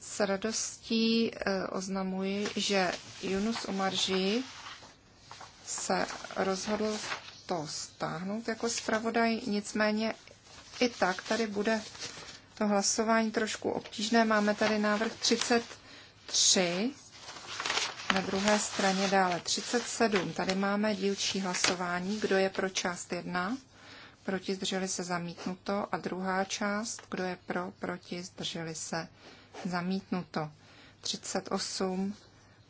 s radostí eh, oznamuji, že Yunus Omarji se rozhodl to stáhnout jako zpravodaj, nicméně i tak tady bude to hlasování trošku obtížné. Máme tady návrh 33 na druhé straně dále 37. Tady máme dílčí hlasování, kdo je pro část 1, proti zdrželi se zamítnuto a druhá část, kdo je pro, proti zdrželi se zamítnuto. 38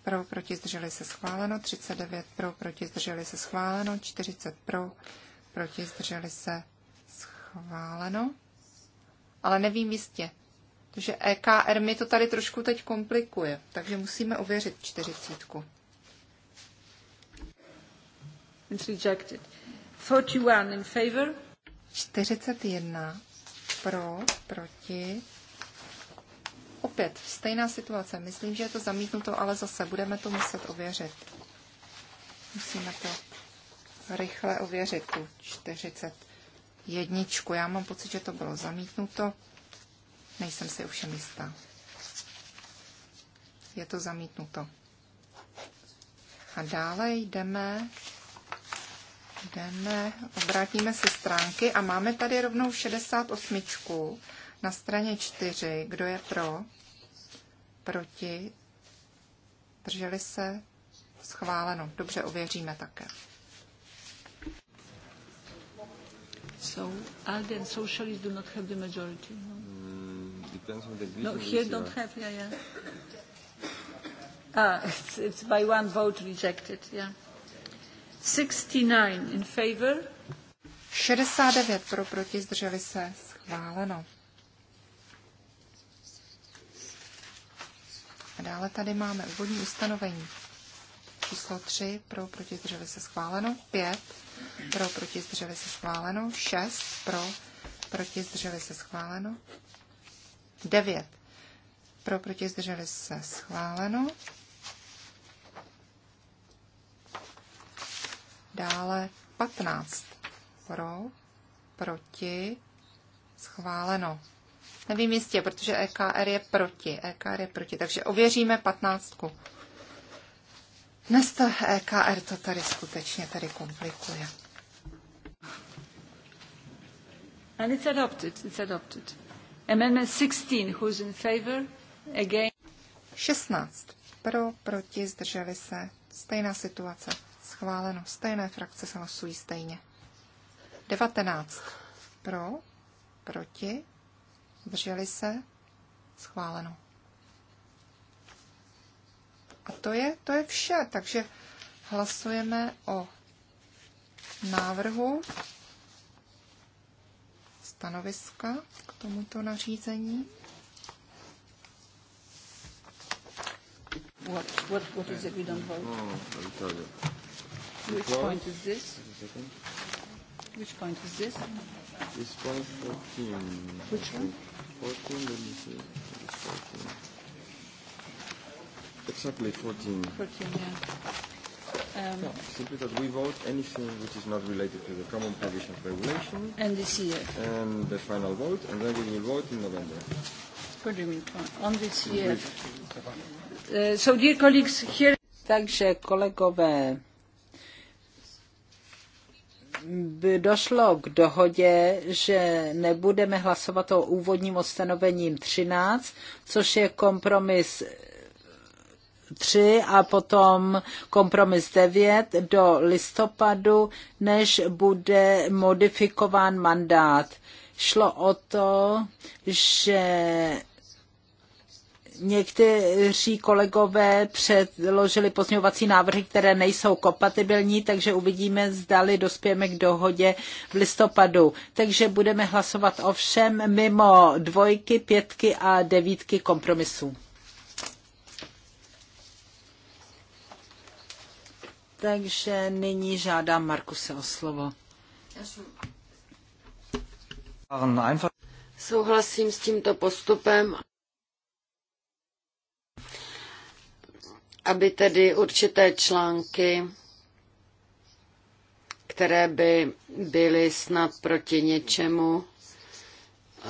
pro, proti zdrželi se schváleno, 39 pro, proti zdrželi se schváleno, 40 pro, proti zdrželi se schváleno. Ale nevím jistě že EKR mi to tady trošku teď komplikuje, takže musíme ověřit čtyřicítku. It's rejected. 41 in favor. 41 pro, proti. Opět stejná situace. Myslím, že je to zamítnuto, ale zase budeme to muset ověřit. Musíme to rychle ověřit, tu 41. Já mám pocit, že to bylo zamítnuto. Nejsem si ovšem jistá. Je to zamítnuto. A dále jdeme, jdeme, obrátíme se stránky a máme tady rovnou 68 na straně 4. Kdo je pro? Proti? Drželi se? Schváleno. Dobře, ověříme také. So, ALDE socialists do not have the majority. No? no, no. No, here don't have, yeah, yeah. Ah, it's, it's by one vote rejected, yeah. 69 in favor. 69 pro, proti, zdrželi se, schváleno. A dále tady máme úvodní ustanovení. Číslo 3 pro, proti, zdrželi se, schváleno. 5 pro, proti, zdrželi se, schváleno. 6 pro, proti, zdrželi se, schváleno. 9. Pro, proti, zdrželi se schváleno. Dále 15. Pro, proti, schváleno. Nevím jistě, protože EKR je proti. EKR je proti, takže ověříme 15. Dnes to EKR to tady skutečně tady komplikuje. And it's adopted, it's adopted. Amendment 16, who's in favor? Again. 16. Pro, proti, zdrželi se. Stejná situace. Schváleno. Stejné frakce se hlasují stejně. 19. Pro, proti, zdrželi se. Schváleno. A to je, to je vše. Takže hlasujeme o návrhu stanoviska k tomuto nařízení. What, what, what is it we don't vote? Oh, I'll tell you. Which point is this? Which point is this? This point 14. Which one? 14, let me see. 14. Exactly 14. 14, yeah. Um, no, simply that we vote anything which is not related to the common provisions regulation. And this year. And the final vote, and then we will vote in November. What do you mean? On this year. Uh, so, dear colleagues, here... Takže By došlo k dohodě, že nebudeme hlasovat o úvodním odstanovením 13, což je kompromis 3 a potom kompromis 9 do listopadu, než bude modifikován mandát. Šlo o to, že někteří kolegové předložili pozměňovací návrhy, které nejsou kompatibilní, takže uvidíme, zdali dospějeme k dohodě v listopadu. Takže budeme hlasovat o všem mimo dvojky, pětky a devítky kompromisů. Takže nyní žádám Markuse o slovo. Souhlasím s tímto postupem, aby tedy určité články, které by byly snad proti něčemu, eh,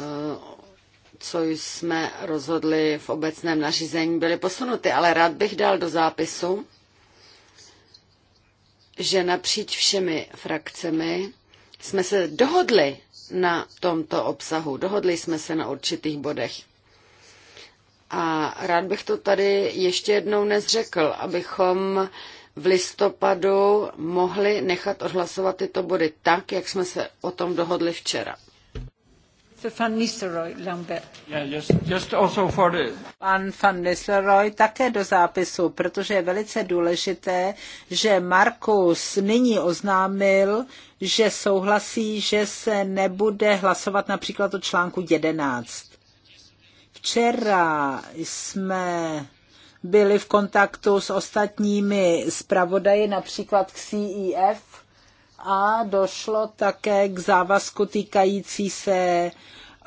co jsme rozhodli v obecném nařízení, byly posunuty. Ale rád bych dal do zápisu, že napříč všemi frakcemi jsme se dohodli na tomto obsahu. Dohodli jsme se na určitých bodech. A rád bych to tady ještě jednou nezřekl, abychom v listopadu mohli nechat odhlasovat tyto body tak, jak jsme se o tom dohodli včera. Van Nistelrooy, Lambert. Yeah, just, just also for the... Pan Van Nistelrooy také do zápisu, protože je velice důležité, že Markus nyní oznámil, že souhlasí, že se nebude hlasovat například o článku 11. Včera jsme byli v kontaktu s ostatními zpravodaji, například k CEF, a došlo také k závazku týkající se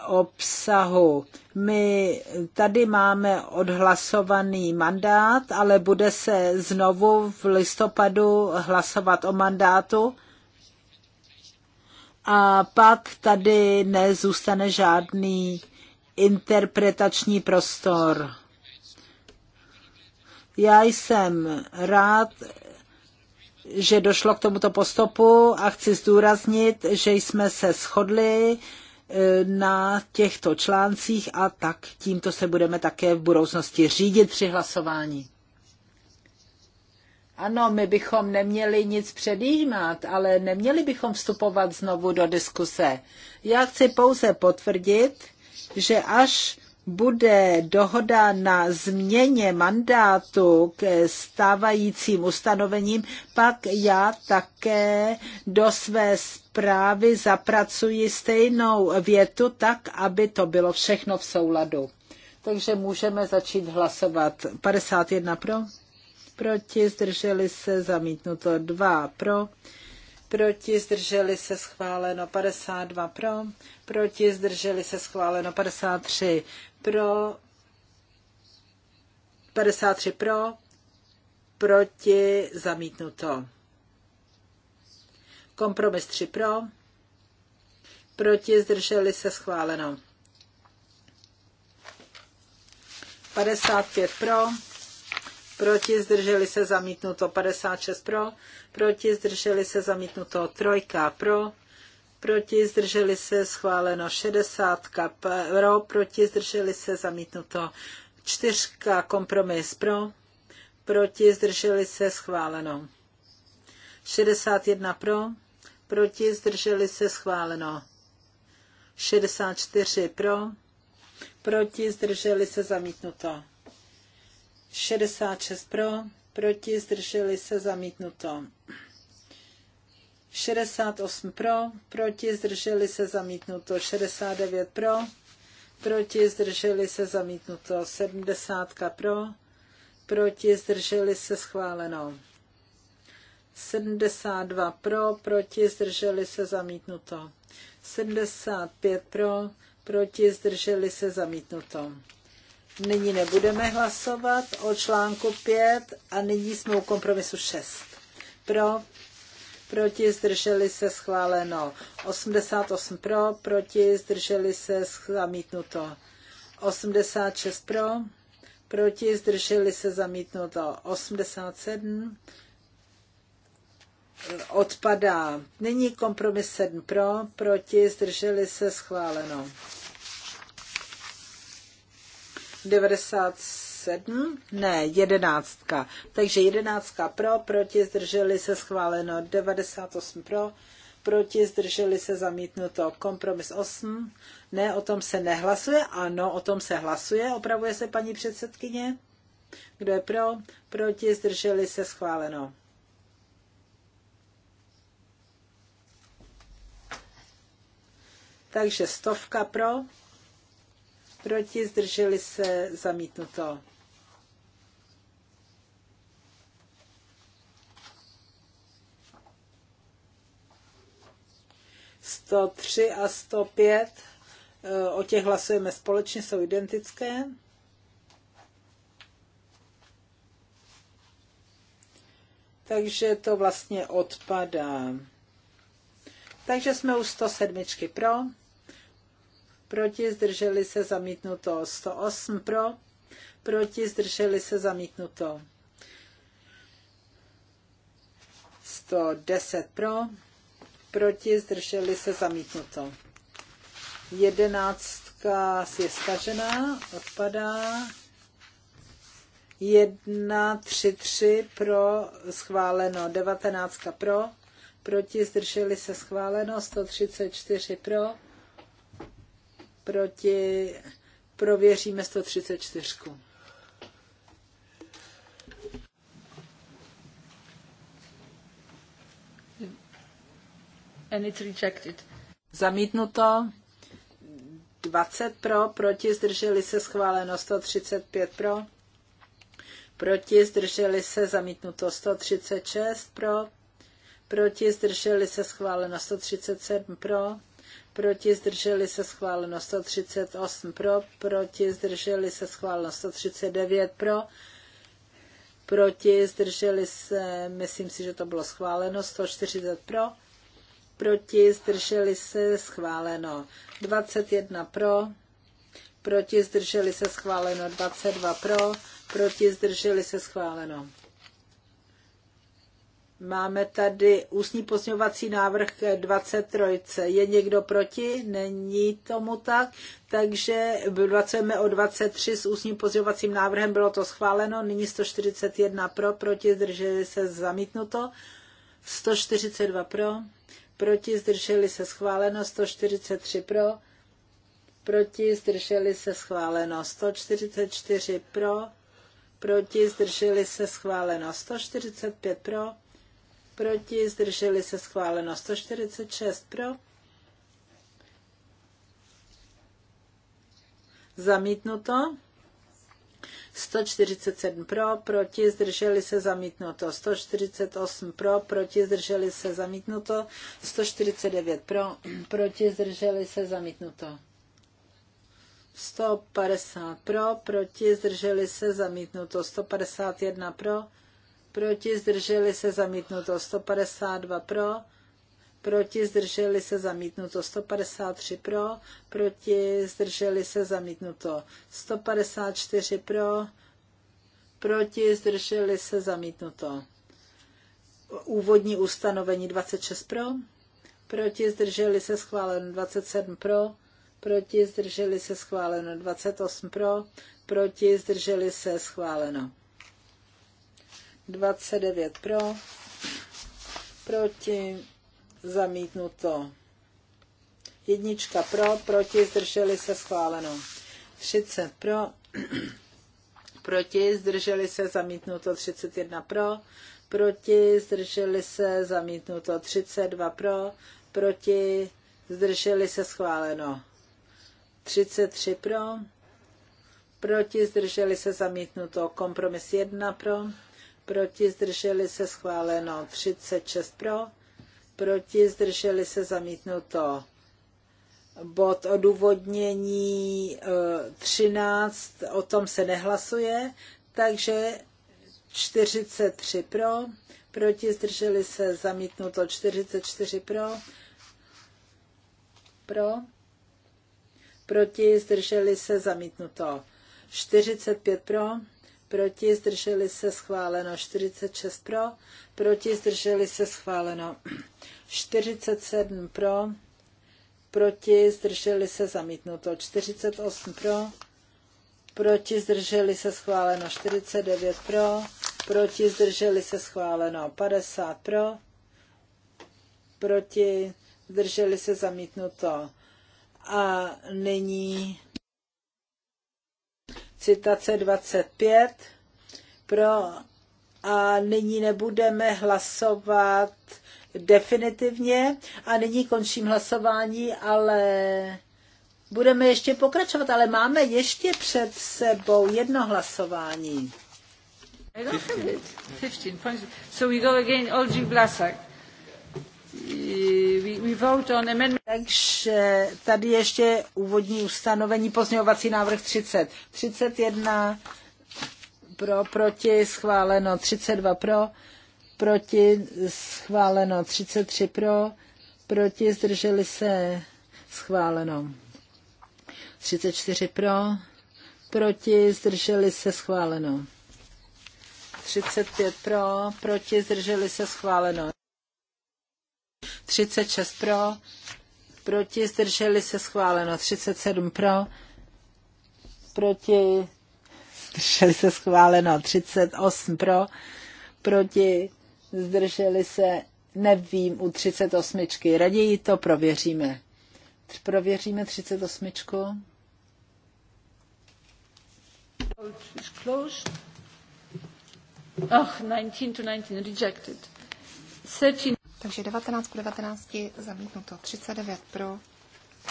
obsahu. My tady máme odhlasovaný mandát, ale bude se znovu v listopadu hlasovat o mandátu. A pak tady nezůstane žádný interpretační prostor. Já jsem rád, že došlo k tomuto postupu a chci zdůraznit, že jsme se shodli e, na těchto článcích a tak tímto se budeme také v budoucnosti řídit při hlasování. Ano, my bychom neměli nic předjímat, ale neměli bychom vstupovat znovu do diskuse. Já chci pouze potvrdit, že až bude dohoda na změně mandátu k stávajícím ustanovením, pak já také do své zprávy zapracuji stejnou větu tak, aby to bylo všechno v souladu. Takže můžeme začít hlasovat. 51 pro, proti, zdrželi se, zamítnuto 2 pro, proti, zdrželi se, schváleno 52 pro, proti, zdrželi se, schváleno 53 pro, 53 pro, proti, zamítnuto. Kompromis 3 pro, proti, zdrželi se schváleno. 55 pro, proti, zdrželi se zamítnuto 56 pro, proti, zdrželi se zamítnuto trojka pro, proti, zdrželi se, schváleno 60, pro, proti, zdrželi se, zamítnuto 4, kompromis pro, proti, zdrželi se, schváleno 61 pro, proti, zdrželi se, schváleno 64 pro, proti, zdrželi se, zamítnuto 66 pro, proti, zdrželi se, zamítnuto 68 pro, proti, zdrželi se zamítnuto 69 pro, proti, zdrželi se zamítnuto 70 pro, proti, zdrželi se schváleno. 72 pro, proti, zdrželi se zamítnuto. 75 pro, proti, zdrželi se zamítnuto. Nyní nebudeme hlasovat o článku 5 a nyní jsme u kompromisu 6. Pro, proti, zdrželi se schváleno. 88 pro, proti, zdrželi se zamítnuto. 86 pro, proti, zdrželi se zamítnuto. 87 odpadá. Nyní kompromis 7 pro, proti, zdrželi se schváleno. 97 sedm, ne, jedenáctka. Takže jedenáctka pro, proti, zdrželi se schváleno 98 pro, proti, zdrželi se zamítnuto kompromis 8, ne, o tom se nehlasuje, ano, o tom se hlasuje, opravuje se paní předsedkyně. Kdo je pro, proti, zdrželi se schváleno. Takže stovka pro, proti, zdrželi se, zamítnuto. Sto tři a sto pět, e, o těch hlasujeme společně, jsou identické. Takže to vlastně odpadá. Takže jsme u 107 pro proti, zdrželi se zamítnuto. 108 pro, proti, zdrželi se zamítnuto. 110 pro, proti, zdrželi se zamítnuto. Jedenáctka je stažená, odpadá. Jedna, tři, tři pro schváleno, 19 pro, proti zdrželi se schváleno, 134 pro, proti, prověříme 134. And it's rejected. Zamítnuto. 20 pro, proti zdrželi se schváleno 135 pro, proti zdrželi se zamítnuto 136 pro, proti zdrželi se schváleno 137 pro, proti zdrželi se schváleno 138 pro, proti zdrželi se schváleno 139 pro, proti zdrželi se, myslím si, že to bylo schváleno, 140 pro, proti zdrželi se schváleno 21 pro, proti zdrželi se schváleno 22 pro, proti zdrželi se schváleno. Máme tady ústní posměvací návrh 23. Je někdo proti? Není tomu tak. Takže vracujeme o 23 s ústním pozměňovacím návrhem, bylo to schváleno, nyní 141 pro, proti zdrželi se zamítnuto, 142 pro, proti zdrželi se schváleno, 143 pro, proti zdrželi se schváleno, 144 pro, proti zdrželi se schváleno, 145 pro, proti, zdrželi se schváleno 146 pro, zamítnuto, 147 pro, proti, zdrželi se zamítnuto, 148 pro, proti, zdrželi se zamítnuto, 149 pro, proti, zdrželi se zamítnuto. 150 pro, proti, zdrželi se zamítnuto, 151 pro, proti, zdrželi se zamítnuto 152 pro, proti, zdrželi se zamítnuto 153 pro, proti, zdrželi se zamítnuto 154 pro, proti, zdrželi se zamítnuto. Úvodní ustanovení 26 pro, proti, zdrželi se schváleno 27 pro, proti, zdrželi se schváleno 28 pro, proti, zdrželi se schváleno. 29 pro, proti, zamítnuto. Jednička pro, proti, zdrželi se schváleno. 30 pro, proti, zdrželi se zamítnuto. 31 pro, proti, zdrželi se zamítnuto. 32 pro, proti, zdrželi se schváleno. 33 pro, proti, zdrželi se zamítnuto. Kompromis 1 pro, proti, zdrželi se schváleno 36 pro, proti, zdrželi se zamítnuto. Bod odůvodnění 13, eh, o tom se nehlasuje, takže 43 pro, proti, zdrželi se zamítnuto 44 pro, pro, proti, zdrželi se zamítnuto 45 pro, proti, zdrželi se schváleno 46 pro, proti, zdrželi se schváleno 47 pro, proti, zdrželi se zamítnuto 48 pro, proti, zdrželi se schváleno 49 pro, proti, zdrželi se schváleno 50 pro, proti, zdrželi se zamítnuto. A nyní citace 25. Pro a nyní nebudeme hlasovat definitivně a nyní končím hlasování, ale budeme ještě pokračovat, ale máme ještě před sebou jedno hlasování. 15. don't 15. So we go again, Olgi Blasak. Takže tady ještě úvodní ustanovení, pozměňovací návrh 30. 31 pro, proti, schváleno 32 pro, proti, schváleno 33 pro, proti, zdrželi se, schváleno 34 pro, proti, zdrželi se, schváleno 35 pro, proti, zdrželi se, schváleno 36 pro, proti, zdrželi se schváleno. 37 pro, proti, zdrželi se schváleno. 38 pro, proti, zdrželi se, nevím, u 38. Raději to prověříme. Prověříme 38. Oh, 19 to 19, rejected. 13. Takže 19 po 19 zamítnuto 39 pro,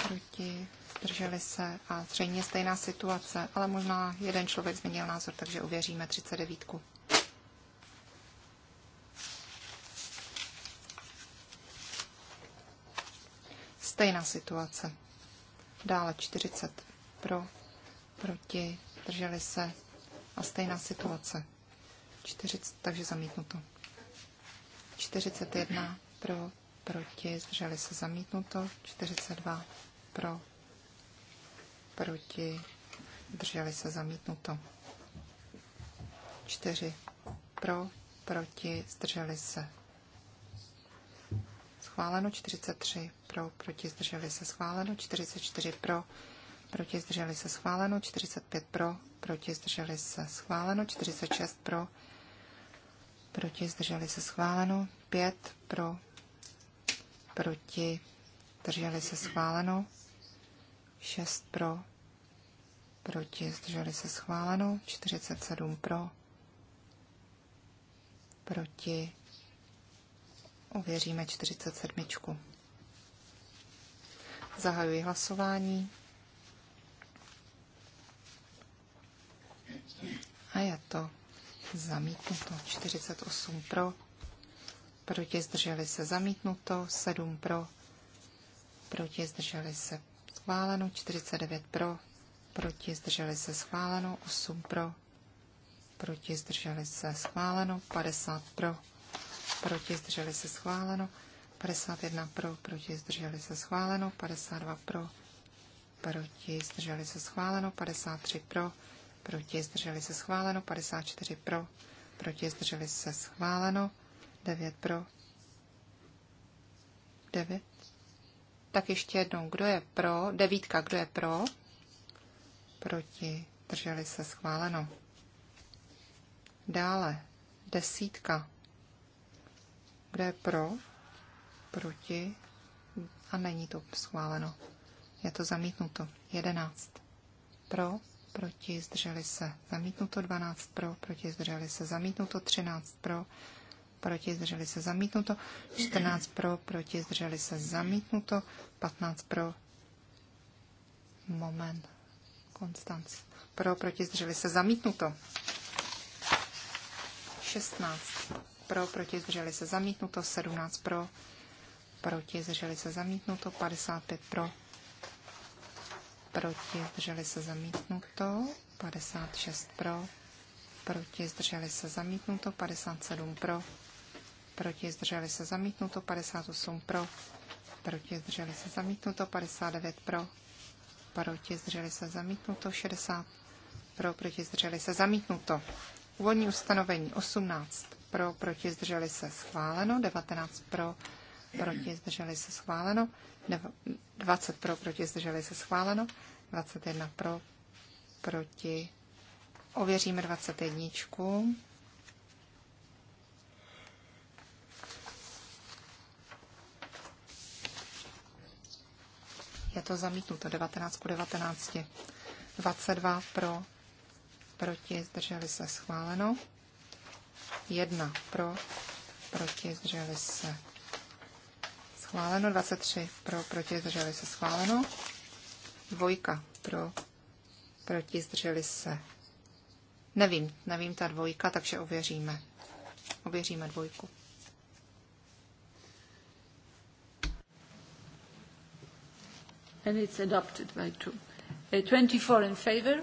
proti, zdrželi se a zřejmě stejná situace, ale možná jeden člověk změnil názor, takže uvěříme 39. Stejná situace. Dále 40 pro, proti, drželi se a stejná situace. 40, takže zamítnuto. 41 pro, proti, zdrželi se zamítnuto, 42 pro, proti, zdrželi se zamítnuto. 4 pro, proti, zdrželi se. Schváleno 43 pro, proti, zdrželi se. Schváleno 44 pro, proti, zdrželi se. Schváleno 45 pro, proti, zdrželi se. Schváleno 46 pro, proti, zdrželi se schváleno, 5 pro, proti, zdrželi se schváleno, 6 pro, proti, zdrželi se schváleno, 47 pro, proti, ověříme 47. Zahajuji hlasování. A je to zamítnuto. 48 pro, proti zdrželi se zamítnuto, 7 pro, proti zdrželi se schváleno, 49 pro, proti zdrželi se schváleno, 8 pro, proti zdrželi se schváleno, 50 pro, proti zdrželi se schváleno, 51 pro, proti zdrželi se schváleno, 52 pro, proti zdrželi se schváleno, 53 pro, proti, zdrželi se schváleno, 54 pro, proti, zdrželi se schváleno, 9 pro, 9. Tak ještě jednou, kdo je pro, devítka, kdo je pro, proti, zdrželi se schváleno. Dále, desítka, kdo je pro, proti, a není to schváleno. Je to zamítnuto. 11. Pro, proti, zdrželi se, zamítnuto 12 pro, proti, zdrželi se, zamítnuto 13 pro, proti, zdrželi se, zamítnuto 14 pro, proti, zdrželi se, zamítnuto 15 pro, moment, Konstanc, pro, proti, zdrželi se, zamítnuto 16 pro, proti, zdrželi se, zamítnuto 17 pro, proti, zdrželi se, zamítnuto 55 pro, proti, zdrželi se zamítnuto, 56 pro, proti, zdrželi se zamítnuto, 57 pro, proti, zdrželi se zamítnuto, 58 pro, proti, zdrželi se zamítnuto, 59 pro, proti, zdrželi se zamítnuto, 60 pro, proti, zdrželi se zamítnuto. Úvodní ustanovení 18 pro, proti, zdrželi se schváleno, 19 pro, proti, zdrželi se schváleno. 20 pro, proti, zdrželi se schváleno. 21 pro, proti. Ověříme 21. Je to zamítnuto 19 19. 22 pro, proti, zdrželi se schváleno. 1 pro, proti, zdrželi se schváleno, 23 pro, proti, zdrželi se schváleno, dvojka pro, proti, zdrželi se. Nevím, nevím ta dvojka, takže ověříme. Ověříme dvojku. And it's adopted by two. 24 uh, in favor.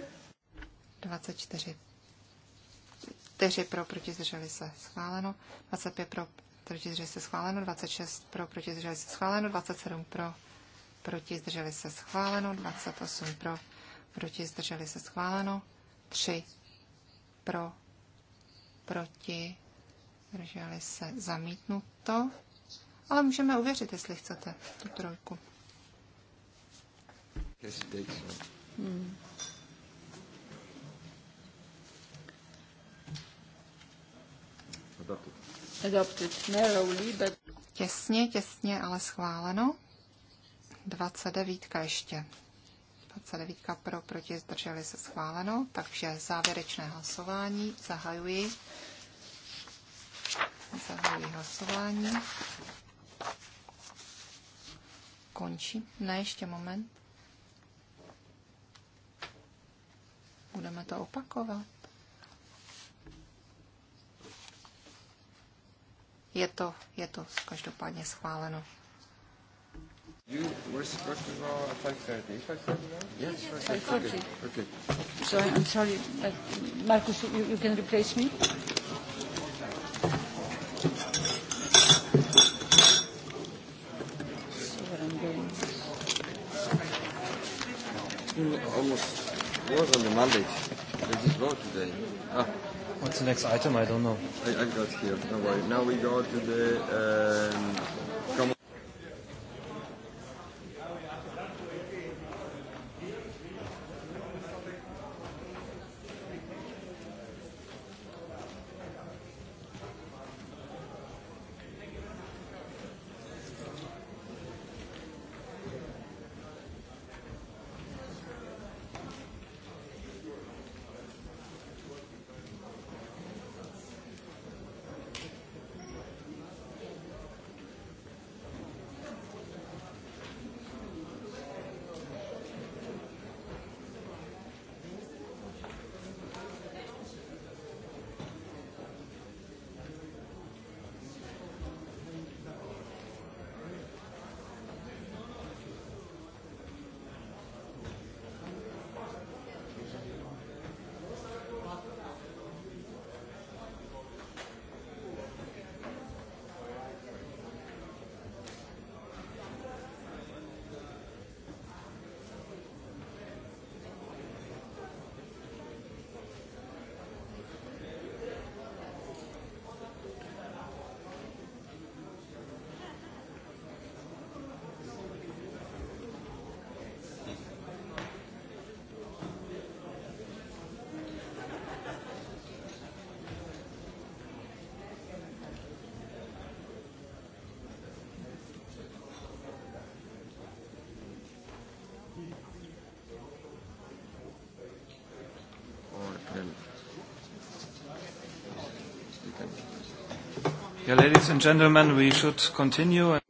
24 4 pro, proti zdrželi se schváleno, 25 pro, proti zdrželi se schváleno, 26 pro, proti zdrželi se schváleno, 27 pro, proti zdrželi se schváleno, 28 pro, proti zdrželi se schváleno, 3 pro, proti zdrželi se zamítnuto, ale můžeme uvěřit, jestli chcete tu trojku. Hmm. Adapted. Těsně, těsně, ale schváleno. 29 ještě. 29 pro, proti, zdrželi se schváleno. Takže závěrečné hlasování zahajuji. Zahajuji hlasování. Končí. Ne, ještě moment. Budeme to opakovat. je to, je to každopádně schváleno. You were at 5.30. Yes, 5.30. Okay. So I'm sorry, but uh, Marcus, you, you can replace me? Almost was on the mandate? This just go today. Ah. What's the next item? I don't know. I, I've got here. No worry. Now we go to the. Um,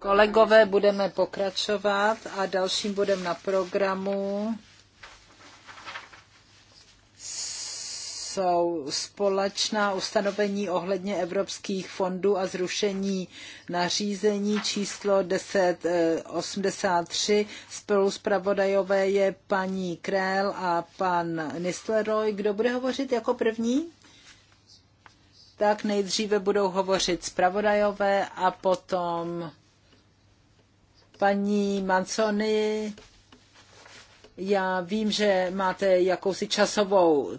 Kolegové, budeme pokračovat a dalším bodem na programu jsou společná ustanovení ohledně evropských fondů a zrušení nařízení číslo 1083. Eh, Spolu zpravodajové je paní Krél a pan Nistleroy. Kdo bude hovořit jako první? tak nejdříve budou hovořit zpravodajové a potom paní Mancony. Já vím, že máte jakousi časovou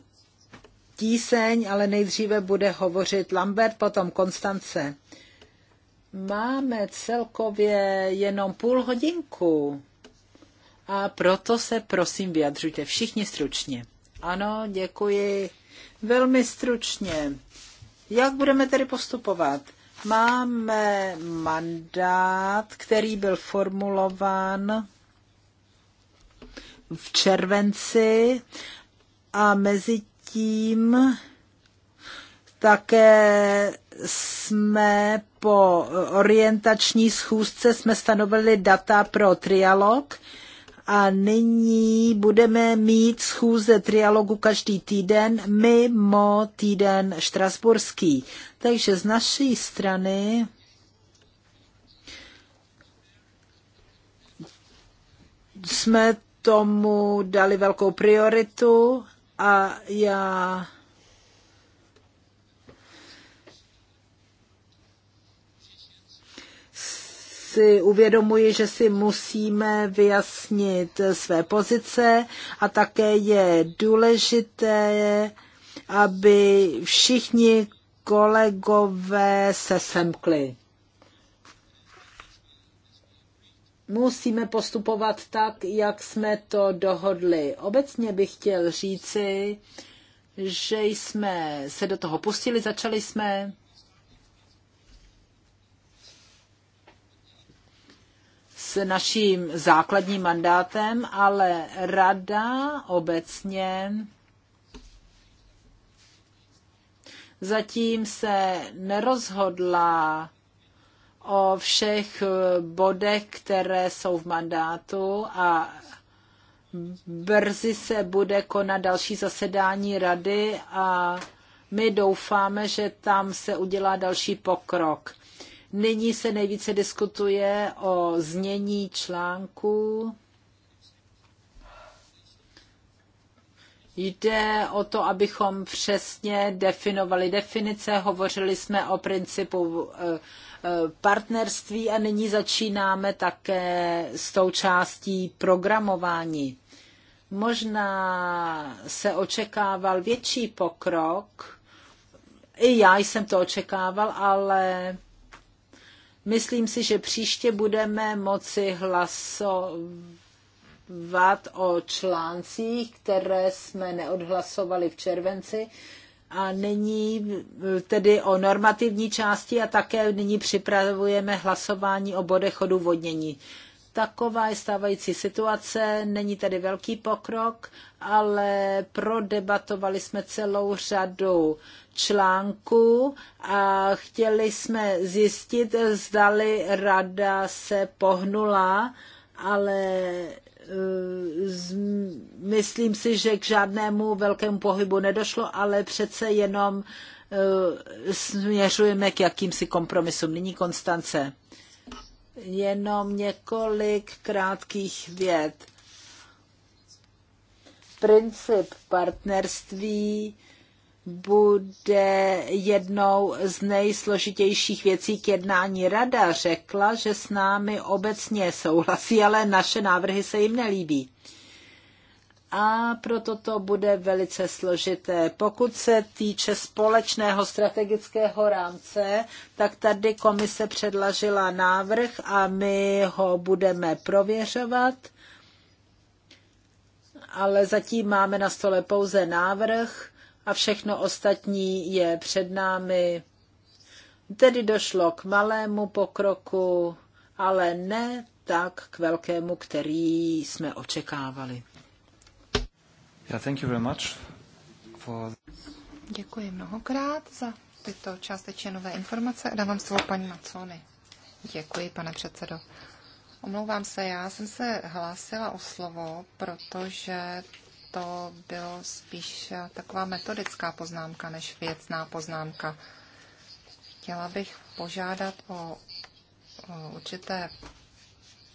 tíseň, ale nejdříve bude hovořit Lambert, potom Konstance. Máme celkově jenom půl hodinku a proto se prosím vyjadřujte všichni stručně. Ano, děkuji. Velmi stručně. Jak budeme tedy postupovat? Máme mandát, který byl formulován v červenci a mezi tím také jsme po orientační schůzce jsme stanovili data pro trialog a nyní budeme mít schůze trialogu každý týden mimo týden štrasburský. Takže z naší strany jsme tomu dali velkou prioritu a já si uvědomuji, že si musíme vyjasnit své pozice a také je důležité, aby všichni kolegové se semkli. Musíme postupovat tak, jak jsme to dohodli. Obecně bych chtěl říci, že jsme se do toho pustili, začali jsme naším základním mandátem, ale rada obecně zatím se nerozhodla o všech bodech, které jsou v mandátu a brzy se bude konat další zasedání rady a my doufáme, že tam se udělá další pokrok. Nyní se nejvíce diskutuje o znění článku. Jde o to, abychom přesně definovali definice. Hovořili jsme o principu eh, eh, partnerství a nyní začínáme také s tou částí programování. Možná se očekával větší pokrok, i já jsem to očekával, ale Myslím si, že příště budeme moci hlasovat o článcích, které jsme neodhlasovali v červenci a nyní eh, tedy o normativní části a také nyní připravujeme hlasování o bodech odůvodnění. Taková je stávající situace, není tady velký pokrok, ale prodebatovali jsme celou řadu článků a chtěli jsme zjistit, zdali rada se pohnula, ale eh, myslím si, že k žádnému velkému pohybu nedošlo, ale přece jenom eh, směřujeme k jakýmsi kompromisům. Nyní Konstance jenom několik krátkých věd. Princip partnerství bude jednou z nejsložitějších věcí k jednání. Rada řekla, že s námi obecně souhlasí, ale naše návrhy se jim nelíbí a proto to bude velice složité. Pokud se týče společného strategického rámce, tak tady komise předlažila návrh a my ho budeme prověřovat, ale zatím máme na stole pouze návrh a všechno ostatní je před námi. Tedy došlo k malému pokroku, ale ne tak k velkému, který jsme očekávali. Děkuji mnohokrát za tyto částečně nové informace a dávám slovo paní Macony. Děkuji, pane předsedo. Omlouvám se, já jsem se hlásila o slovo, protože to bylo spíš taková metodická poznámka než věcná poznámka. Chtěla bych požádat o, o určité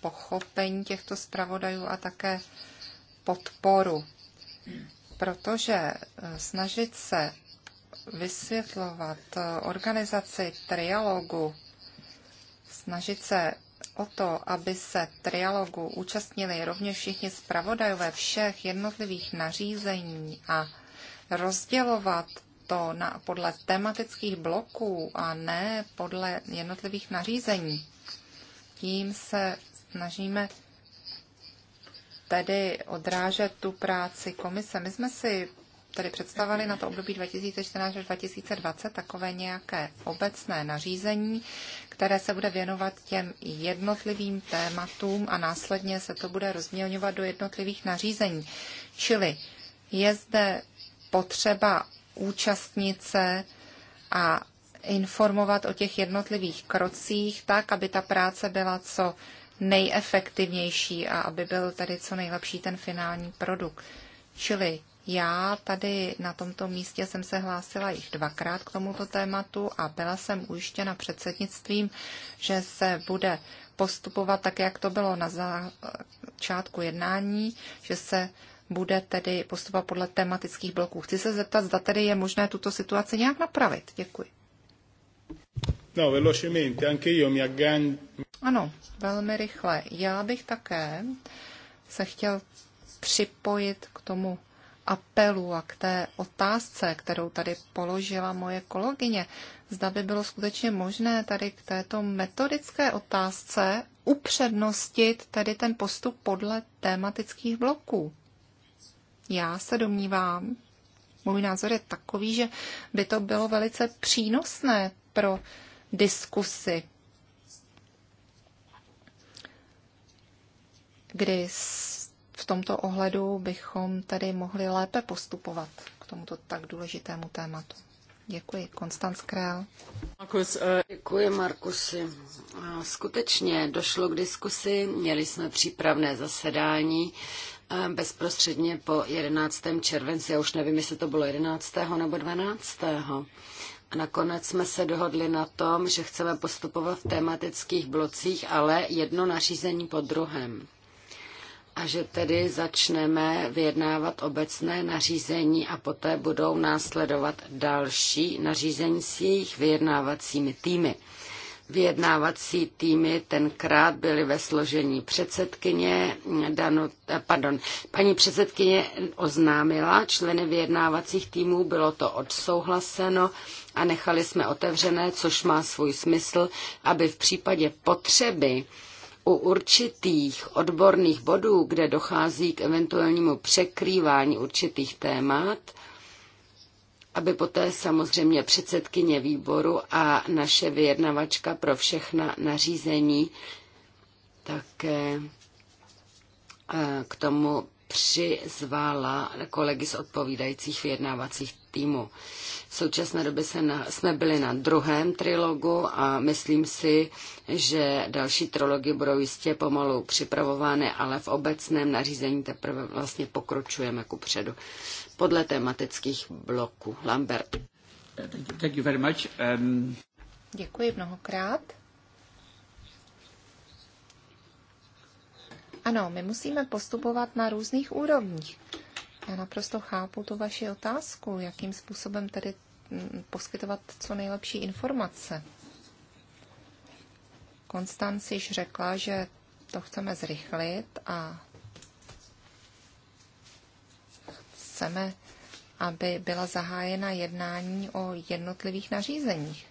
pochopení těchto zpravodajů a také podporu protože eh, snažit se vysvětlovat eh, organizaci trialogu, snažit se o to, aby se trialogu účastnili rovněž všichni zpravodajové všech jednotlivých nařízení a rozdělovat to na, podle tematických bloků a ne podle jednotlivých nařízení. Tím se snažíme tedy odrážet tu práci komise. My jsme si tady představili na to období 2014 až 2020 takové nějaké obecné nařízení, které se bude věnovat těm jednotlivým tématům a následně se to bude rozmělňovat do jednotlivých nařízení. Čili je zde potřeba účastnice a informovat o těch jednotlivých krocích tak, aby ta práce byla co nejefektivnější a aby byl tady co nejlepší ten finální produkt. Čili já tady na tomto místě jsem se hlásila již dvakrát k tomuto tématu a byla jsem ujištěna předsednictvím, že se bude postupovat tak, jak to bylo na začátku jednání, že se bude tedy postupovat podle tematických bloků. Chci se zeptat, zda tedy je možné tuto situaci nějak napravit. Děkuji. No, velocemente, anche io mi aggancio. Ano, velmi rychle. Já bych také se chtěl připojit k tomu apelu a k té otázce, kterou tady položila moje kolegyně. Zda by bylo skutečně možné tady k této metodické otázce upřednostit tedy ten postup podle tématických bloků. Já se domnívám, můj názor je takový, že by to bylo velice přínosné pro diskusy kdy v tomto ohledu bychom tedy mohli lépe postupovat k tomuto tak důležitému tématu. Děkuji. Konstanc Král. Markus, eh, děkuji, Markusi. Skutečně došlo k diskusi, měli jsme přípravné zasedání eh, bezprostředně po 11. červenci, já už nevím, jestli to bylo 11. nebo 12. A nakonec jsme se dohodli na tom, že chceme postupovat v tematických blocích, ale jedno nařízení po druhém a že tedy začneme vyjednávat obecné nařízení a poté budou následovat další nařízení s jejich vyjednávacími týmy. Vyjednávací týmy tenkrát byly ve složení předsedkyně, Danu, eh, pardon, paní předsedkyně oznámila členy vyjednávacích týmů, bylo to odsouhlaseno a nechali jsme otevřené, což má svůj smysl, aby v případě potřeby u určitých odborných bodů, kde dochází k eventuálnímu překrývání určitých témat, aby poté samozřejmě předsedkyně výboru a naše vyjednavačka pro všechna nařízení také eh, k tomu přizvala kolegy z odpovídajících vyjednávacích týmů. V současné době se na, jsme byli na druhém trilogu a myslím si, že další trilogy budou jistě pomalu připravovány, ale v obecném nařízení teprve vlastně pokročujeme ku předu. Podle tematických bloků. Lambert. Thank you very much. Um... Děkuji mnohokrát. Ano, my musíme postupovat na různých úrovních. Já naprosto chápu tu vaši otázku, jakým způsobem tedy mm, poskytovat co nejlepší informace. Konstanc již řekla, že to chceme zrychlit a chceme, aby byla zahájena jednání o jednotlivých nařízeních.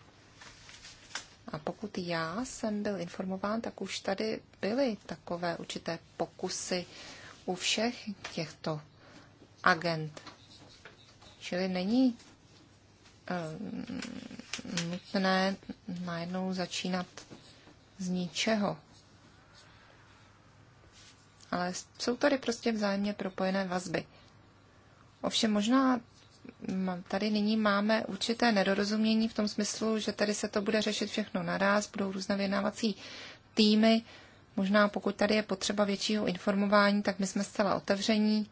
A pokud já jsem byl informován, tak už tady byly takové určité pokusy u všech těchto agent. Čili není eh, nutné najednou začínat z ničeho. Ale jsou tady prostě vzájemně propojené vazby. Ovšem možná tady nyní máme určité nedorozumění v tom smyslu, že tady se to bude řešit všechno naraz, budou různé vyjednávací týmy. Možná pokud tady je potřeba většího informování, tak my jsme zcela otevření.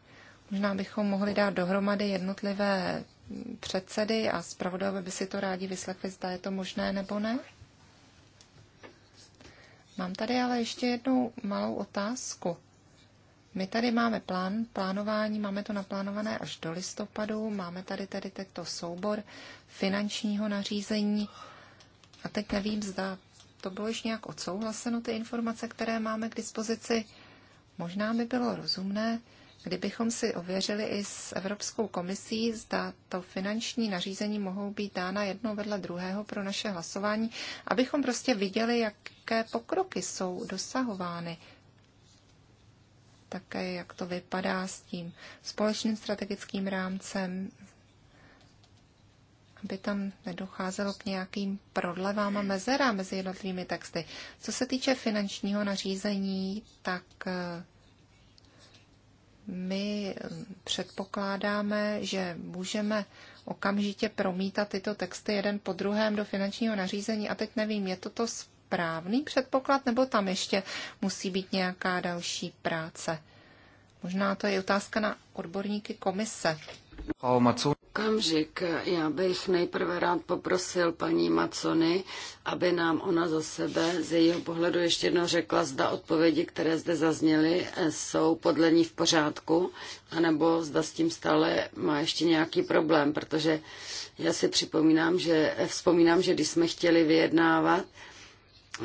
Možná bychom mohli dát dohromady jednotlivé předsedy a zpravodajové by si to rádi vyslechli, zda je to možné nebo ne. Mám tady ale ještě jednu malou otázku. My tady máme plán, plánování, máme to naplánované až do listopadu, máme tady tedy tento soubor finančního nařízení a teď nevím, zda to bylo ještě nějak odsouhlaseno, ty informace, které máme k dispozici. Možná by bylo rozumné kdybychom si ověřili i s Evropskou komisí, zda to finanční nařízení mohou být dána jedno vedle druhého pro naše hlasování, abychom prostě viděli, jaké pokroky jsou dosahovány také jak to vypadá s tím společným strategickým rámcem, aby tam nedocházelo k nějakým prodlevám a mezerám mezi jednotlivými texty. Co se týče finančního nařízení, tak eh, my předpokládáme, že můžeme okamžitě promítat tyto texty jeden po druhém do finančního nařízení. A teď nevím, je to to správný předpoklad, nebo tam ještě musí být nějaká další práce? Možná to je otázka na odborníky komise. Kamžik, já bych nejprve rád poprosil paní Macony, aby nám ona za sebe z jejího pohledu ještě jednou řekla, zda odpovědi, které zde zazněly, jsou podle ní v pořádku, anebo zda s tím stále má ještě nějaký problém, protože já si připomínám, že vzpomínám, že když jsme chtěli vyjednávat,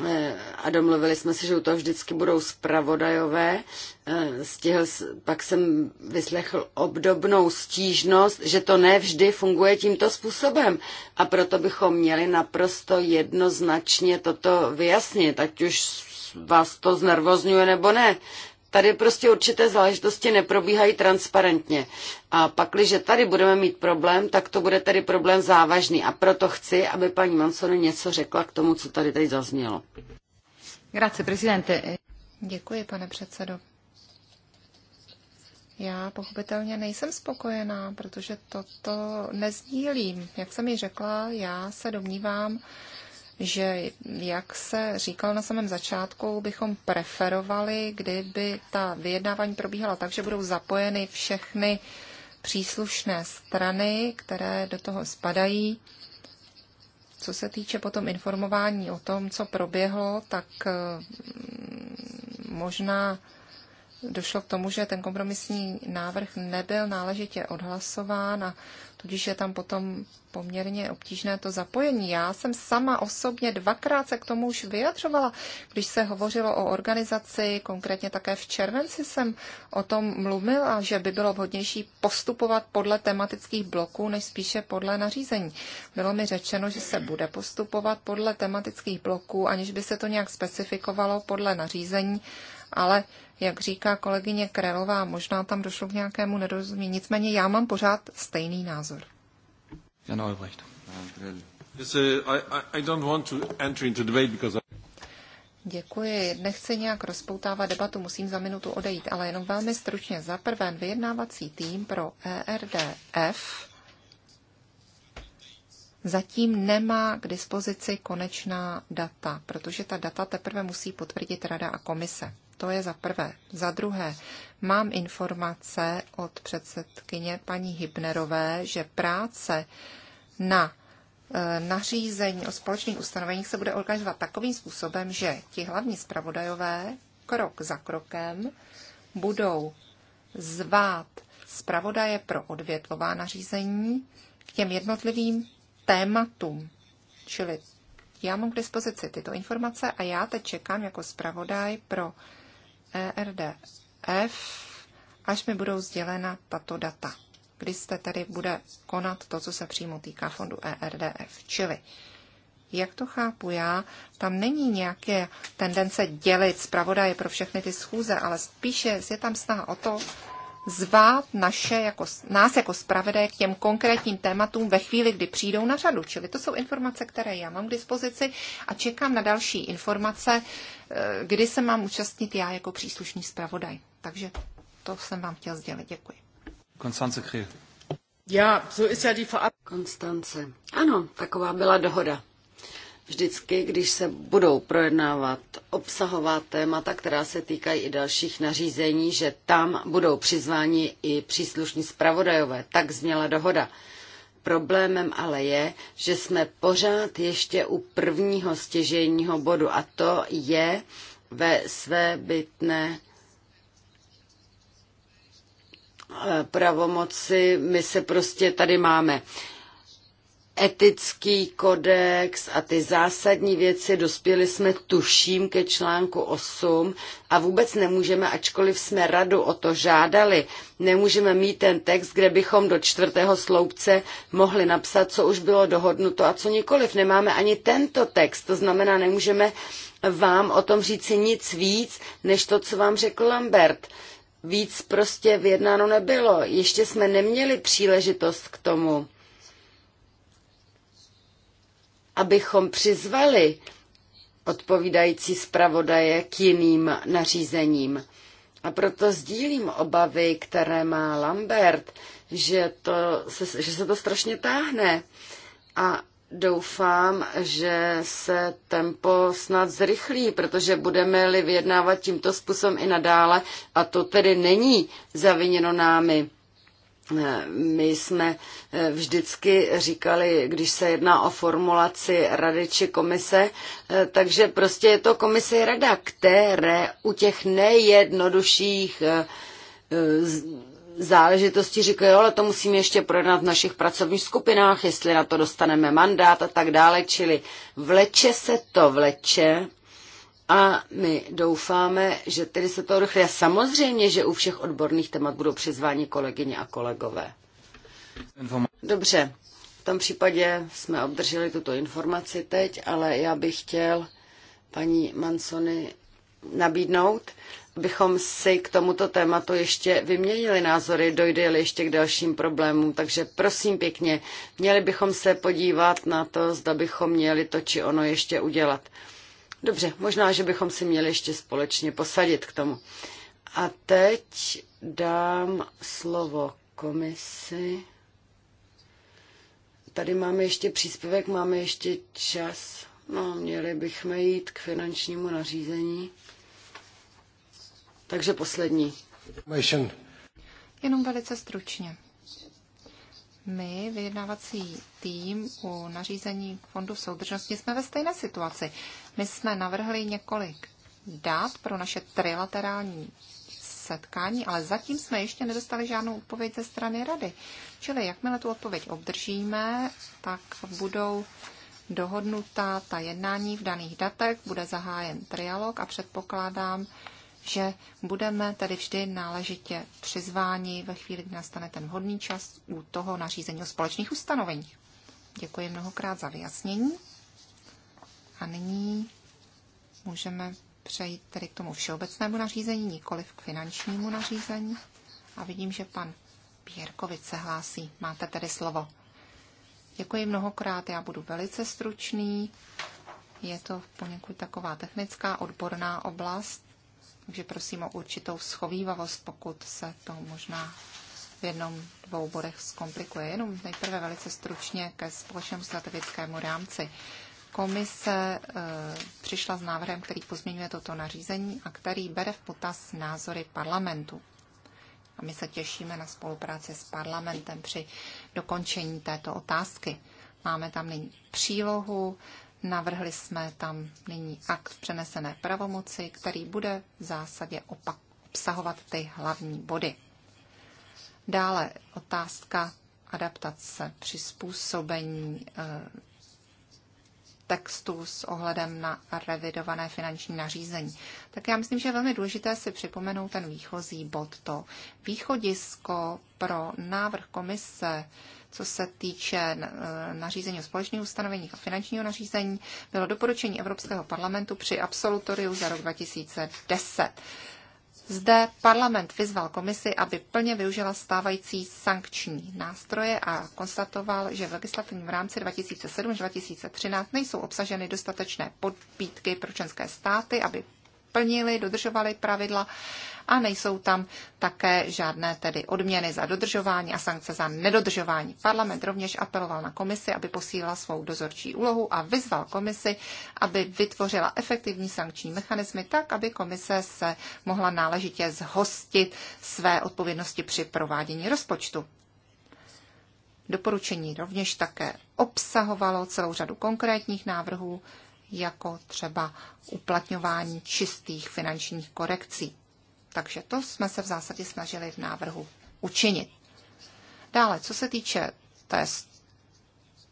Eh, a domluvili jsme se, že u toho vždycky budou zpravodajové. Eh, stihl, pak jsem vyslechl obdobnou stížnost, že to ne vždy funguje tímto způsobem a proto bychom měli naprosto jednoznačně toto vyjasnit, ať už vás to znervozňuje nebo ne. Tady prostě určité záležitosti neprobíhají transparentně. A pakliže tady budeme mít problém, tak to bude tady problém závažný. A proto chci, aby paní Mansony něco řekla k tomu, co tady teď zaznělo. Grazie, prezidente. Děkuji, pane předsedo. Já pochopitelně nejsem spokojená, protože toto nezdílím. Jak jsem ji řekla, já se domnívám, že, jak se říkal na samém začátku, bychom preferovali, kdyby ta vyjednávání probíhala tak, že budou zapojeny všechny příslušné strany, které do toho spadají. Co se týče potom informování o tom, co proběhlo, tak mm, možná došlo k tomu, že ten kompromisní návrh nebyl náležitě odhlasován a tudíž je tam potom poměrně obtížné to zapojení. Já jsem sama osobně dvakrát se k tomu už vyjadřovala, když se hovořilo o organizaci, konkrétně také v červenci jsem o tom mluvila, že by bylo vhodnější postupovat podle tematických bloků, než spíše podle nařízení. Bylo mi řečeno, že se bude postupovat podle tematických bloků, aniž by se to nějak specifikovalo podle nařízení, ale jak říká kolegyně Krelová, možná tam došlo k nějakému nedorozumění. Nicméně já mám pořád stejný názor. Jan uh, Děkuji. Nechci nějak rozpoutávat debatu, musím za minutu odejít, ale jenom velmi stručně. Za prvé, vyjednávací tým pro ERDF zatím nemá k dispozici konečná data, protože ta data teprve musí potvrdit Rada a komise. To je za prvé. Za druhé, mám informace od předsedkyně paní Hybnerové, že práce na e, nařízení o společných ustanoveních se bude organizovat takovým způsobem, že ti hlavní zpravodajové krok za krokem budou zvát zpravodaje pro odvětvová nařízení k těm jednotlivým tématům. Čili já mám k dispozici tyto informace a já teď čekám jako zpravodaj pro ERDF, až mi budou sdělena tato data, kdy jste tedy bude konat to, co se přímo týká fondu ERDF. Čili, jak to chápu já, tam není nějaké tendence dělit zpravodaje pro všechny ty schůze, ale spíše je tam snaha o to, zvát naše, jako, nás jako zpravedé k těm konkrétním tématům ve chvíli, kdy přijdou na řadu. Čili to jsou informace, které já mám k dispozici a čekám na další informace, eh, kdy se mám účastnit já jako příslušný zpravodaj. Takže to jsem vám chtěl sdělit. Děkuji. Konstance Kryl. Já, so ist ja die Konstance. Ano, taková byla dohoda vždycky, když se budou projednávat obsahová témata, která se týkají i dalších nařízení, že tam budou přizváni i příslušní zpravodajové. Tak zněla dohoda. Problémem ale je, že jsme pořád ještě u prvního stěžejního bodu a to je ve své bytné eh, pravomoci. My se prostě tady máme etický kodex a ty zásadní věci, dospěli jsme tuším ke článku 8 a vůbec nemůžeme, ačkoliv jsme radu o to žádali, nemůžeme mít ten text, kde bychom do čtvrtého sloupce mohli napsat, co už bylo dohodnuto a co nikoliv. Nemáme ani tento text, to znamená, nemůžeme vám o tom říci nic víc, než to, co vám řekl Lambert. Víc prostě vyjednáno nebylo. Ještě jsme neměli příležitost k tomu abychom přizvali odpovídající zpravodaje k jiným nařízením. A proto sdílím obavy, které má Lambert, že, to, že se to strašně táhne. A doufám, že se tempo snad zrychlí, protože budeme-li vyjednávat tímto způsobem i nadále, a to tedy není zaviněno námi. My jsme eh, vždycky říkali, když se jedná o formulaci rady či komise, eh, takže prostě je to komise rada, které u těch nejjednodušších eh, záležitostí říkají, ale to musíme ještě projednat v našich pracovních skupinách, jestli na to dostaneme mandát a tak dále, čili vleče se to vleče a my doufáme, že tedy se to urychlí. A samozřejmě, že u všech odborných témat budou přizváni kolegyně a kolegové. Dobře, v tom případě jsme obdrželi tuto informaci teď, ale já bych chtěl paní Mansony nabídnout, abychom si k tomuto tématu ještě vyměnili názory, dojde-li ještě k dalším problémům. Takže prosím pěkně, měli bychom se podívat na to, zda bychom měli to či ono ještě udělat. Dobře, možná, že bychom si měli ještě společně posadit k tomu. A teď dám slovo komisi. Tady máme ještě příspěvek, máme ještě čas. No, měli bychom jít k finančnímu nařízení. Takže poslední. Jenom velice stručně my, vyjednávací tým u nařízení Fondu soudržnosti, jsme ve stejné situaci. My jsme navrhli několik dát pro naše trilaterální setkání, ale zatím jsme ještě nedostali žádnou odpověď ze strany rady. Čili jakmile tu odpověď obdržíme, tak budou dohodnutá ta jednání v daných datech, bude zahájen trialog a předpokládám, že budeme tady vždy náležitě přizváni ve chvíli, kdy nastane ten vhodný čas u toho nařízení o společných ustanoveních. Děkuji mnohokrát za vyjasnění. A nyní můžeme přejít tedy k tomu všeobecnému nařízení, nikoli k finančnímu nařízení. A vidím, že pan Pěrkovic se hlásí. Máte tedy slovo. Děkuji mnohokrát, já budu velice stručný. Je to poněkud taková technická odborná oblast, takže prosím o určitou schovývavost, pokud se to možná v jednom, dvou bodech zkomplikuje. Jenom nejprve velice stručně ke společnému strategickému rámci. Komise e, přišla s návrhem, který pozměňuje toto nařízení a který bere v potaz názory parlamentu. A my se těšíme na spolupráci s parlamentem při dokončení této otázky. Máme tam nyní přílohu, Navrhli jsme tam nyní akt přenesené pravomoci, který bude v zásadě opak obsahovat ty hlavní body. Dále otázka adaptace, přizpůsobení eh, textu s ohledem na revidované finanční nařízení. Tak já myslím, že je velmi důležité si připomenout ten výchozí bod, to východisko pro návrh komise co se týče eh, nařízení o společných ustanoveních a finančního nařízení, bylo doporučení Evropského parlamentu při absolutoriu za rok 2010. Zde parlament vyzval komisi, aby plně využila stávající sankční nástroje a konstatoval, že v legislativním rámci 2007-2013 nejsou obsaženy dostatečné podpítky pro členské státy, aby plnili, dodržovali pravidla a nejsou tam také žádné tedy odměny za dodržování a sankce za nedodržování. Parlament rovněž apeloval na komisi, aby posílala svou dozorčí úlohu a vyzval komisi, aby vytvořila efektivní sankční mechanismy tak, aby komise se mohla náležitě zhostit své odpovědnosti při provádění rozpočtu. Doporučení rovněž také obsahovalo celou řadu konkrétních návrhů, jako třeba uplatňování čistých finančních korekcí. Takže to jsme se v zásadě snažili v návrhu učinit. Dále, co se týče té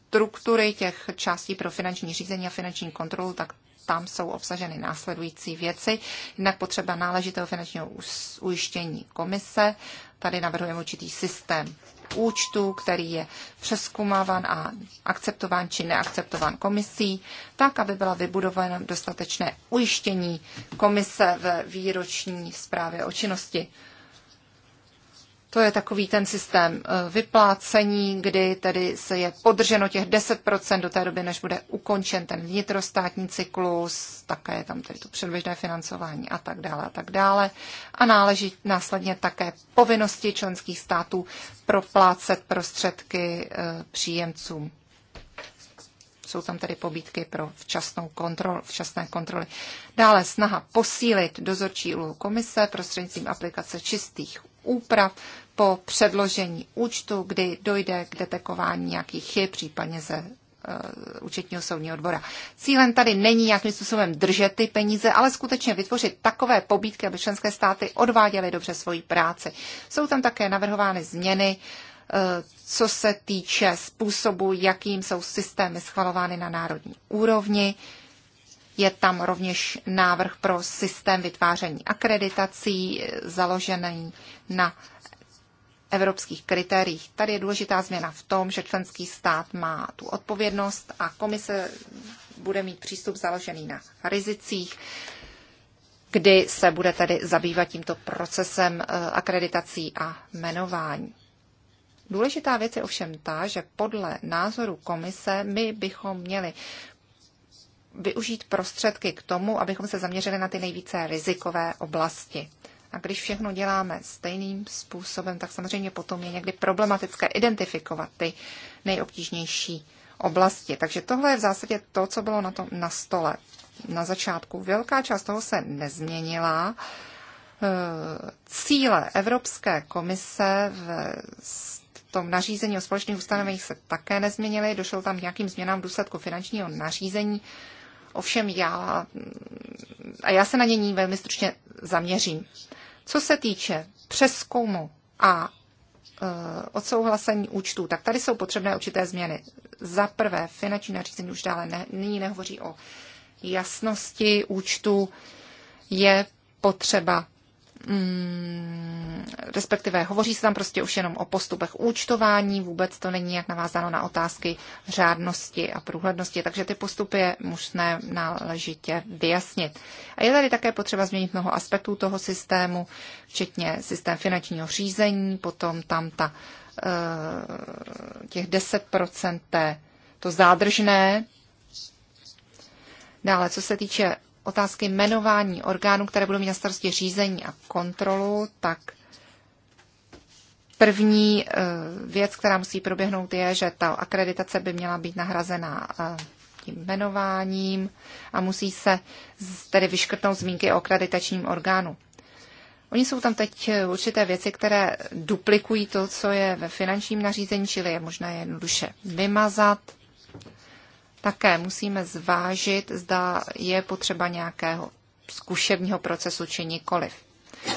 struktury těch částí pro finanční řízení a finanční kontrolu, tak tam jsou obsaženy následující věci. Jednak potřeba náležitého finančního ujištění komise. Tady navrhujeme určitý systém účtu, který je přeskumávan a akceptován či neakceptován komisí, tak, aby byla vybudována dostatečné ujištění komise ve výroční zprávě o činnosti. To je takový ten systém eh, vyplácení, kdy tedy se je podrženo těch 10% do té doby, než bude ukončen ten vnitrostátní cyklus, také je tam tedy to předběžné financování a tak dále a tak dále. A náleží následně také povinnosti členských států proplácet prostředky eh, příjemcům. Jsou tam tedy pobídky pro včasnou kontrol, včasné kontroly. Dále snaha posílit dozorčí úlohu komise prostřednictvím aplikace čistých úprav po předložení účtu, kdy dojde k detekování nějakých chyb, případně ze eh, účetního soudního odbora. Cílem tady není nějakým způsobem držet ty peníze, ale skutečně vytvořit takové pobídky, aby členské státy odváděly dobře svoji práci. Jsou tam také navrhovány změny, eh, co se týče způsobu, jakým jsou systémy schvalovány na národní úrovni. Je tam rovněž návrh pro systém vytváření akreditací eh, založený na evropských kritériích. Tady je důležitá změna v tom, že členský stát má tu odpovědnost a komise bude mít přístup založený na rizicích, kdy se bude tedy zabývat tímto procesem eh, akreditací a jmenování. Důležitá věc je ovšem ta, že podle názoru komise my bychom měli využít prostředky k tomu, abychom se zaměřili na ty nejvíce rizikové oblasti. A když všechno děláme stejným způsobem, tak samozřejmě potom je někdy problematické identifikovat ty nejobtížnější oblasti. Takže tohle je v zásadě to, co bylo na, tom, na stole na začátku. Velká část toho se nezměnila. E, cíle Evropské komise v tom nařízení o společných ustanoveních se také nezměnily. Došlo tam nějakým změnám v důsledku finančního nařízení. Ovšem já, a já se na něj velmi stručně zaměřím. Co se týče přeskumu a e, odsouhlasení účtů, tak tady jsou potřebné určité změny. Za prvé, finanční nařízení už dále ne, nyní nehovoří o jasnosti účtu, je potřeba mm, respektive hovoří se tam prostě už jenom o postupech účtování, vůbec to není jak navázáno na otázky řádnosti a průhlednosti, takže ty postupy je možné náležitě vyjasnit. A je tady také potřeba změnit mnoho aspektů toho systému, včetně systém finančního řízení, potom tam ta eh, těch 10% té, to zádržné. Dále, co se týče otázky jmenování orgánů, které budou mít na starosti řízení a kontrolu, tak první eh, věc, která musí proběhnout, je, že ta akreditace by měla být nahrazená eh, tím jmenováním a musí se tedy vyškrtnout zmínky o akreditačním orgánu. Oni jsou tam teď eh, určité věci, které duplikují to, co je ve finančním nařízení, čili je možné jednoduše vymazat. Také musíme zvážit, zda je potřeba nějakého zkušebního procesu či nikoliv.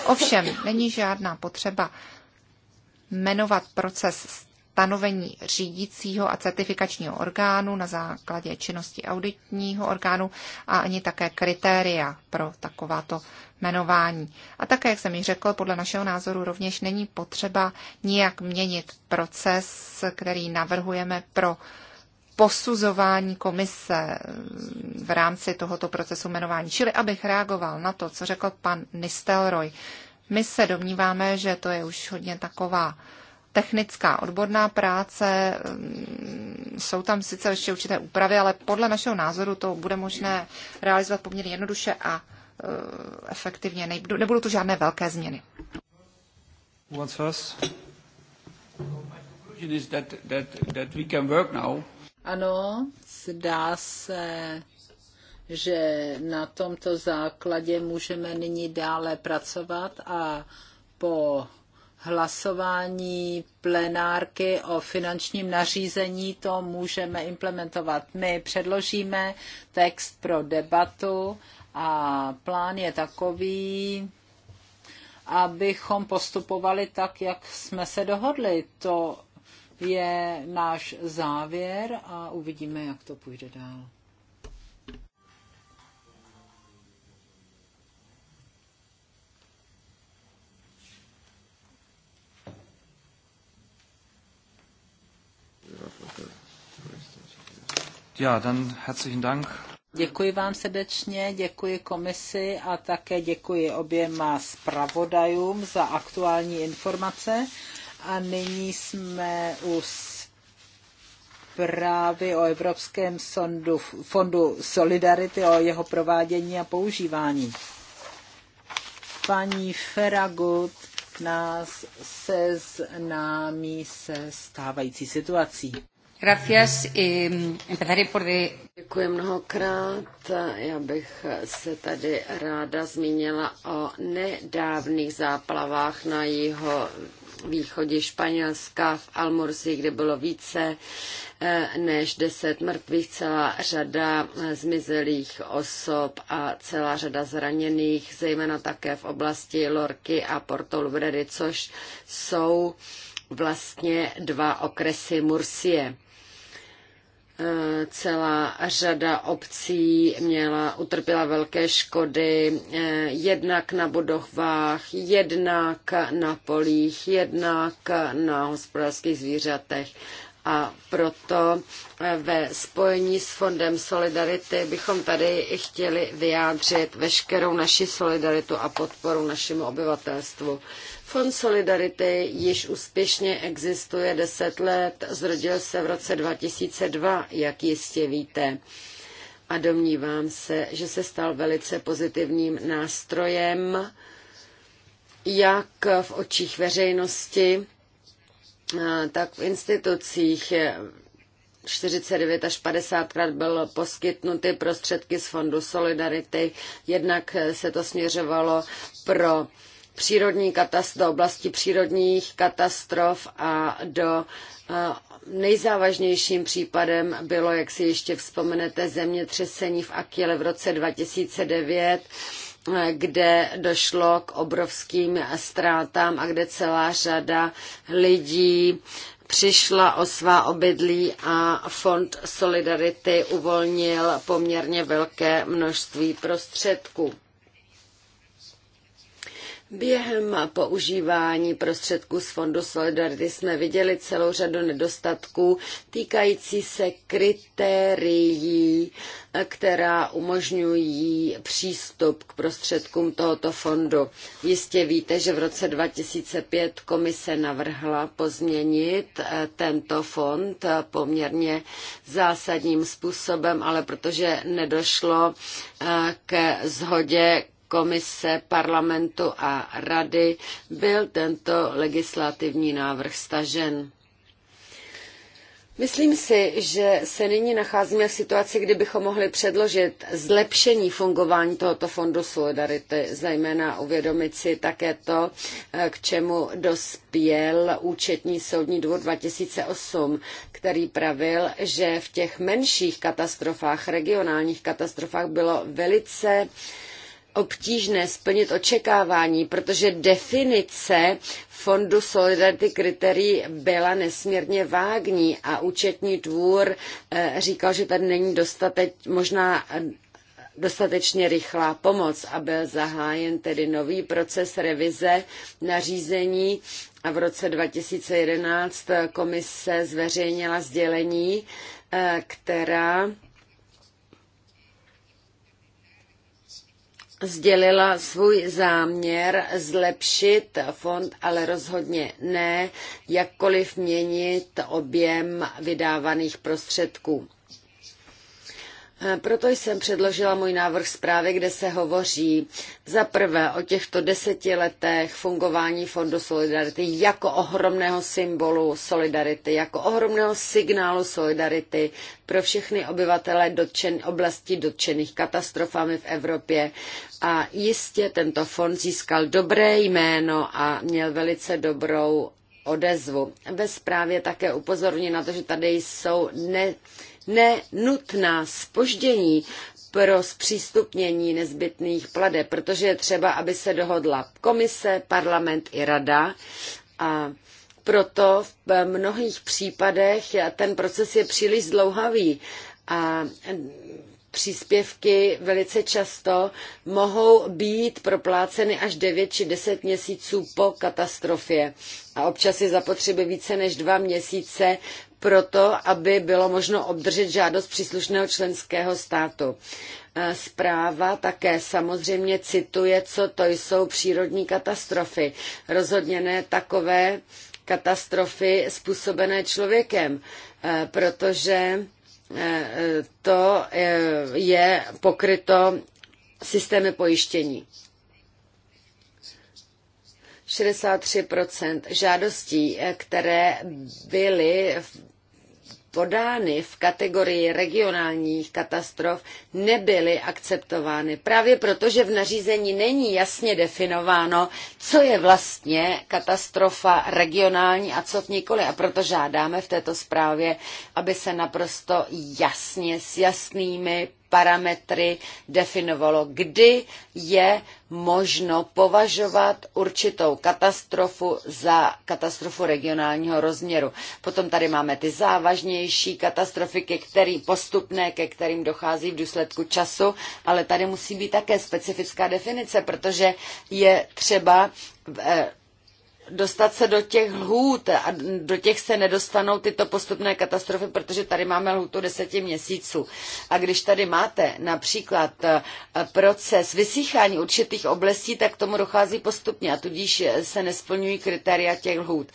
Ovšem, není žádná potřeba jmenovat proces stanovení řídícího a certifikačního orgánu na základě činnosti auditního orgánu a ani také kritéria pro takováto jmenování. A také, jak jsem již řekl, podle našeho názoru rovněž není potřeba nijak měnit proces, který navrhujeme pro uh, posuzování komise v rámci tohoto procesu jmenování. Čili abych reagoval na to, co řekl pan Nistelroj, my se domníváme, že to je už hodně taková technická odborná práce, jsou tam sice ještě určité úpravy, ale podle našeho názoru to bude možné realizovat poměrně jednoduše a e, efektivně. Nebudou to žádné velké změny. What's first? That, that, that we can work now ano, zdá se, že na tomto základě můžeme nyní dále pracovat a po hlasování plenárky o finančním nařízení to můžeme implementovat. My předložíme text pro debatu a plán je takový, abychom postupovali tak, jak jsme se dohodli. To je náš závěr a uvidíme, jak to půjde dál. Ja, dann herzlichen Dank. Děkuji vám srdečně, děkuji komisi a také děkuji oběma zpravodajům za aktuální informace. A nyní jsme u zprávy o Evropském sondu, fondu Solidarity, o jeho provádění a používání. Paní Ferragut nás seznámí se stávající situací. Gracias. Empezaré por de... Děkuji mnohokrát. Já bych se tady ráda zmínila o nedávných záplavách na jeho východě Španělska, v Almorzi, kde bylo více eh, než deset mrtvých, celá řada zmizelých osob a celá řada zraněných, zejména také v oblasti Lorky a Porto Lubredy, což jsou vlastně dva okresy Mursie celá řada obcí měla, utrpěla velké škody, eh, jednak na budovách, jednak na polích, jednak na hospodářských zvířatech. A proto eh, ve spojení s Fondem Solidarity bychom tady chtěli vyjádřit veškerou naši solidaritu a podporu našemu obyvatelstvu. Fond Solidarity již úspěšně existuje 10 let, zrodil se v roce 2002, jak jistě víte. A domnívám se, že se stal velice pozitivním nástrojem, jak v očích veřejnosti, tak v institucích 49 až 50 krát byl poskytnuty prostředky z Fondu Solidarity. Jednak se to směřovalo pro přírodní katastrof, do oblasti přírodních katastrof a do eh, nejzávažnějším případem bylo, jak si ještě vzpomenete, zemětřesení v Akile v roce 2009 eh, kde došlo k obrovským ztrátám a kde celá řada lidí přišla o svá obydlí a Fond Solidarity uvolnil poměrně velké množství prostředků. Během používání prostředků z Fondu Solidarity jsme viděli celou řadu nedostatků týkající se kritérií, která umožňují přístup k prostředkům tohoto fondu. Jistě víte, že v roce 2005 komise navrhla pozměnit eh, tento fond poměrně zásadním způsobem, ale protože nedošlo eh, ke zhodě komise, parlamentu a rady byl tento legislativní návrh stažen. Myslím si, že se nyní nacházíme v situaci, kdy bychom mohli předložit zlepšení fungování tohoto fondu solidarity, zejména uvědomit si také to, eh, k čemu dospěl účetní soudní dvůr 2008, který pravil, že v těch menších katastrofách, regionálních katastrofách bylo velice uh, obtížné splnit očekávání, protože definice Fondu Solidarity kritérií byla nesmírně vágní a účetní dvůr eh, říkal, že tady není dostateč, možná eh, dostatečně rychlá pomoc a byl zahájen tedy nový proces revize nařízení a v roce 2011 komise zveřejnila sdělení, eh, která sdělila svůj záměr zlepšit fond, ale rozhodně ne, jakkoliv měnit objem vydávaných prostředků. Eh, proto jsem předložila můj návrh zprávy, kde se hovoří za prvé o těchto deseti letech fungování Fondu Solidarity jako ohromného symbolu Solidarity, jako ohromného signálu Solidarity pro všechny obyvatele dotčen, oblastí dotčených katastrofami v Evropě. A jistě tento fond získal dobré jméno a měl velice dobrou odezvu. Ve zprávě také upozorní na to, že tady jsou ne nenutná spoždění pro zpřístupnění nezbytných plade, protože je třeba, aby se dohodla komise, parlament i rada a proto v mnohých případech ten proces je příliš zdlouhavý a příspěvky velice často mohou být propláceny až 9 či 10 měsíců po katastrofě a občas je zapotřebí více než dva měsíce proto, aby bylo možno obdržet žádost příslušného členského státu. E, zpráva také samozřejmě cituje, co to jsou přírodní katastrofy. Rozhodně ne takové katastrofy způsobené člověkem, e, protože e, to je pokryto systémy pojištění. 63% žádostí, eh, které byly podány v kategorii regionálních katastrof, nebyly akceptovány. Právě proto, že v nařízení není jasně definováno, co je vlastně katastrofa regionální a co nikoli. A proto žádáme v této zprávě, aby se naprosto jasně s jasnými parametry definovalo, kdy je možno považovat určitou katastrofu za katastrofu regionálního rozměru. Potom tady máme ty závažnější katastrofy, ke kterým postupné, ke kterým dochází v důsledku času, ale tady musí být také specifická definice, protože je třeba eh, dostat se do těch lhůt a do těch se nedostanou tyto postupné katastrofy, protože tady máme lhůtu deseti měsíců. A když tady máte například eh, proces vysychání určitých oblastí, tak k tomu dochází postupně a tudíž eh, se nesplňují kritéria těch lhůt.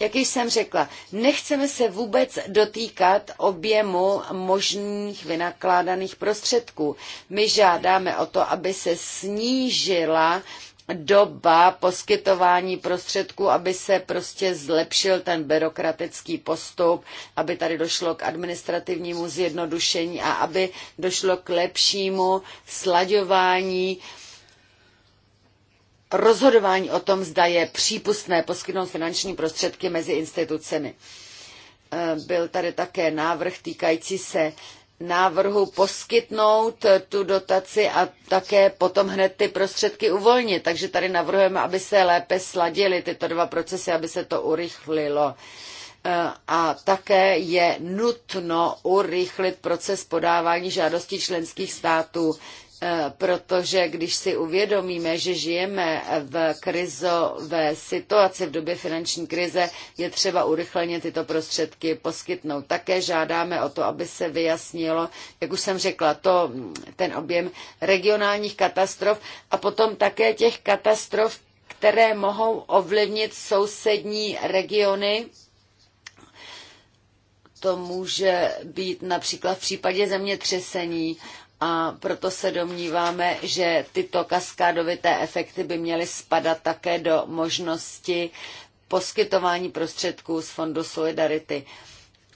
Jak již jsem řekla, nechceme se vůbec dotýkat objemu možných vynakládaných prostředků. My žádáme o to, aby se snížila doba poskytování prostředků, aby se prostě zlepšil ten byrokratický postup, aby tady došlo k administrativnímu zjednodušení a aby došlo k lepšímu slaďování rozhodování o tom, zda je přípustné poskytnout finanční prostředky mezi institucemi. E, byl tady také návrh týkající se návrhu poskytnout tu dotaci a také potom hned ty prostředky uvolnit. Takže tady navrhujeme, aby se lépe sladily tyto dva procesy, aby se to urychlilo. E, a také je nutno urychlit proces podávání žádostí členských států Eh, protože když si uvědomíme, že žijeme v krizové situaci, v době finanční krize, je třeba urychleně tyto prostředky poskytnout. Také žádáme o to, aby se vyjasnilo, jak už jsem řekla, to, ten objem regionálních katastrof a potom také těch katastrof, které mohou ovlivnit sousední regiony, to může být například v případě zemětřesení a proto se domníváme, že tyto kaskádovité efekty by měly spadat také do možnosti poskytování prostředků z Fondu Solidarity.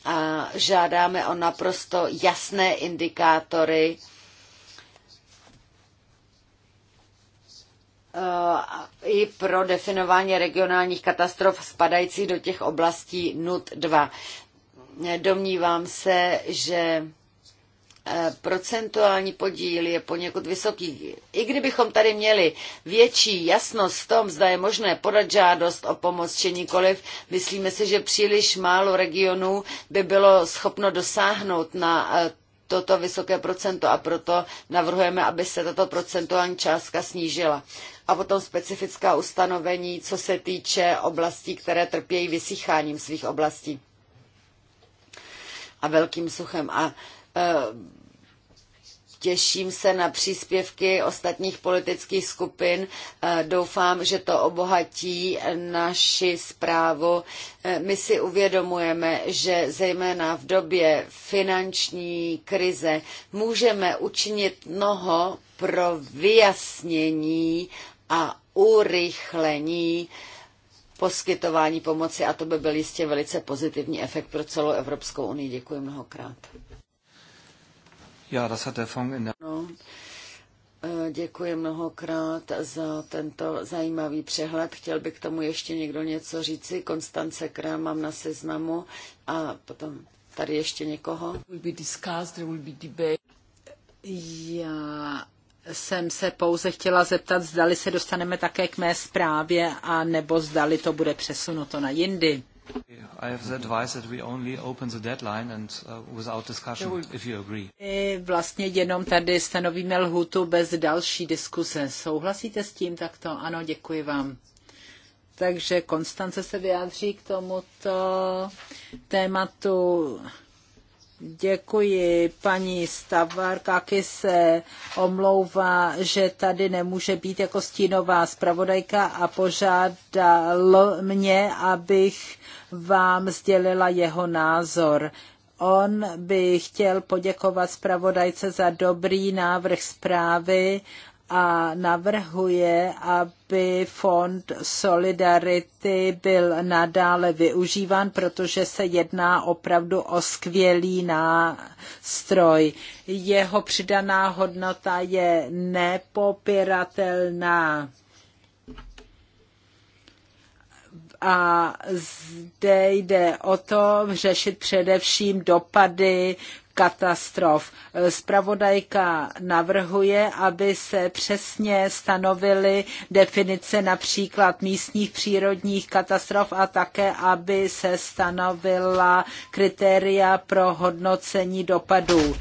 A žádáme o naprosto jasné indikátory, eh, i pro definování regionálních katastrof spadajících do těch oblastí NUT 2. Domnívám se, že Eh, procentuální podíl je poněkud vysoký. I kdybychom tady měli větší jasnost v tom, zda je možné podat žádost o pomoc či nikoliv, myslíme si, že příliš málo regionů by bylo schopno dosáhnout na eh, toto vysoké procento a proto navrhujeme, aby se tato procentuální částka snížila. A potom specifická ustanovení, co se týče oblastí, které trpějí vysycháním svých oblastí a velkým suchem. A Eh, těším se na příspěvky ostatních politických skupin. Eh, doufám, že to obohatí naši zprávu. Eh, my si uvědomujeme, že zejména v době finanční krize můžeme učinit mnoho pro vyjasnění a urychlení poskytování pomoci a to by byl jistě velice pozitivní efekt pro celou Evropskou unii. Děkuji mnohokrát. Ja, das hat der Fonds in der... No. Eh, děkuji mnohokrát za tento zajímavý přehled. Chtěl by k tomu ještě někdo něco říci. Konstance Krám mám na seznamu a potom tady ještě někoho. Já jsem se pouze chtěla zeptat, zdali se dostaneme také k mé zprávě a nebo zdali to bude přesunuto na jindy vlastně jenom tady stanovíme lhutu bez další diskuse. Souhlasíte s tím takto? Ano, děkuji vám. Takže Konstance se vyjádří k tomuto tématu Děkuji, paní Stavarka, Kaky se omlouvá, že tady nemůže být jako stínová zpravodajka a požádal mě, abych vám sdělila jeho názor. On by chtěl poděkovat zpravodajce za dobrý návrh zprávy a navrhuje, aby fond Solidarity byl nadále využíván, protože se jedná opravdu o skvělý nástroj. Jeho přidaná hodnota je nepopiratelná. a zde jde o to řešit především dopady katastrof. Spravodajka navrhuje, aby se přesně stanovily definice například místních přírodních katastrof a také, aby se stanovila kritéria pro hodnocení dopadů.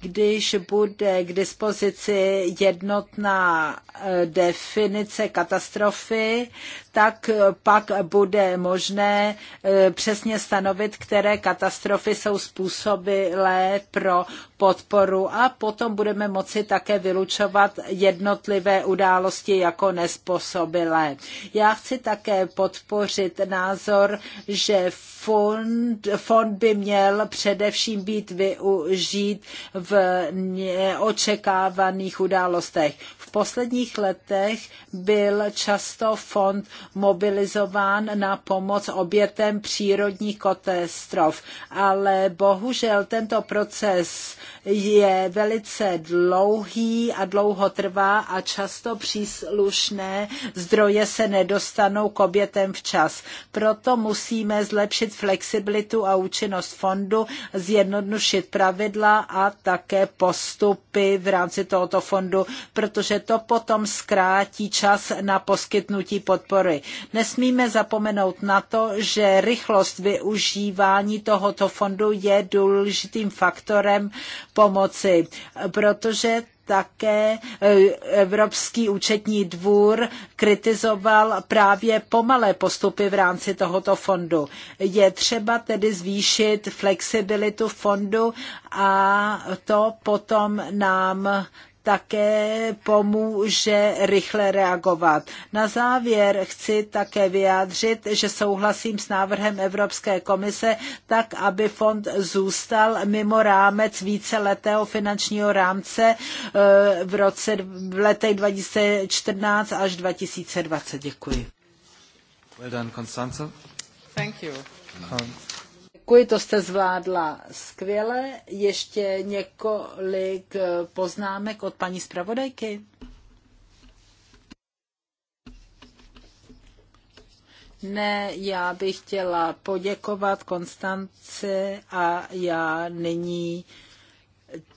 Když bude k dispozici jednotná eh, definice katastrofy, tak eh, pak bude možné eh, přesně stanovit, které katastrofy jsou způsobilé pro podporu a potom budeme moci také vylučovat jednotlivé události jako nespůsobilé. Já chci také podpořit názor, že fond, fond by měl především být využít v neočekávaných událostech. V posledních letech byl často fond mobilizován na pomoc obětem přírodních katastrof, ale bohužel tento proces je velice dlouhý a dlouho trvá a často příslušné zdroje se nedostanou k obětem včas. Proto musíme zlepšit flexibilitu a účinnost fondu, zjednodušit pravidla a také postupy v rámci tohoto fondu, protože to potom zkrátí čas na poskytnutí podpory. Nesmíme zapomenout na to, že rychlost využívání tohoto fondu je důležitým faktorem pomoci, protože také e, Evropský účetní dvůr kritizoval právě pomalé postupy v rámci tohoto fondu. Je třeba tedy zvýšit flexibilitu fondu a to potom nám také pomůže rychle reagovat. Na závěr chci také vyjádřit, že souhlasím s návrhem Evropské komise tak, aby fond zůstal mimo rámec víceletého finančního rámce eh, v, roce, v letech 2014 až 2020. Děkuji. Well done, Constanze. Thank you. Um. Děkuji, to jste zvládla skvěle. Ještě několik poznámek od paní zpravodajky. Ne, já bych chtěla poděkovat Konstanci a já nyní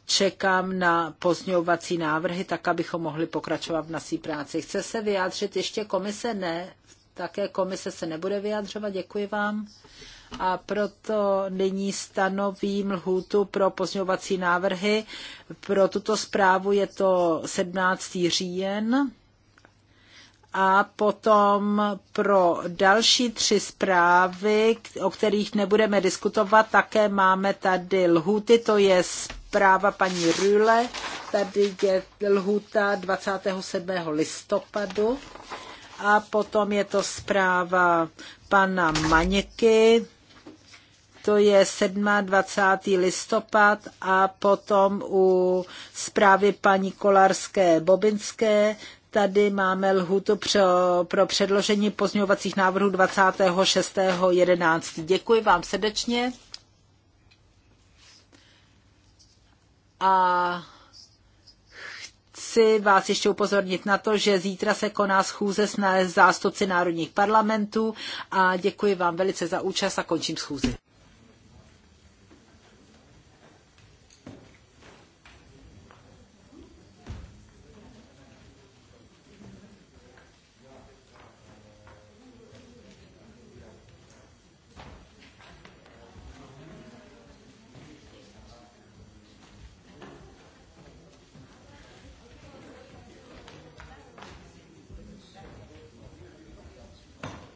čekám na pozňovací návrhy, tak abychom mohli pokračovat v naší práci. Chce se vyjádřit ještě komise? Ne, také komise se nebude vyjadřovat. Děkuji vám a proto nyní stanovím lhůtu pro pozměňovací návrhy. Pro tuto zprávu je to 17. říjen a potom pro další tři zprávy, o kterých nebudeme diskutovat, také máme tady lhuty, to je zpráva paní Rüle, tady je lhuta 27. listopadu a potom je to zpráva pana Maněky, to je 27. listopad a potom u zprávy paní Kolarské Bobinské tady máme lhutu pro, pro předložení pozměňovacích návrhů 26.11. Děkuji vám srdečně. A chci vás ještě upozornit na to, že zítra se koná schůze s zástupci národních parlamentů a děkuji vám velice za účast a končím schůzi.